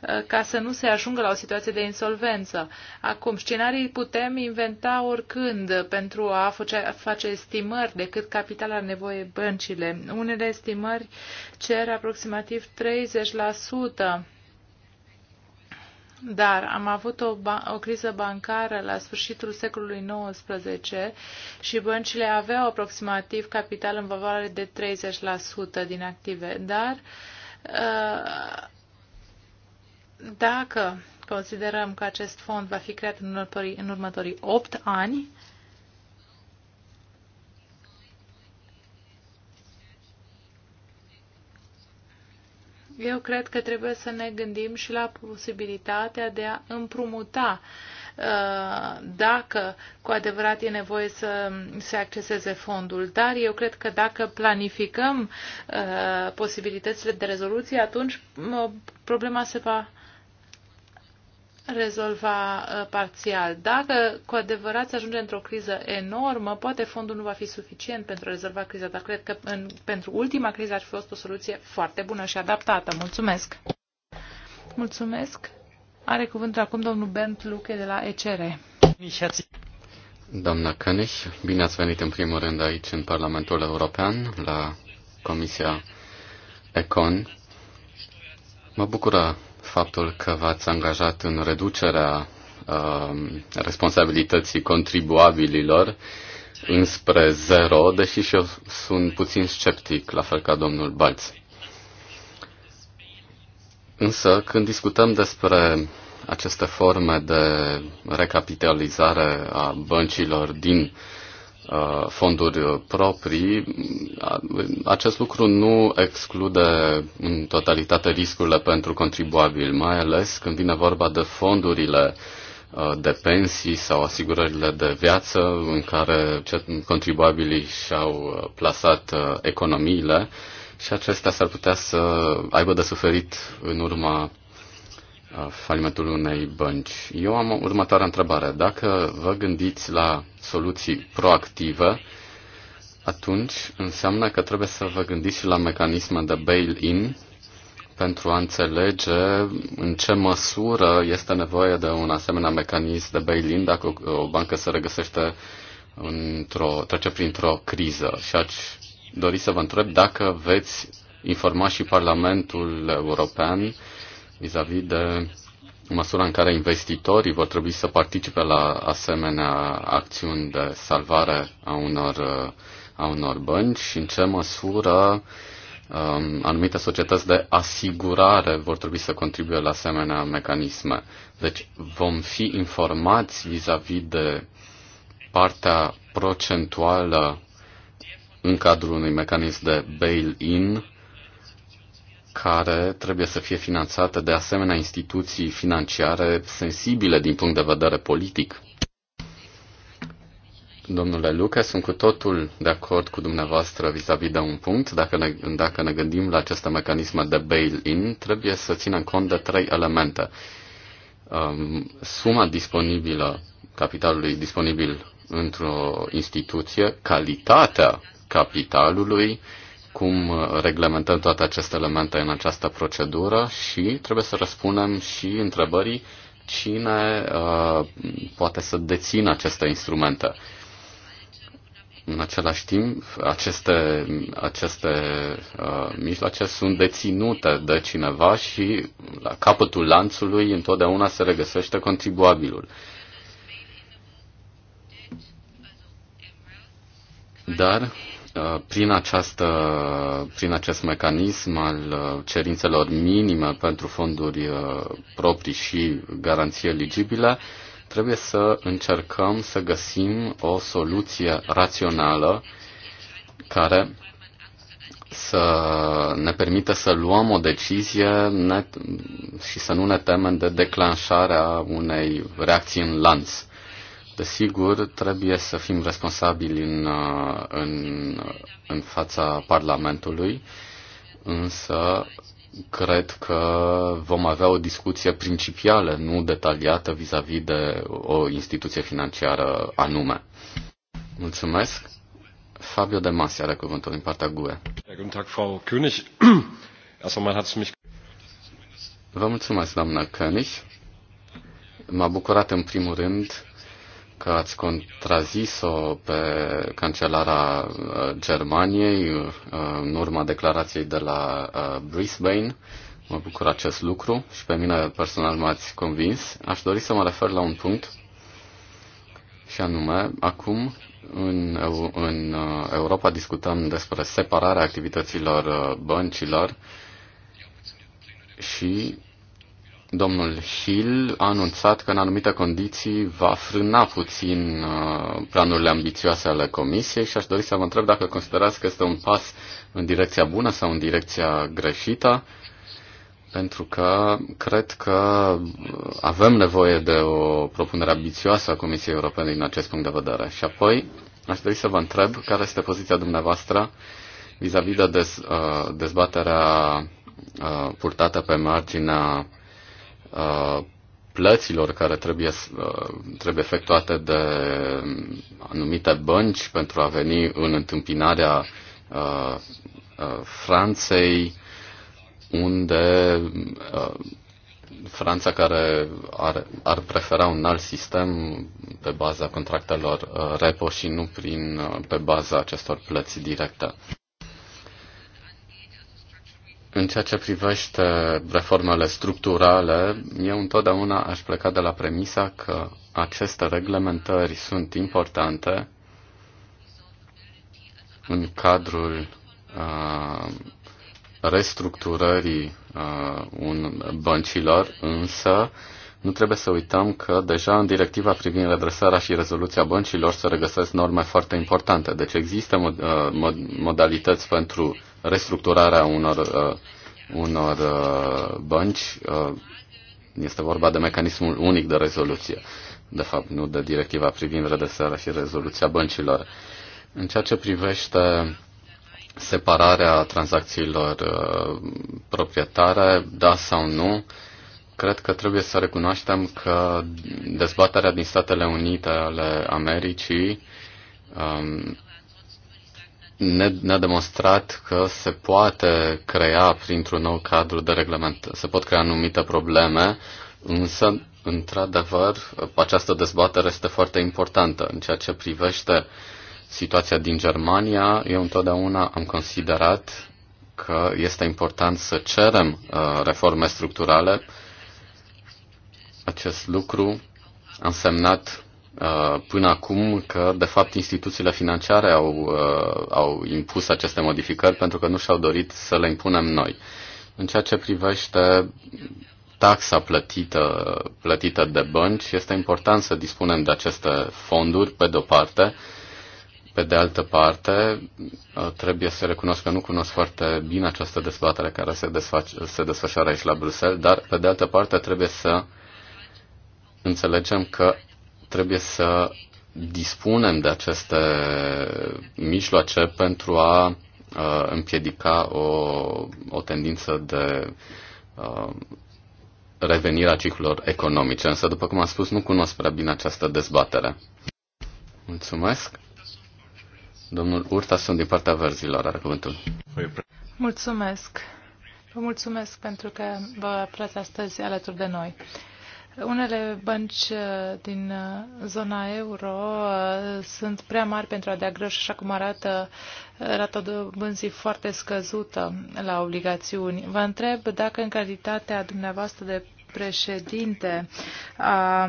Eh, ca să nu se ajungă la o situație de insolvență. Acum, scenarii putem inventa oricând pentru a face estimări de cât capital are nevoie băncile. Unele estimări cer aproximativ 30% dar am avut o, o criză bancară la sfârșitul secolului XIX și băncile aveau aproximativ capital în valoare de 30% din active, dar uh, dacă considerăm că acest fond va fi creat în următorii, în următorii 8 ani, eu cred că trebuie să ne gândim și la posibilitatea de a împrumuta uh, dacă cu adevărat e nevoie să se acceseze fondul. Dar eu cred că dacă planificăm uh, posibilitățile de rezoluție, atunci uh, problema se va rezolva uh, parțial. Dacă cu adevărat se ajunge într-o criză enormă, poate fondul nu va fi suficient pentru a rezolva criza, dar cred că în, pentru ultima criză ar fi fost o soluție foarte bună și adaptată. Mulțumesc! Mulțumesc! Are cuvântul acum domnul Bernd Luche de la ECR. Doamna Căniș, bine ați venit în primul rând aici în Parlamentul European, la Comisia Econ. Mă bucură faptul că v-ați angajat în reducerea uh, responsabilității contribuabililor înspre zero, deși și eu sunt puțin sceptic, la fel ca domnul Balț. Însă, când discutăm despre aceste forme de recapitalizare a băncilor din uh, Uh, fonduri uh, proprii, acest lucru nu exclude în totalitate riscurile pentru contribuabil, mai ales când vine vorba de fondurile uh, de pensii sau asigurările de viață în care contribuabilii și-au plasat economiile și acestea s-ar putea să aibă de suferit în urma falimentul unei bănci. Eu am următoarea întrebare. Dacă vă gândiți la soluții proactive, atunci înseamnă că trebuie să vă gândiți și la mecanisme de bail-in pentru a înțelege în ce măsură este nevoie de un asemenea mecanism de bail-in dacă o, o bancă se regăsește într-o, trece printr-o criză. Și aș dori să vă întreb dacă veți informa și Parlamentul European vis-a-vis -vis de măsura în care investitorii vor trebui să participe la asemenea acțiuni de salvare a unor, a unor bănci și în ce măsură um, anumite societăți de asigurare vor trebui să contribuie la asemenea mecanisme. Deci vom fi informați vis-a-vis -vis de partea procentuală în cadrul unui mecanism de bail-in care trebuie să fie finanțată de asemenea instituții financiare sensibile din punct de vedere politic. Domnule Luca, sunt cu totul de acord cu dumneavoastră vis-a-vis -vis de un punct. Dacă ne, dacă ne gândim la aceste mecanisme de bail-in, trebuie să ținem cont de trei elemente. Um, suma disponibilă, capitalului disponibil într-o instituție, calitatea capitalului cum uh, reglementăm toate aceste elemente în această procedură și trebuie să răspunem și întrebării cine uh, poate să dețină aceste instrumente. În același timp, aceste, aceste uh, mijloace sunt deținute de cineva și la capătul lanțului întotdeauna se regăsește contribuabilul. Dar Uh, prin, această, prin acest mecanism al uh, cerințelor minime pentru fonduri uh, proprii și garanții eligibile, trebuie să încercăm să găsim o soluție rațională care să ne permită să luăm o decizie net, și să nu ne temem de declanșarea unei reacții în lanț. Desigur, trebuie să fim responsabili în, uh, în, în fața Parlamentului, însă cred că vom avea o discuție principială, nu detaliată vis-a-vis -vis de o instituție financiară anume. Mulțumesc. Fabio De Masi are cuvântul din partea GUE. Vă mulțumesc, doamnă König. M-a bucurat în primul rând că ați contrazis-o pe cancelara uh, Germaniei uh, în urma declarației de la uh, Brisbane. Mă bucur acest lucru și pe mine personal m-ați convins. Aș dori să mă refer la un punct și anume, acum în, în Europa discutăm despre separarea activităților băncilor și Domnul Hill a anunțat că în anumite condiții va frâna puțin uh, planurile ambițioase ale Comisiei și aș dori să vă întreb dacă considerați că este un pas în direcția bună sau în direcția greșită, pentru că cred că avem nevoie de o propunere ambițioasă a Comisiei Europene din acest punct de vedere. Și apoi aș dori să vă întreb care este poziția dumneavoastră vis-a-vis -vis de dez, uh, dezbaterea uh, purtată pe marginea Uh, plăților care trebuie, uh, trebuie efectuate de anumite bănci pentru a veni în întâmpinarea uh, Franței, unde Franța care ar, ar prefera un alt sistem pe baza contractelor repo și nu prin, pe baza acestor plăți directe. În ceea ce privește reformele structurale, eu întotdeauna aș pleca de la premisa că aceste reglementări sunt importante în cadrul uh, restructurării uh, un băncilor, însă nu trebuie să uităm că deja în directiva privind redresarea și rezoluția băncilor se regăsesc norme foarte importante. Deci există mod, uh, mod, modalități pentru restructurarea unor, uh, unor uh, bănci. Uh, este vorba de mecanismul unic de rezoluție, de fapt, nu de directiva privind redresarea și rezoluția băncilor. În ceea ce privește separarea tranzacțiilor uh, proprietare, da sau nu, cred că trebuie să recunoaștem că dezbaterea din Statele Unite ale Americii um, ne-a demonstrat că se poate crea printr-un nou cadru de reglement, se pot crea anumite probleme, însă, într-adevăr, această dezbatere este foarte importantă în ceea ce privește situația din Germania. Eu întotdeauna am considerat că este important să cerem uh, reforme structurale. Acest lucru a însemnat Uh, până acum că, de fapt, instituțiile financiare au, uh, au impus aceste modificări pentru că nu și-au dorit să le impunem noi. În ceea ce privește taxa plătită, plătită de bănci, este important să dispunem de aceste fonduri, pe de-o parte. Pe de altă parte, uh, trebuie să recunosc că nu cunosc foarte bine această dezbatere care se, desfac- se desfășoară aici la Bruxelles, dar, pe de altă parte, trebuie să înțelegem că trebuie să dispunem de aceste mijloace pentru a uh, împiedica o, o tendință de uh, a ciclurilor economice. Însă, după cum am spus, nu cunosc prea bine această dezbatere. Mulțumesc. Domnul Urta sunt din partea verzilor, are cuvântul. Mulțumesc. Vă mulțumesc pentru că vă aflați astăzi alături de noi. Unele bănci uh, din uh, zona euro uh, sunt prea mari pentru a dea grăși, așa cum arată rata dobânzii foarte scăzută la obligațiuni. Vă întreb dacă în calitatea dumneavoastră de președinte a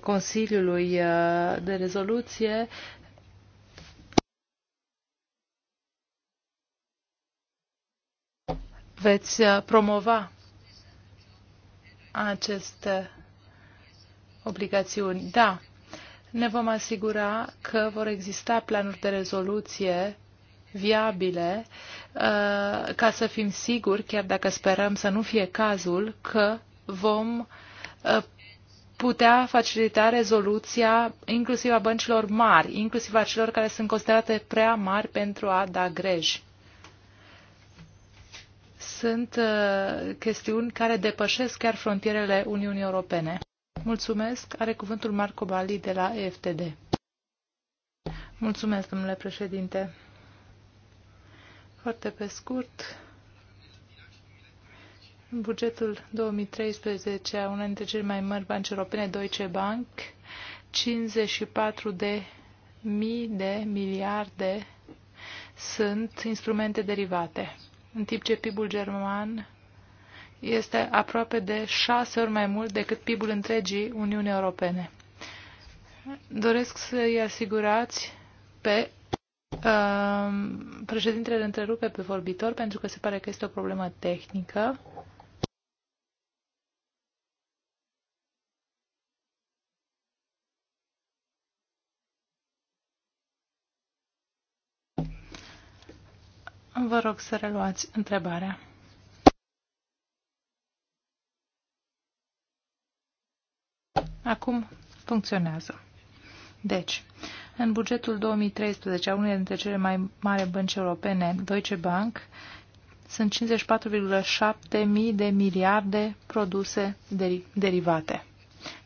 Consiliului de Rezoluție veți promova aceste obligațiuni. Da, ne vom asigura că vor exista planuri de rezoluție viabile uh, ca să fim siguri, chiar dacă sperăm să nu fie cazul, că vom uh, putea facilita rezoluția inclusiv a băncilor mari, inclusiv a celor care sunt considerate prea mari pentru a da greji sunt uh, chestiuni care depășesc chiar frontierele Uniunii Europene. Mulțumesc. Are cuvântul Marco Bali de la EFTD. Mulțumesc, domnule președinte. Foarte pe scurt, bugetul 2013 a unei dintre cele mai mari bănci europene, Deutsche Bank, 54 de mii de miliarde sunt instrumente derivate în timp ce PIB-ul german este aproape de șase ori mai mult decât PIB-ul întregii Uniuni Europene. Doresc să-i asigurați pe uh, președintele întrerupe pe vorbitor pentru că se pare că este o problemă tehnică. Vă rog să reluați întrebarea. Acum funcționează. Deci, în bugetul 2013 a unei dintre cele mai mari bănci europene, Deutsche Bank, sunt 54,7 mii de miliarde produse derivate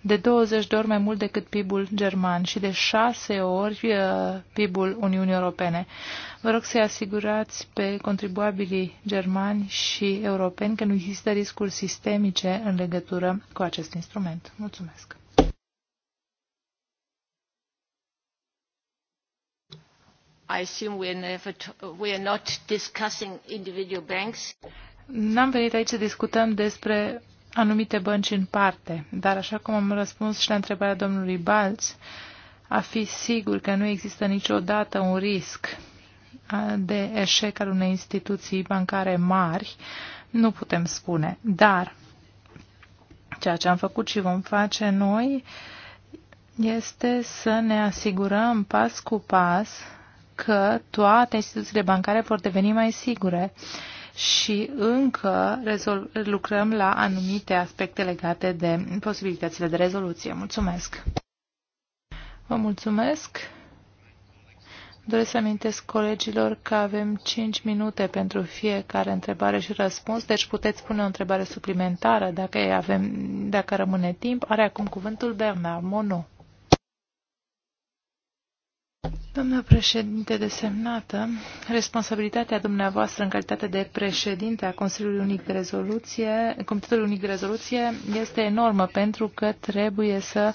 de 20 de ori mai mult decât PIB-ul german și de 6 ori uh, PIB-ul Uniunii Europene. Vă rog să-i asigurați pe contribuabilii germani și europeni că nu există riscuri sistemice în legătură cu acest instrument. Mulțumesc! I assume we are, never we are not discussing individual banks. N-am venit aici să discutăm despre anumite bănci în parte, dar așa cum am răspuns și la întrebarea domnului Balț, a fi sigur că nu există niciodată un risc de eșec al unei instituții bancare mari, nu putem spune. Dar ceea ce am făcut și vom face noi este să ne asigurăm pas cu pas că toate instituțiile bancare vor deveni mai sigure. Uh, și încă lucrăm la anumite aspecte legate de posibilitățile de rezoluție. Mulțumesc! Vă mulțumesc! Doresc să amintesc colegilor că avem 5 minute pentru fiecare întrebare și răspuns, deci puteți pune o întrebare suplimentară dacă, avem, dacă rămâne timp. Are acum cuvântul Bernard Monod. Domnule președinte desemnată, responsabilitatea dumneavoastră în calitate de președinte a Consiliului Unic de Rezoluție, Comitetul Unic de Rezoluție este enormă pentru că trebuie să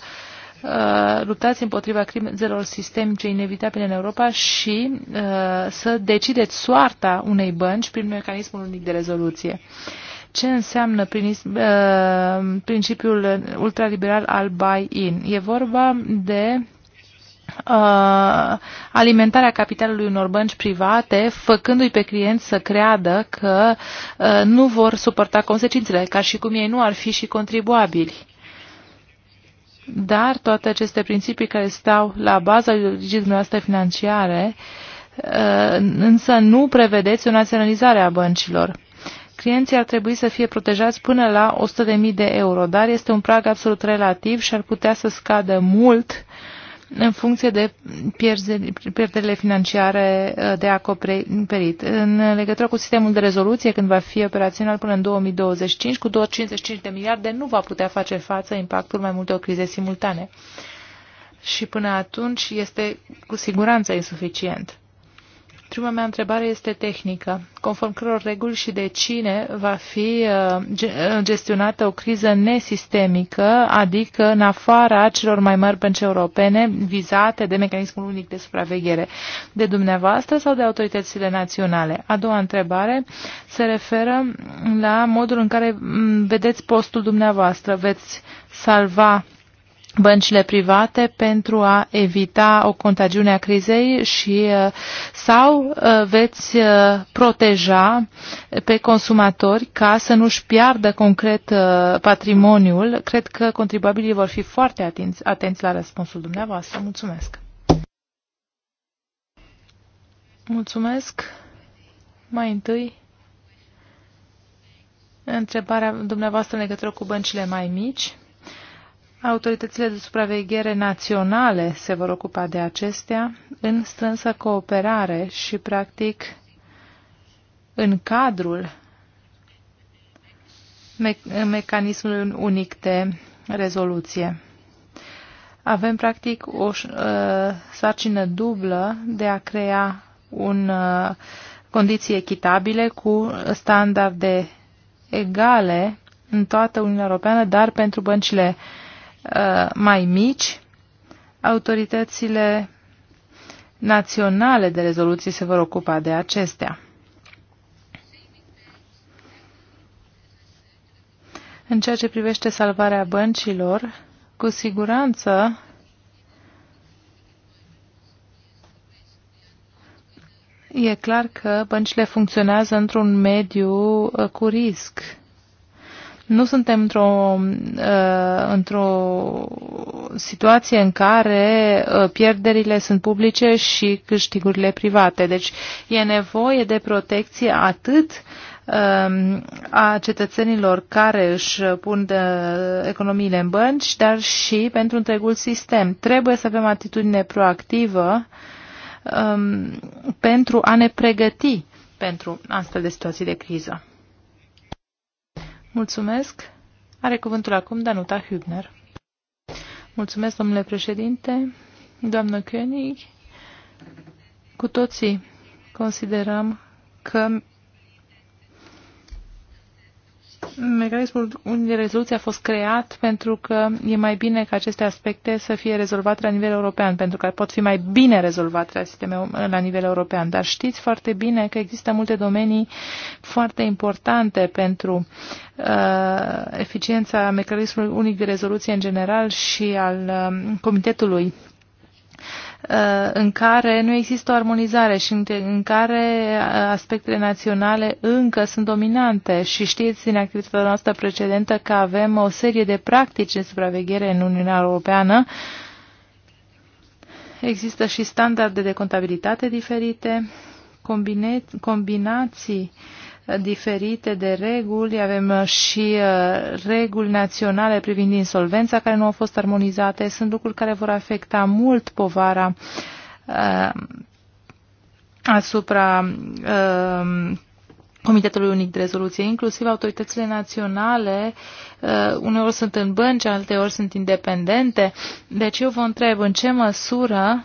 uh, luptați împotriva crimelor sistemice inevitabile în Europa și uh, să decideți soarta unei bănci prin mecanismul unic de rezoluție. Ce înseamnă prin, uh, principiul ultraliberal al buy-in? E vorba de uh, alimentarea capitalului unor bănci private, făcându-i pe clienți să creadă că uh, nu vor suporta consecințele, ca și cum ei nu ar fi și contribuabili. Dar toate aceste principii care stau la baza legii noastre financiare, uh, însă nu prevedeți o naționalizare a băncilor. Clienții ar trebui să fie protejați până la 100.000 de euro, dar este un prag absolut relativ și ar putea să scadă mult în funcție de pierderile financiare uh, de acoperit. În legătură cu sistemul de rezoluție, când va fi operațional până în 2025, cu 255 de miliarde nu va putea face față impactul mai multor crize simultane. Și până atunci este cu siguranță insuficient. Prima mea întrebare este tehnică. Conform căror reguli și de cine va fi uh, uh, gestionată o criză nesistemică, adică în afara celor mai mari bănci europene vizate de mecanismul unic de supraveghere, de dumneavoastră sau de autoritățile naționale? A doua întrebare se referă la modul în care mm, vedeți postul dumneavoastră. Veți salva băncile private pentru a evita o contagiune a crizei și uh, sau uh, veți uh, proteja pe consumatori ca să nu-și piardă concret patrimoniul. Cred că contribuabilii vor fi foarte atenți, atenți la răspunsul dumneavoastră. Mulțumesc! Mulțumesc! Mai întâi, întrebarea dumneavoastră în legătură cu băncile mai mici. Autoritățile de supraveghere naționale se vor ocupa de acestea în strânsă cooperare și, practic, în cadrul me mecanismului unic de rezoluție. Avem, practic, o uh, sarcină dublă de a crea un, uh, condiții echitabile cu standarde egale în toată Uniunea Europeană, dar pentru băncile uh, Uh, mai mici, autoritățile naționale de rezoluție se vor ocupa de acestea. În ceea ce privește salvarea băncilor, cu siguranță e clar că băncile funcționează într-un mediu uh, cu risc nu suntem într-o, uh, într-o situație în care uh, pierderile sunt publice și câștigurile private. Deci e nevoie de protecție atât um, a cetățenilor care își pun de uh, economiile în bănci, dar și pentru întregul sistem. Trebuie să avem atitudine proactivă um, pentru a ne pregăti pentru astfel de situații de criză. Mulțumesc. Are cuvântul acum Danuta Hübner. Mulțumesc, domnule președinte, doamnă König. Cu toții considerăm că mecanismul de rezoluție a fost creat pentru că e mai bine ca aceste aspecte să fie rezolvate la nivel european, pentru că pot fi mai bine rezolvate la, sisteme, la nivel european. Dar știți foarte bine că există multe domenii foarte importante pentru uh, eficiența mecanismului unic de rezoluție în general și al uh, Comitetului Uh, în care nu există o armonizare și în care uh, aspectele naționale încă sunt dominante. Și știți din activitatea noastră precedentă că avem o serie de practici de supraveghere în Uniunea Europeană. Există și standarde de contabilitate diferite, combinații diferite de reguli, avem uh, și uh, reguli naționale privind insolvența care nu au fost armonizate. Sunt lucruri care vor afecta mult povara uh, asupra Comitetului Unic de Rezoluție, inclusiv autoritățile naționale, uneori sunt în bănci, alteori sunt independente. Deci eu vă întreb în ce măsură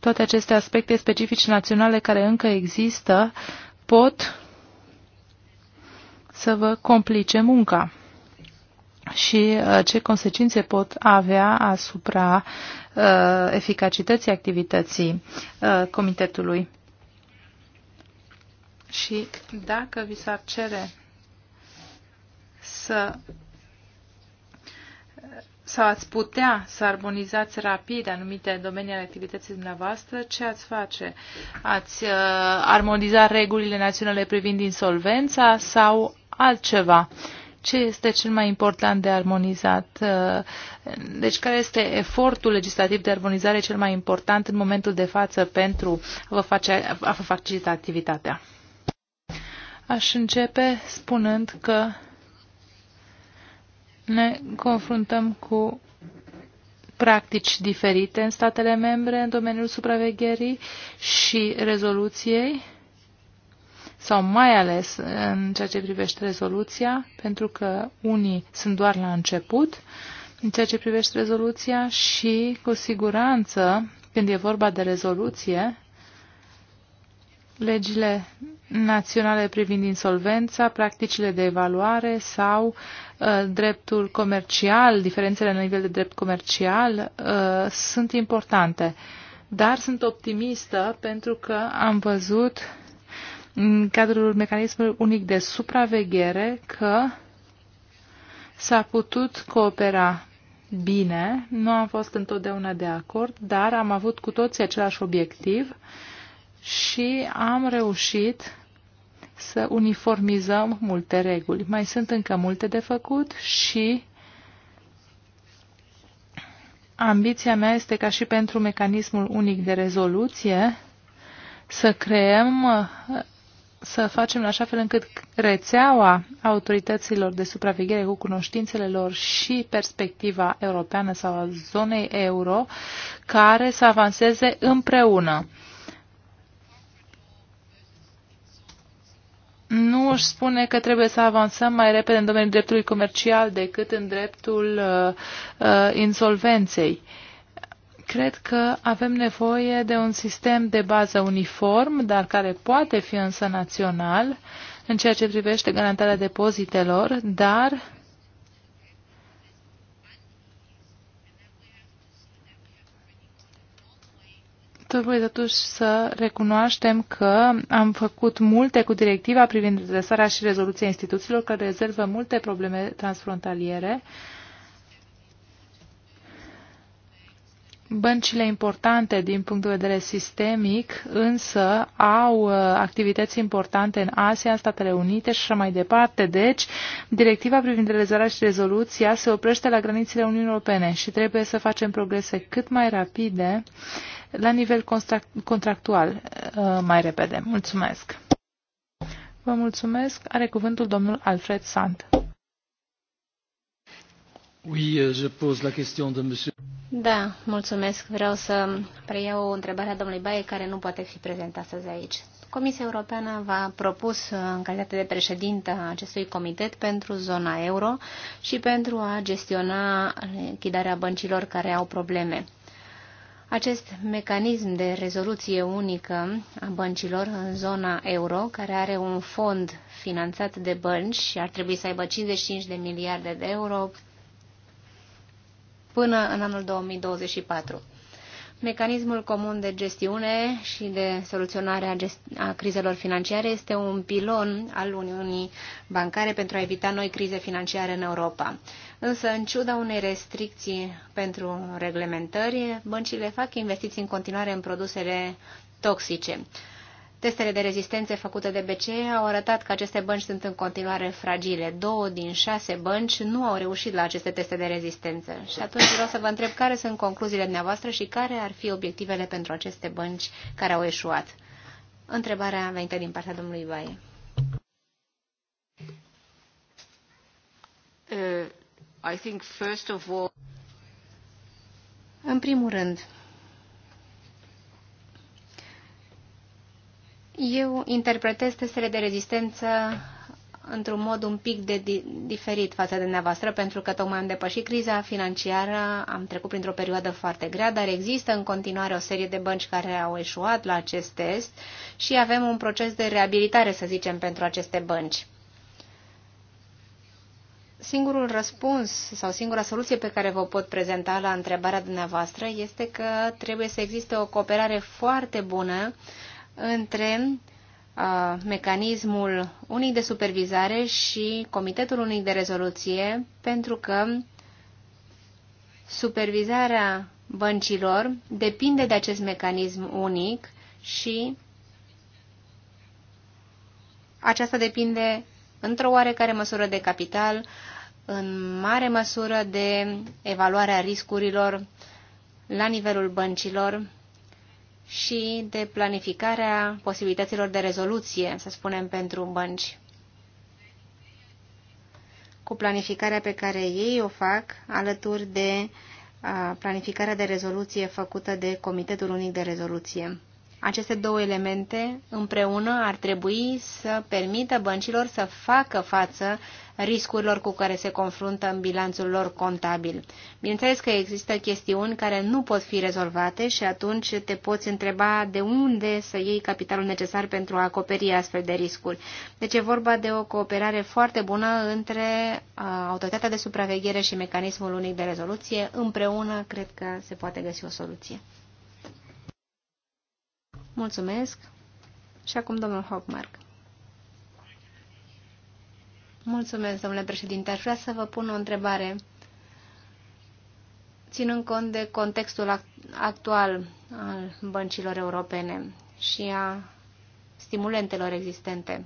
toate aceste aspecte specifice naționale care încă există uh, pot să vă complice munca și uh, ce consecințe pot avea asupra uh, eficacității activității uh, comitetului. Și dacă vi s-ar cere să sau ați putea să armonizați rapid anumite domenii ale activității dumneavoastră, ce ați face? Ați uh, armoniza regulile naționale privind insolvența sau altceva? Ce este cel mai important de armonizat? Uh, deci care este efortul legislativ de armonizare cel mai important în momentul de față pentru a vă, face, a vă facilita activitatea? Aș începe spunând că ne confruntăm cu practici diferite în statele membre în domeniul supravegherii și rezoluției, sau mai ales în ceea ce privește rezoluția, pentru că unii sunt doar la început în ceea ce privește rezoluția și, cu siguranță, când e vorba de rezoluție, legile naționale privind insolvența, practicile de evaluare sau Uh, dreptul comercial, diferențele la nivel de drept comercial uh, sunt importante. Dar sunt optimistă pentru că am văzut în cadrul mecanismului unic de supraveghere că s-a putut coopera bine, nu am fost întotdeauna de acord, dar am avut cu toții același obiectiv și am reușit să uniformizăm multe reguli. Mai sunt încă multe de făcut și ambiția mea este ca și pentru mecanismul unic de rezoluție să creăm, să facem în așa fel încât rețeaua autorităților de supraveghere cu cunoștințele lor și perspectiva europeană sau a zonei euro care să avanseze împreună nu își spune că trebuie să avansăm mai repede în domeniul dreptului comercial decât în dreptul uh, uh, insolvenței. Cred că avem nevoie de un sistem de bază uniform, dar care poate fi însă național în ceea ce privește garantarea depozitelor, dar uh, Trebuie totuși să recunoaștem că am făcut multe cu directiva privind redresarea și rezoluția instituțiilor, care rezervă multe probleme transfrontaliere băncile importante din punct de vedere sistemic, însă au uh, activități importante în Asia, în Statele Unite și așa mai departe. Deci, directiva privind realizarea și rezoluția se oprește la granițele Uniunii Europene și trebuie să facem progrese cât mai rapide la nivel contractual uh, mai repede. Mulțumesc! Vă mulțumesc. Are cuvântul domnul Alfred Sant. Euh, da, mulțumesc. Vreau să preiau întrebarea domnului Baie, care nu poate fi prezent astăzi aici. Comisia Europeană v-a propus, uh, în calitate de președintă a acestui comitet, pentru zona euro și pentru a gestiona lichidarea băncilor care au probleme. Acest mecanism de rezoluție unică a băncilor în zona euro, care are un fond finanțat de bănci și ar trebui să aibă 55 de miliarde de euro până în anul 2024. Mecanismul comun de gestiune și de soluționare a, a crizelor financiare este un pilon al Uniunii Bancare pentru a evita noi crize financiare în Europa. Însă, în ciuda unei restricții pentru reglementări, băncile fac investiții în continuare în produsele toxice. Testele de rezistență făcute de BCE au arătat că aceste bănci sunt în continuare fragile. Două din șase bănci nu au reușit la aceste teste de rezistență. Și atunci vreau să vă întreb care sunt concluziile dumneavoastră și care ar fi obiectivele pentru aceste bănci care au eșuat. Întrebarea venită din partea domnului Baie. Uh, I think first of all... În primul rând, Eu interpretez testele de rezistență într-un mod un pic de di diferit față de dumneavoastră, pentru că tocmai am depășit criza financiară, am trecut printr-o perioadă foarte grea, dar există în continuare o serie de bănci care au eșuat la acest test și avem un proces de reabilitare, să zicem, pentru aceste bănci. Singurul răspuns sau singura soluție pe care vă pot prezenta la întrebarea dumneavoastră este că trebuie să existe o cooperare foarte bună între mecanismul unic de supervizare și Comitetul unic de rezoluție, pentru că supervizarea băncilor depinde de acest mecanism unic și aceasta depinde într-o oarecare măsură de capital, în mare măsură de evaluarea riscurilor la nivelul băncilor și de planificarea posibilităților de rezoluție, să spunem, pentru bănci. Cu planificarea pe care ei o fac, alături de planificarea de rezoluție făcută de Comitetul Unic de Rezoluție. Aceste două elemente împreună ar trebui să permită băncilor să facă față riscurilor cu care se confruntă în bilanțul lor contabil. Bineînțeles că există chestiuni care nu pot fi rezolvate și atunci te poți întreba de unde să iei capitalul necesar pentru a acoperi astfel de riscuri. Deci e vorba de o cooperare foarte bună între uh, autoritatea de supraveghere și mecanismul unic de rezoluție. Împreună cred că se poate găsi o soluție. Mulțumesc. Și acum domnul Hockmark. Mulțumesc, domnule președinte. Aș vrea să vă pun o întrebare. Ținând cont de contextul actual al băncilor europene și a stimulentelor existente,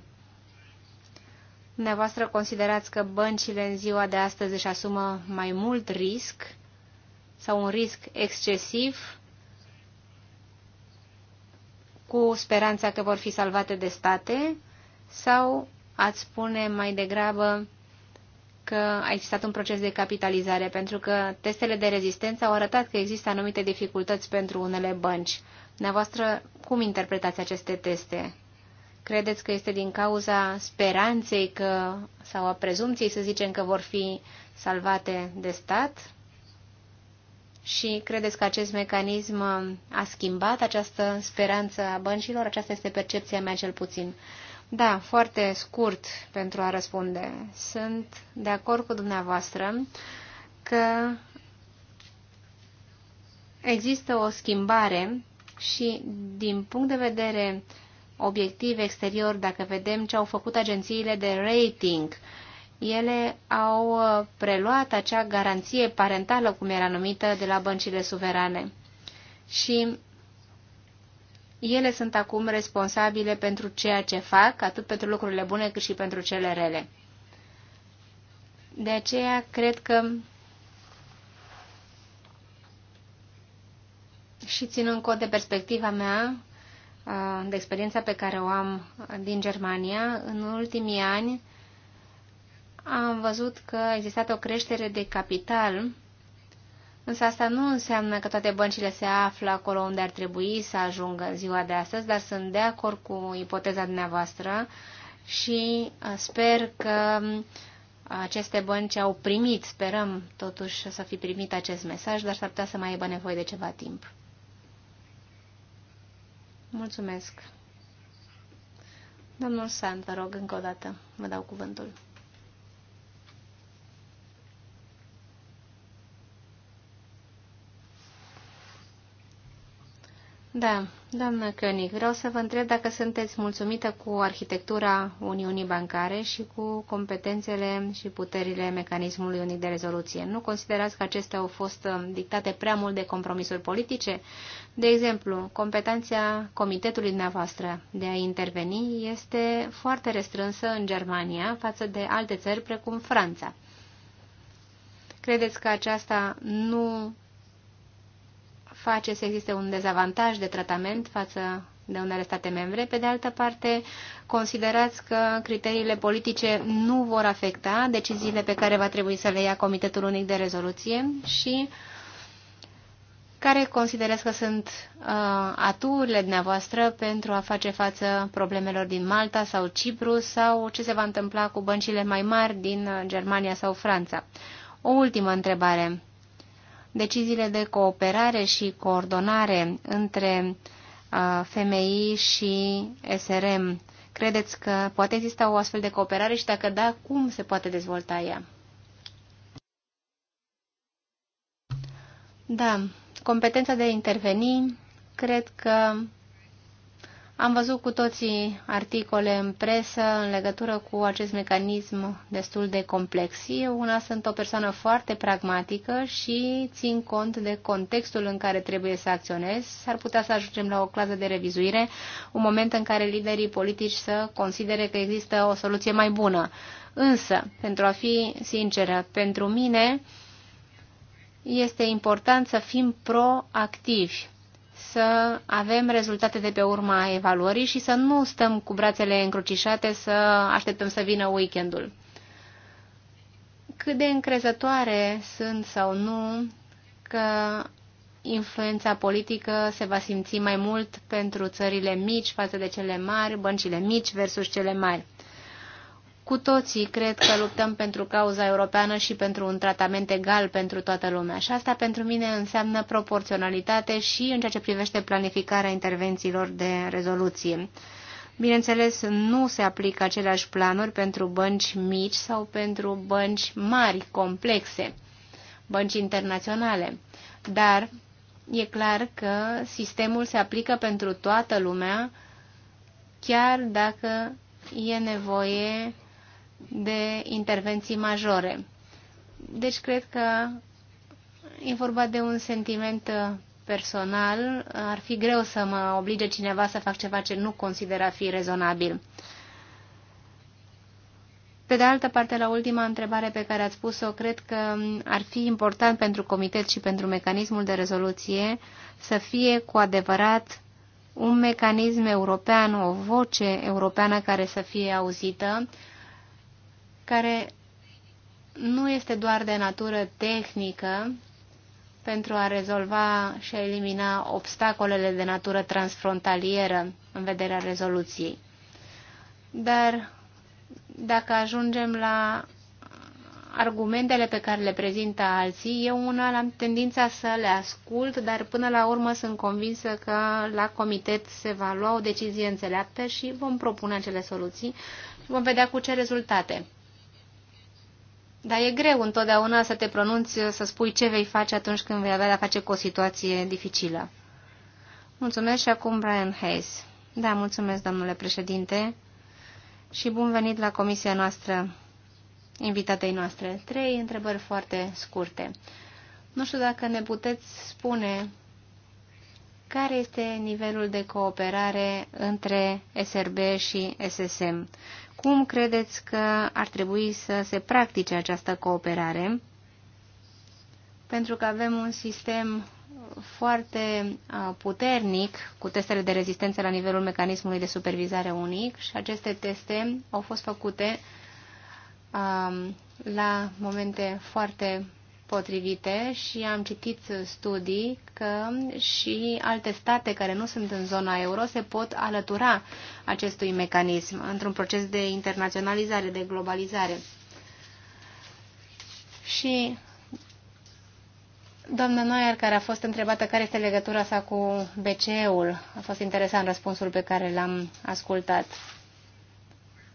dumneavoastră considerați că băncile în ziua de astăzi își asumă mai mult risc sau un risc excesiv cu speranța că vor fi salvate de state sau ați spune mai degrabă că a existat un proces de capitalizare, pentru că testele de rezistență au arătat că există anumite dificultăți pentru unele bănci. Dumneavoastră, cum interpretați aceste teste? Credeți că este din cauza speranței că, sau a prezumției, să zicem, că vor fi salvate de stat? Și credeți că acest mecanism uh, a schimbat această speranță a băncilor? Aceasta este percepția mea cel puțin. Da, foarte scurt pentru a răspunde. Sunt de acord cu dumneavoastră că există o schimbare și din punct de vedere obiectiv exterior, dacă vedem ce au făcut agențiile de rating ele au uh, preluat acea garanție parentală, cum era numită, de la băncile suverane. Și ele sunt acum responsabile pentru ceea ce fac, atât pentru lucrurile bune cât și pentru cele rele. De aceea, cred că și ținând cont de perspectiva mea, uh, de experiența pe care o am din Germania, în ultimii ani, am văzut că a existat o creștere de capital, însă asta nu înseamnă că toate băncile se află acolo unde ar trebui să ajungă în ziua de astăzi, dar sunt de acord cu ipoteza dumneavoastră și uh, sper că um, aceste bănci au primit, sperăm totuși să fi primit acest mesaj, dar s-ar putea să mai aibă nevoie de ceva timp. Mulțumesc. Domnul Sand, vă rog, încă o dată, vă dau cuvântul. Da, doamnă König, vreau să vă întreb dacă sunteți mulțumită cu arhitectura Uniunii Bancare și cu competențele și puterile mecanismului unic de rezoluție. Nu considerați că acestea au fost um, dictate prea mult de compromisuri politice? De exemplu, competența comitetului dumneavoastră de a interveni este foarte restrânsă în Germania față de alte țări precum Franța. Credeți că aceasta nu face să existe un dezavantaj de tratament față de unele state membre. Pe de altă parte, considerați că criteriile politice nu vor afecta deciziile pe care va trebui să le ia Comitetul Unic de Rezoluție și care considerați că sunt uh, aturile dumneavoastră pentru a face față problemelor din Malta sau Cipru sau ce se va întâmpla cu băncile mai mari din Germania sau Franța. O ultimă întrebare deciziile de cooperare și coordonare între FMI și SRM. Credeți că poate exista o astfel de cooperare și dacă da, cum se poate dezvolta ea? Da, competența de a interveni cred că am văzut cu toții articole în presă în legătură cu acest mecanism destul de complex. Eu una sunt o persoană foarte pragmatică și țin cont de contextul în care trebuie să acționez. S-ar putea să ajungem la o clasă de revizuire, un moment în care liderii politici să considere că există o soluție mai bună. Însă, pentru a fi sinceră, pentru mine este important să fim proactivi să avem rezultate de pe urma evaluării și să nu stăm cu brațele încrucișate să așteptăm să vină weekendul. Cât de încrezătoare sunt sau nu că influența politică se va simți mai mult pentru țările mici față de cele mari, băncile mici versus cele mari. Cu toții cred că luptăm pentru cauza europeană și pentru un tratament egal pentru toată lumea și asta pentru mine înseamnă proporționalitate și în ceea ce privește planificarea intervențiilor de rezoluție. Bineînțeles, nu se aplică aceleași planuri pentru bănci mici sau pentru bănci mari, complexe, bănci internaționale, dar e clar că sistemul se aplică pentru toată lumea, chiar dacă e nevoie de intervenții majore. Deci cred că e vorba de un sentiment uh, personal. Ar fi greu să mă oblige cineva să fac ceva ce nu considera fi rezonabil. Pe de altă parte, la ultima întrebare pe care ați pus-o, cred că ar fi important pentru comitet și pentru mecanismul de rezoluție să fie cu adevărat un mecanism european, o voce europeană care să fie auzită care nu este doar de natură tehnică pentru a rezolva și a elimina obstacolele de natură transfrontalieră în vederea rezoluției. Dar dacă ajungem la argumentele pe care le prezintă alții, eu una am tendința să le ascult, dar până la urmă sunt convinsă că la comitet se va lua o decizie înțeleaptă și vom propune acele soluții și vom vedea cu ce rezultate. Dar e greu întotdeauna să te pronunți, să spui ce vei face atunci când vei avea de-a face cu o situație dificilă. Mulțumesc și acum Brian Hayes. Da, mulțumesc, domnule președinte, și bun venit la comisia noastră, invitatei noastre. Trei întrebări foarte scurte. Nu știu dacă ne puteți spune care este nivelul de cooperare între SRB și SSM. Cum credeți că ar trebui să se practice această cooperare? Pentru că avem un sistem foarte uh, puternic cu testele de rezistență la nivelul mecanismului de supervizare unic și aceste teste au fost făcute um, la momente foarte potrivite și am citit studii că și alte state care nu sunt în zona euro se pot alătura acestui mecanism într-un proces de internaționalizare, de globalizare. Și doamna Noier, care a fost întrebată care este legătura sa cu BCE-ul, a fost interesant răspunsul pe care l-am ascultat.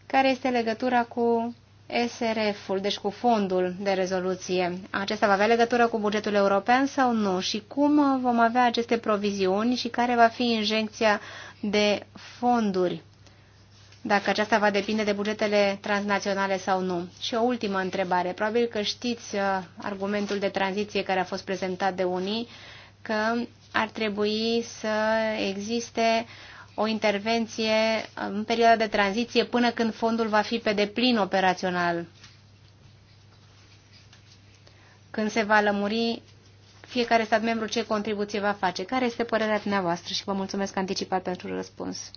Care este legătura cu SRF-ul, deci cu fondul de rezoluție, acesta va avea legătură cu bugetul european sau nu? Și cum vom avea aceste proviziuni și care va fi injecția de fonduri? Dacă aceasta va depinde de bugetele transnaționale sau nu. Și o ultimă întrebare. Probabil că știți uh, argumentul de tranziție care a fost prezentat de unii, că ar trebui să existe o intervenție în perioada de tranziție până când fondul va fi pe deplin operațional, când se va lămuri fiecare stat membru ce contribuție va face. Care este părerea dumneavoastră? Și vă mulțumesc anticipat pentru răspuns.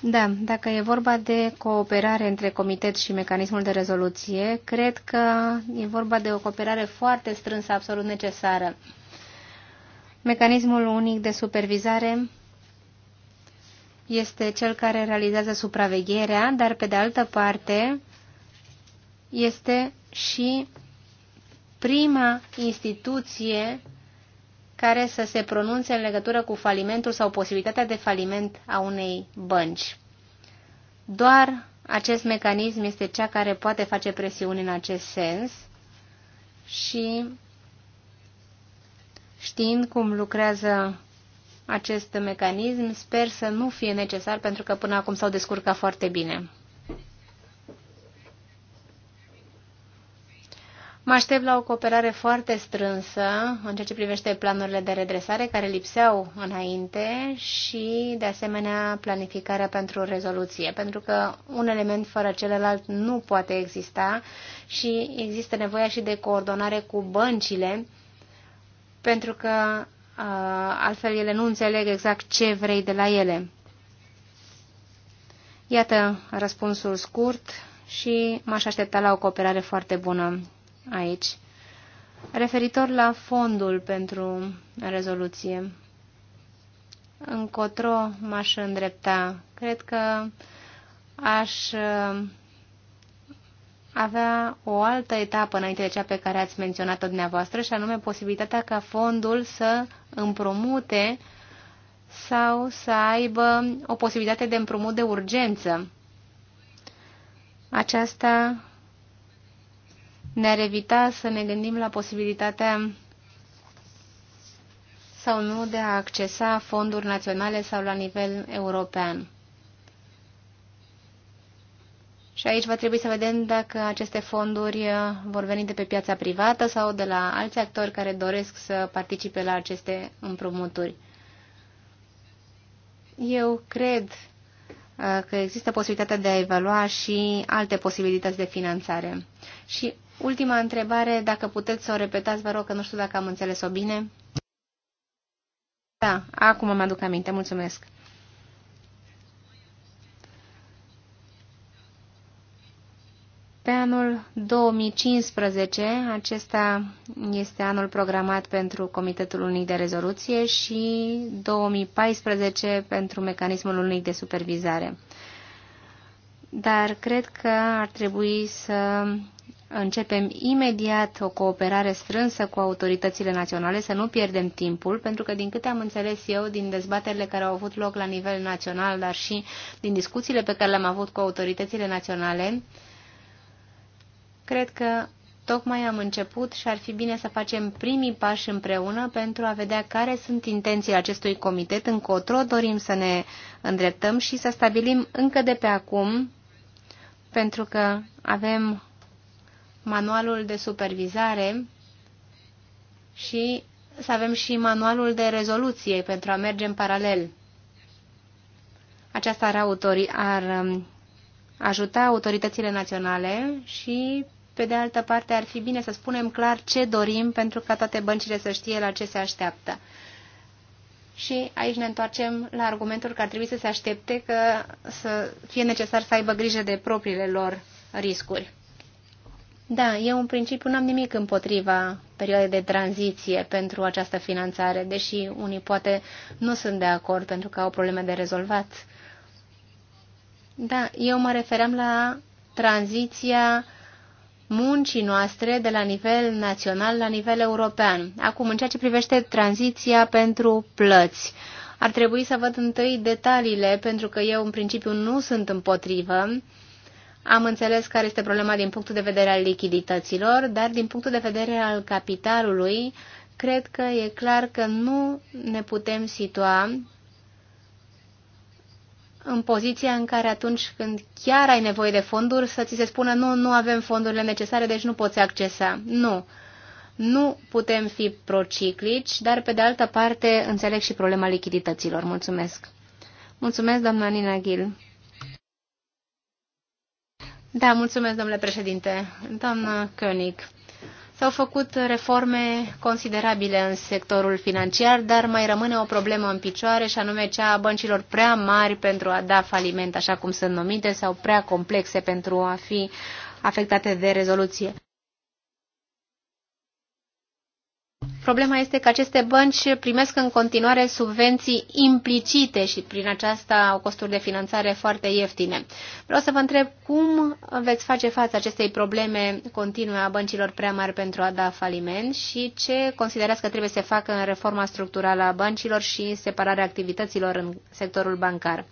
Da, dacă e vorba de cooperare între comitet și mecanismul de rezoluție, cred că e vorba de o cooperare foarte strânsă, absolut necesară. Mecanismul unic de supervizare este cel care realizează supravegherea, dar pe de altă parte este și prima instituție care să se pronunțe în legătură cu falimentul sau posibilitatea de faliment a unei bănci. Doar acest mecanism este cea care poate face presiuni în acest sens și Știind cum lucrează acest mecanism, sper să nu fie necesar, pentru că până acum s-au descurcat foarte bine. Mă aștept la o cooperare foarte strânsă în ceea ce privește planurile de redresare care lipseau înainte și, de asemenea, planificarea pentru rezoluție, pentru că un element fără celălalt nu poate exista și există nevoia și de coordonare cu băncile pentru că altfel ele nu înțeleg exact ce vrei de la ele. Iată răspunsul scurt și m-aș aștepta la o cooperare foarte bună aici. Referitor la fondul pentru rezoluție, încotro m-aș îndrepta. Cred că aș avea o altă etapă înainte de cea pe care ați menționat-o dumneavoastră, și anume posibilitatea ca fondul să împrumute sau să aibă o posibilitate de împrumut de urgență. Aceasta ne-ar evita să ne gândim la posibilitatea sau nu de a accesa fonduri naționale sau la nivel european. Și aici va trebui să vedem dacă aceste fonduri uh, vor veni de pe piața privată sau de la alți actori care doresc să participe la aceste împrumuturi. Eu cred uh, că există posibilitatea de a evalua și alte posibilități de finanțare. Și ultima întrebare, dacă puteți să o repetați, vă rog că nu știu dacă am înțeles-o bine. Da, acum mă aduc aminte, mulțumesc. Pe anul 2015, acesta este anul programat pentru Comitetul Unic de Rezoluție și 2014 pentru Mecanismul Unic de Supervizare. Dar cred că ar trebui să începem imediat o cooperare strânsă cu autoritățile naționale, să nu pierdem timpul, pentru că din câte am înțeles eu, din dezbaterile care au avut loc la nivel național, dar și din discuțiile pe care le-am avut cu autoritățile naționale, Cred că tocmai am început și ar fi bine să facem primii pași împreună pentru a vedea care sunt intențiile acestui comitet, încotro dorim să ne îndreptăm și să stabilim încă de pe acum, pentru că avem manualul de supervizare și să avem și manualul de rezoluție pentru a merge în paralel. Aceasta ar, autori, ar um, ajuta autoritățile naționale și, pe de altă parte, ar fi bine să spunem clar ce dorim pentru ca toate băncile să știe la ce se așteaptă. Și aici ne întoarcem la argumentul că ar trebui să se aștepte că să fie necesar să aibă grijă de propriile lor riscuri. Da, eu în principiu n-am nimic împotriva perioadei de tranziție pentru această finanțare, deși unii poate nu sunt de acord pentru că au probleme de rezolvat da, eu mă referam la tranziția muncii noastre de la nivel național la nivel european. Acum, în ceea ce privește tranziția pentru plăți, ar trebui să văd întâi detaliile, pentru că eu, în principiu, nu sunt împotrivă. Am înțeles care este problema din punctul de vedere al lichidităților, dar din punctul de vedere al capitalului, cred că e clar că nu ne putem situa în poziția în care atunci când chiar ai nevoie de fonduri să ți se spună nu, nu avem fondurile necesare, deci nu poți accesa. Nu. Nu putem fi prociclici, dar pe de altă parte înțeleg și problema lichidităților. Mulțumesc. Mulțumesc, doamna Nina Ghil. Da, mulțumesc, domnule președinte. Doamna König. S-au făcut reforme considerabile în sectorul financiar, dar mai rămâne o problemă în picioare și anume cea a băncilor prea mari pentru a da faliment, așa cum sunt numite, sau prea complexe pentru a fi afectate de rezoluție. Problema este că aceste bănci primesc în continuare subvenții implicite și prin aceasta au costuri de finanțare foarte ieftine. Vreau să vă întreb cum veți face față acestei probleme continue a băncilor prea mari pentru a da faliment și ce considerați că trebuie să facă în reforma structurală a băncilor și separarea activităților în sectorul bancar.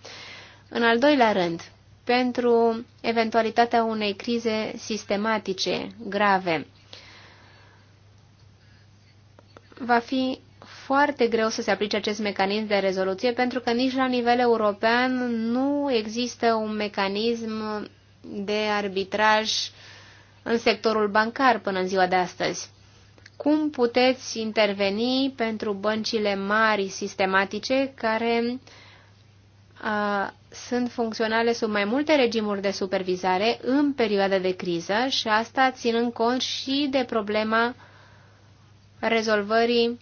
În al doilea rând, pentru eventualitatea unei crize sistematice grave, va fi foarte greu să se aplice acest mecanism de rezoluție pentru că nici la nivel european nu există un mecanism de arbitraj în sectorul bancar până în ziua de astăzi. Cum puteți interveni pentru băncile mari sistematice care a, sunt funcționale sub mai multe regimuri de supervizare în perioada de criză și asta ținând cont și de problema rezolvării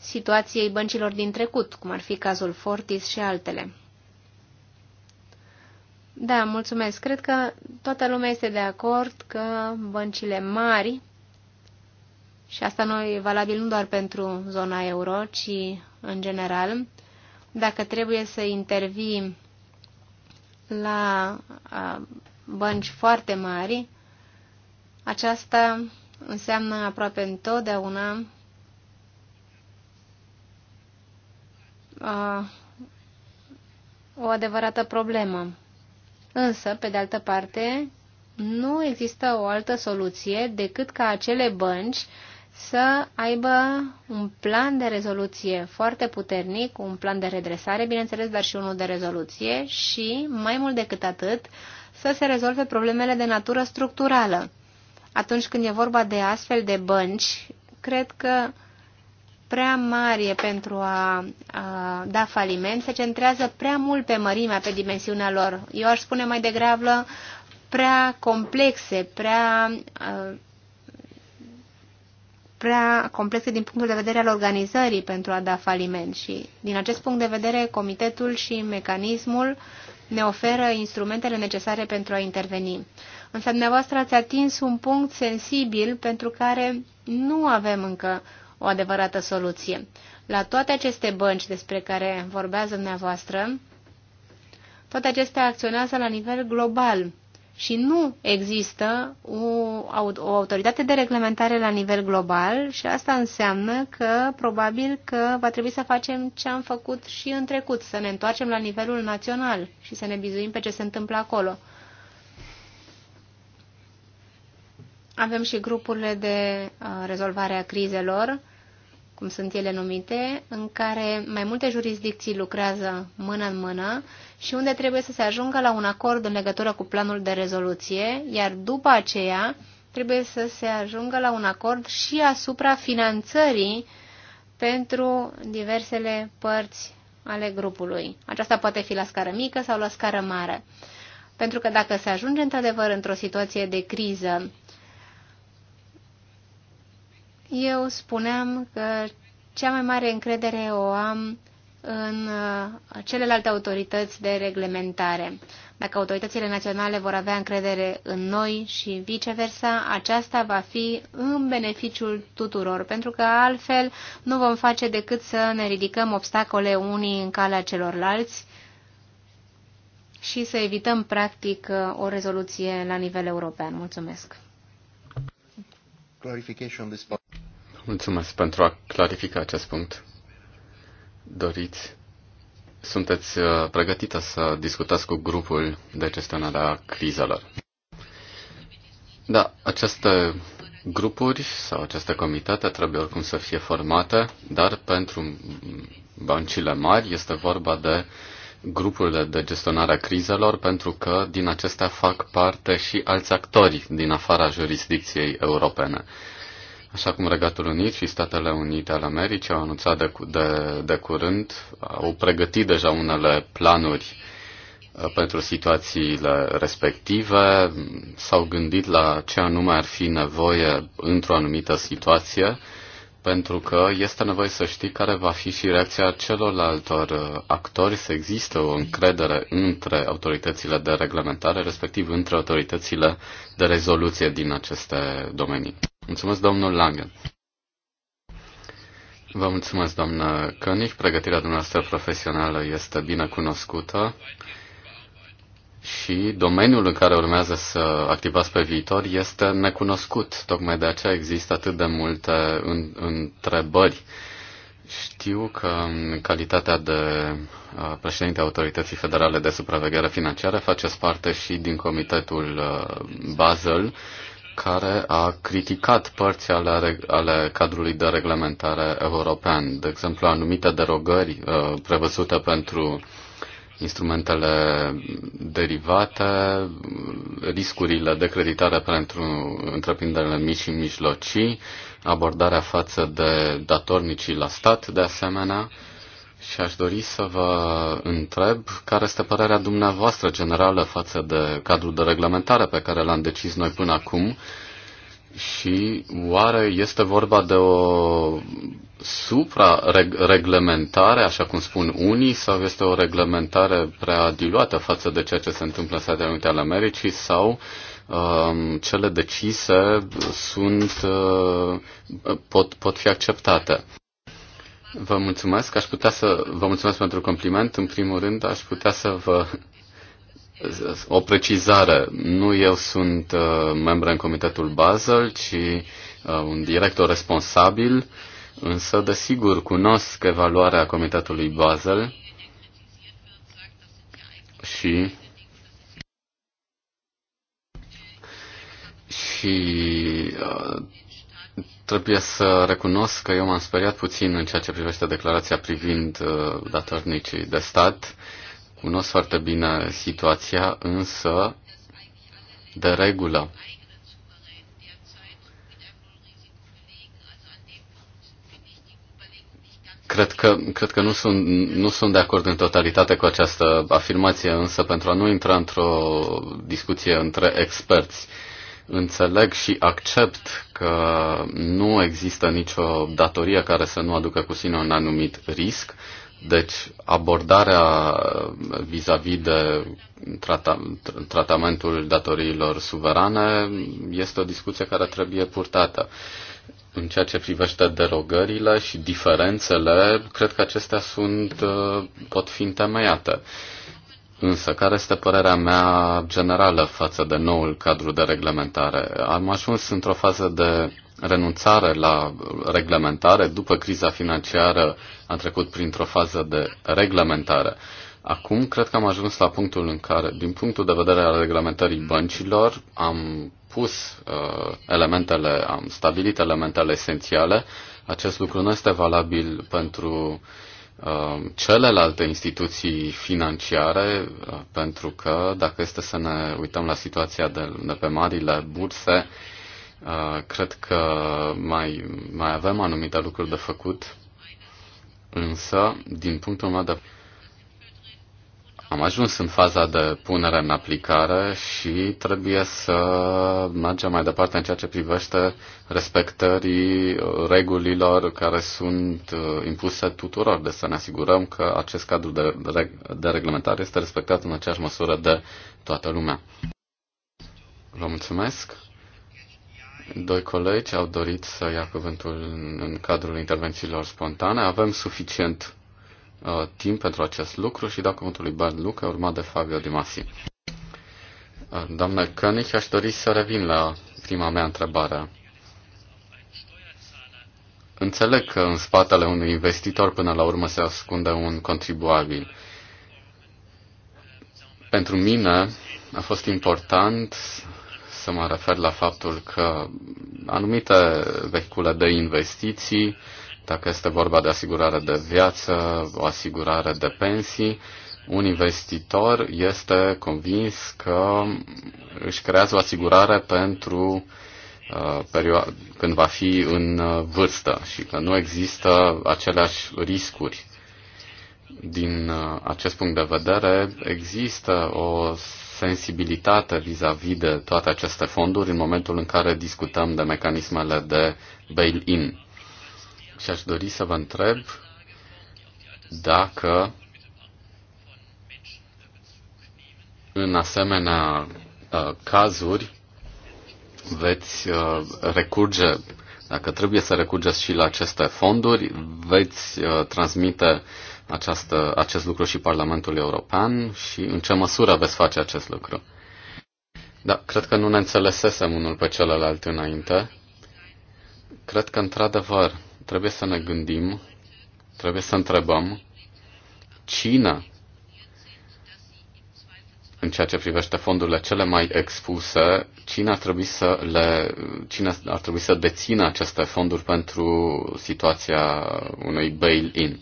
situației băncilor din trecut, cum ar fi cazul Fortis și altele. Da, mulțumesc. Cred că toată lumea este de acord că băncile mari, și asta nu e valabil nu doar pentru zona euro, ci în general, dacă trebuie să intervii la bănci foarte mari, aceasta înseamnă aproape întotdeauna a, o adevărată problemă. Însă, pe de altă parte, nu există o altă soluție decât ca acele bănci să aibă un plan de rezoluție foarte puternic, un plan de redresare, bineînțeles, dar și unul de rezoluție și, mai mult decât atât, să se rezolve problemele de natură structurală atunci când e vorba de astfel de bănci, cred că prea mari e pentru a, a da faliment, se centrează prea mult pe mărimea, pe dimensiunea lor. Eu aș spune mai degrabă prea complexe, prea, a, prea complexe din punctul de vedere al organizării pentru a da faliment. Și din acest punct de vedere, comitetul și mecanismul ne oferă instrumentele necesare pentru a interveni. Însă dumneavoastră ați atins un punct sensibil pentru care nu avem încă o adevărată soluție. La toate aceste bănci despre care vorbează dumneavoastră, toate acestea acționează la nivel global și nu există o, o autoritate de reglementare la nivel global și asta înseamnă că probabil că va trebui să facem ce am făcut și în trecut, să ne întoarcem la nivelul național și să ne bizuim pe ce se întâmplă acolo. Avem și grupurile de uh, rezolvare a crizelor, cum sunt ele numite, în care mai multe jurisdicții lucrează mână în mână și unde trebuie să se ajungă la un acord în legătură cu planul de rezoluție, iar după aceea trebuie să se ajungă la un acord și asupra finanțării pentru diversele părți ale grupului. Aceasta poate fi la scară mică sau la scară mare. Pentru că dacă se ajunge într-adevăr într-o situație de criză eu spuneam că cea mai mare încredere o am în uh, celelalte autorități de reglementare. Dacă autoritățile naționale vor avea încredere în noi și viceversa, aceasta va fi în beneficiul tuturor, pentru că altfel nu vom face decât să ne ridicăm obstacole unii în calea celorlalți și să evităm, practic, uh, o rezoluție la nivel european. Mulțumesc! Mulțumesc pentru a clarifica acest punct. Doriți? Sunteți uh, pregătită să discutați cu grupul de gestionare a crizelor? Da, aceste grupuri sau aceste comitete trebuie oricum să fie formate, dar pentru băncile mari este vorba de grupurile de gestionare a crizelor, pentru că din acestea fac parte și alți actori din afara jurisdicției europene. Așa cum Regatul Unit și Statele Unite ale Americii au anunțat de, de, de curând, au pregătit deja unele planuri uh, pentru situațiile respective, s-au gândit la ce anume ar fi nevoie într-o anumită situație, pentru că este nevoie să știi care va fi și reacția celorlaltor uh, actori, să există o încredere între autoritățile de reglementare, respectiv între autoritățile de rezoluție din aceste domenii. Mulțumesc, domnul Langen. Vă mulțumesc, doamnă König. Pregătirea dumneavoastră profesională este bine cunoscută și domeniul în care urmează să activați pe viitor este necunoscut. Tocmai de aceea există atât de multe în, întrebări. Știu că în calitatea de președinte Autorității Federale de Supraveghere Financiară faceți parte și din Comitetul Basel, care a criticat părți ale, ale cadrului de reglementare european, de exemplu anumite derogări uh, prevăzute pentru instrumentele derivate, riscurile de creditare pentru întreprinderile mici și mijlocii, abordarea față de datornicii la stat, de asemenea, și aș dori să vă întreb care este părerea dumneavoastră generală față de cadrul de reglementare pe care l-am decis noi până acum și oare este vorba de o supra-reglementare, așa cum spun unii, sau este o reglementare prea diluată față de ceea ce se întâmplă în Statele Unite ale Americii sau um, cele decise sunt, uh, pot, pot fi acceptate? Vă mulțumesc. Aș putea să vă mulțumesc pentru compliment. În primul rând, aș putea să vă o precizare. Nu eu sunt uh, membru în comitetul Basel, ci uh, un director responsabil, însă desigur cunosc evaluarea comitetului Basel și și uh, Trebuie să recunosc că eu m-am speriat puțin în ceea ce privește declarația privind uh, datornicii de stat. Cunosc foarte bine situația, însă, de regulă, Cred că, cred că nu, sunt, nu sunt de acord în totalitate cu această afirmație, însă pentru a nu intra într-o discuție între experți, uh, Înțeleg și accept că nu există nicio datorie care să nu aducă cu sine un anumit risc, deci abordarea vis-a-vis -vis de trata- tratamentul datoriilor suverane este o discuție care trebuie purtată. În ceea ce privește derogările și diferențele, cred că acestea sunt, uh, pot fi întemeiate. Uh, Însă, care este părerea mea generală față de noul cadru de reglementare? Am ajuns într-o fază de renunțare la reglementare. După criza financiară am trecut printr-o fază de reglementare. Acum cred că am ajuns la punctul în care, din punctul de vedere al reglementării băncilor, am pus uh, elementele, am stabilit elementele esențiale. Acest lucru nu este valabil pentru uh, Um, celelalte instituții financiare, uh, pentru că dacă este să ne uităm la situația de, de pe marile burse, uh, cred că mai, mai avem anumite lucruri de făcut, însă, din punctul meu de vedere, am ajuns în faza de punere în aplicare și trebuie să mergem mai departe în ceea ce privește respectării uh, regulilor care sunt uh, impuse tuturor, de să ne asigurăm că acest cadru de, de reglementare este respectat în aceeași măsură de toată lumea. Vă mulțumesc. Doi colegi au dorit să ia cuvântul în cadrul intervențiilor spontane. Avem suficient Uh, timp pentru acest lucru și dau cuvântul lui Bern Luca, urmat de Fabio Di Masi. Uh, doamnă König, aș dori să revin la prima mea întrebare. Înțeleg că în spatele unui investitor până la urmă se ascunde un contribuabil. Pentru mine a fost important să mă refer la faptul că anumite vehicule de investiții dacă este vorba de asigurare de viață, o asigurare de pensii, un investitor este convins că își creează o asigurare pentru uh, când va fi în vârstă și că nu există aceleași riscuri. Din uh, acest punct de vedere, există o sensibilitate vis-a-vis -vis de toate aceste fonduri în momentul în care discutăm de mecanismele de bail-in. Și aș dori să vă întreb dacă în asemenea uh, cazuri veți uh, recurge, dacă trebuie să recurgeți și la aceste fonduri, veți uh, transmite această, acest lucru și Parlamentul European și în ce măsură veți face acest lucru? Da, cred că nu ne înțelesesem unul pe celălalt înainte. Cred că, într-adevăr, trebuie să ne gândim, trebuie să întrebăm cine în ceea ce privește fondurile cele mai expuse, cine ar trebui să, le, cine ar trebui să dețină aceste fonduri pentru situația unui bail-in.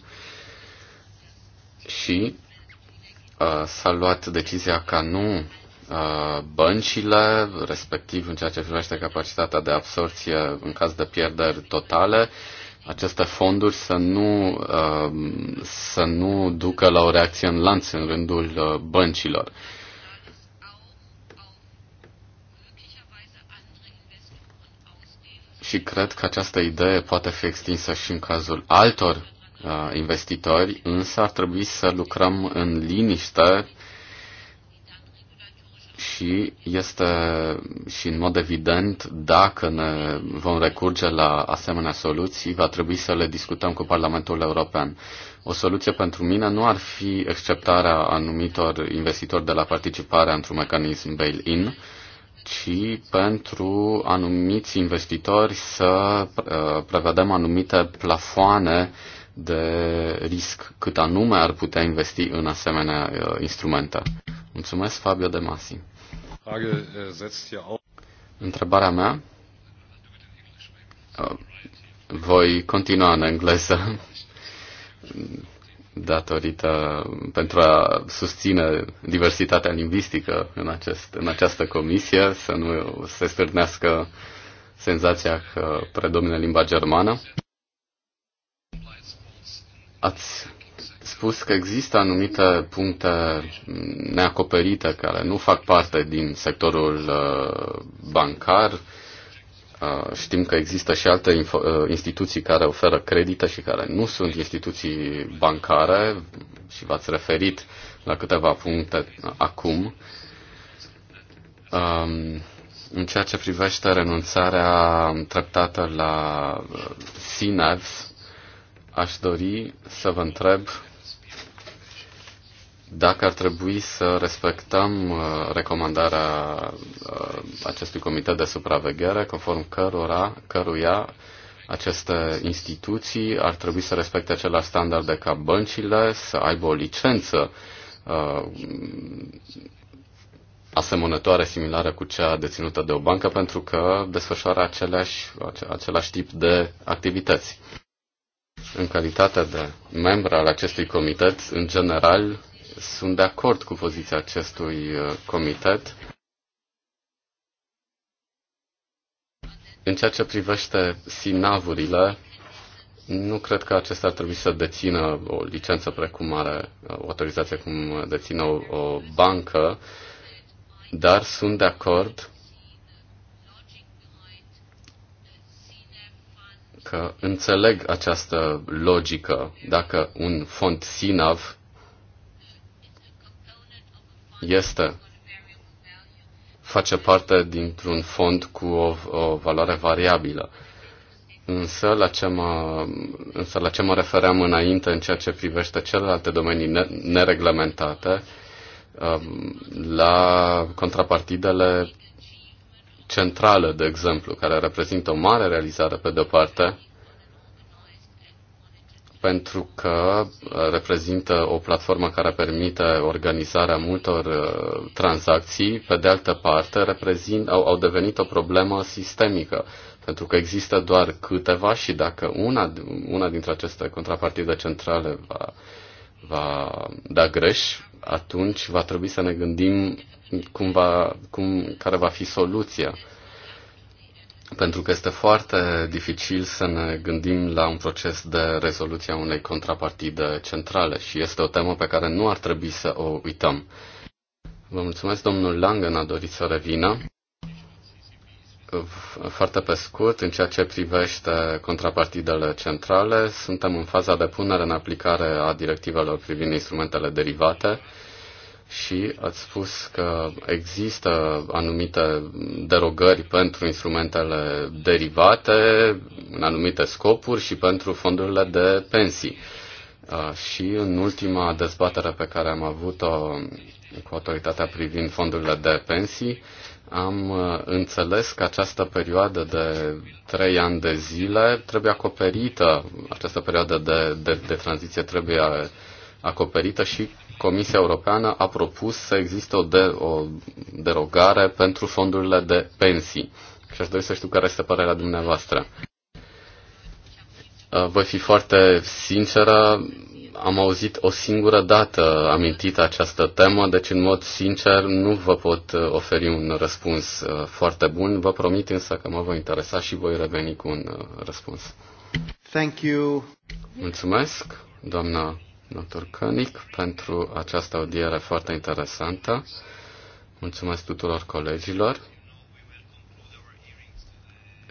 Și uh, s-a luat decizia ca nu uh, băncile, respectiv în ceea ce privește capacitatea de absorție în caz de pierderi totale, uh, aceste fonduri să nu, uh, să nu ducă la o reacție în lanț în rândul uh, băncilor. Și cred că această idee poate fi extinsă și în cazul altor uh, investitori, însă ar trebui să lucrăm în liniște și este și în mod evident dacă ne vom recurge la asemenea soluții, va trebui să le discutăm cu Parlamentul European. O soluție pentru mine nu ar fi acceptarea anumitor investitori de la participarea într-un mecanism bail-in, ci pentru anumiți investitori să uh, prevedem anumite plafoane de risc, cât anume ar putea investi în asemenea uh, instrumente. Mulțumesc, Fabio De Masi. Äh, Întrebarea mea uh, voi continua în engleză datorită pentru a susține diversitatea lingvistică în, acest, în această comisie, să nu se stârnească senzația că predomină limba germană. Ați spus că există anumite puncte neacoperite care nu fac parte din sectorul uh, bancar. Uh, știm că există și alte uh, instituții care oferă credite și care nu sunt instituții bancare și v-ați referit la câteva puncte acum. Um, în ceea ce privește renunțarea treptată la SINEVS, aș dori să vă întreb dacă ar trebui să respectăm uh, recomandarea uh, acestui comitet de supraveghere, conform cărora, căruia aceste instituții ar trebui să respecte aceleași standarde ca băncile, să aibă o licență uh, asemănătoare, similară cu cea deținută de o bancă, pentru că desfășoară aceleași, același tip de activități. În calitate de membru al acestui comitet, în general, sunt de acord cu poziția acestui uh, comitet. În ceea ce privește sinavurile, nu cred că acesta ar trebui să dețină o licență precum are uh, o autorizație cum dețină o, o bancă, dar sunt de acord că înțeleg această logică. Dacă un fond SINAV este face parte dintr-un fond cu o, o valoare variabilă. Însă la, ce mă, însă la ce mă refeream înainte în ceea ce privește celelalte domenii nereglementate, um, la contrapartidele centrale, de exemplu, care reprezintă o mare realizare pe de-o parte, pentru că uh, reprezintă o platformă care permite organizarea multor uh, tranzacții, pe de altă parte reprezint, au, au devenit o problemă sistemică, pentru că există doar câteva și dacă una, una dintre aceste contrapartide centrale va, va da greș, atunci va trebui să ne gândim cum va, cum, care va fi soluția pentru că este foarte dificil să ne gândim la un proces de rezoluție a unei contrapartide centrale și este o temă pe care nu ar trebui să o uităm. Vă mulțumesc, domnul Langen a dorit să revină. Foarte pe scurt, în ceea ce privește contrapartidele centrale, suntem în faza de punere în aplicare a directivelor privind instrumentele derivate și ați spus că există anumite derogări pentru instrumentele derivate în anumite scopuri și pentru fondurile de pensii. Uh, și în ultima dezbatere pe care am avut-o cu autoritatea privind fondurile de pensii, am uh, înțeles că această perioadă de trei ani de zile trebuie acoperită, această perioadă de, de, de tranziție trebuie acoperită și Comisia Europeană a propus să existe o, de, o derogare pentru fondurile de pensii. Și aș dori să știu care este părerea dumneavoastră. Uh, voi fi foarte sinceră, am auzit o singură dată amintită această temă, deci în mod sincer nu vă pot uh, oferi un răspuns uh, foarte bun. Vă promit însă că mă voi interesa și voi reveni cu un răspuns. Thank you. Mulțumesc, doamna dr. Koenig, pentru această audiere foarte interesantă. Mulțumesc tuturor colegilor.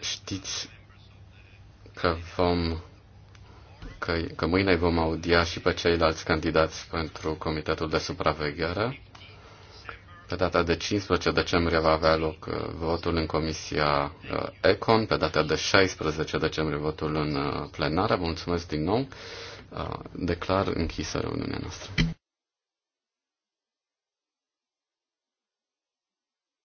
Știți că vom că, că mâine vom audia și pe ceilalți candidați pentru Comitetul de Supraveghere. Pe data de 15 decembrie va avea loc uh, votul în Comisia uh, ECON, pe data de 16 decembrie votul în uh, plenară. Vă mulțumesc din nou declar închisă reuniunea noastră.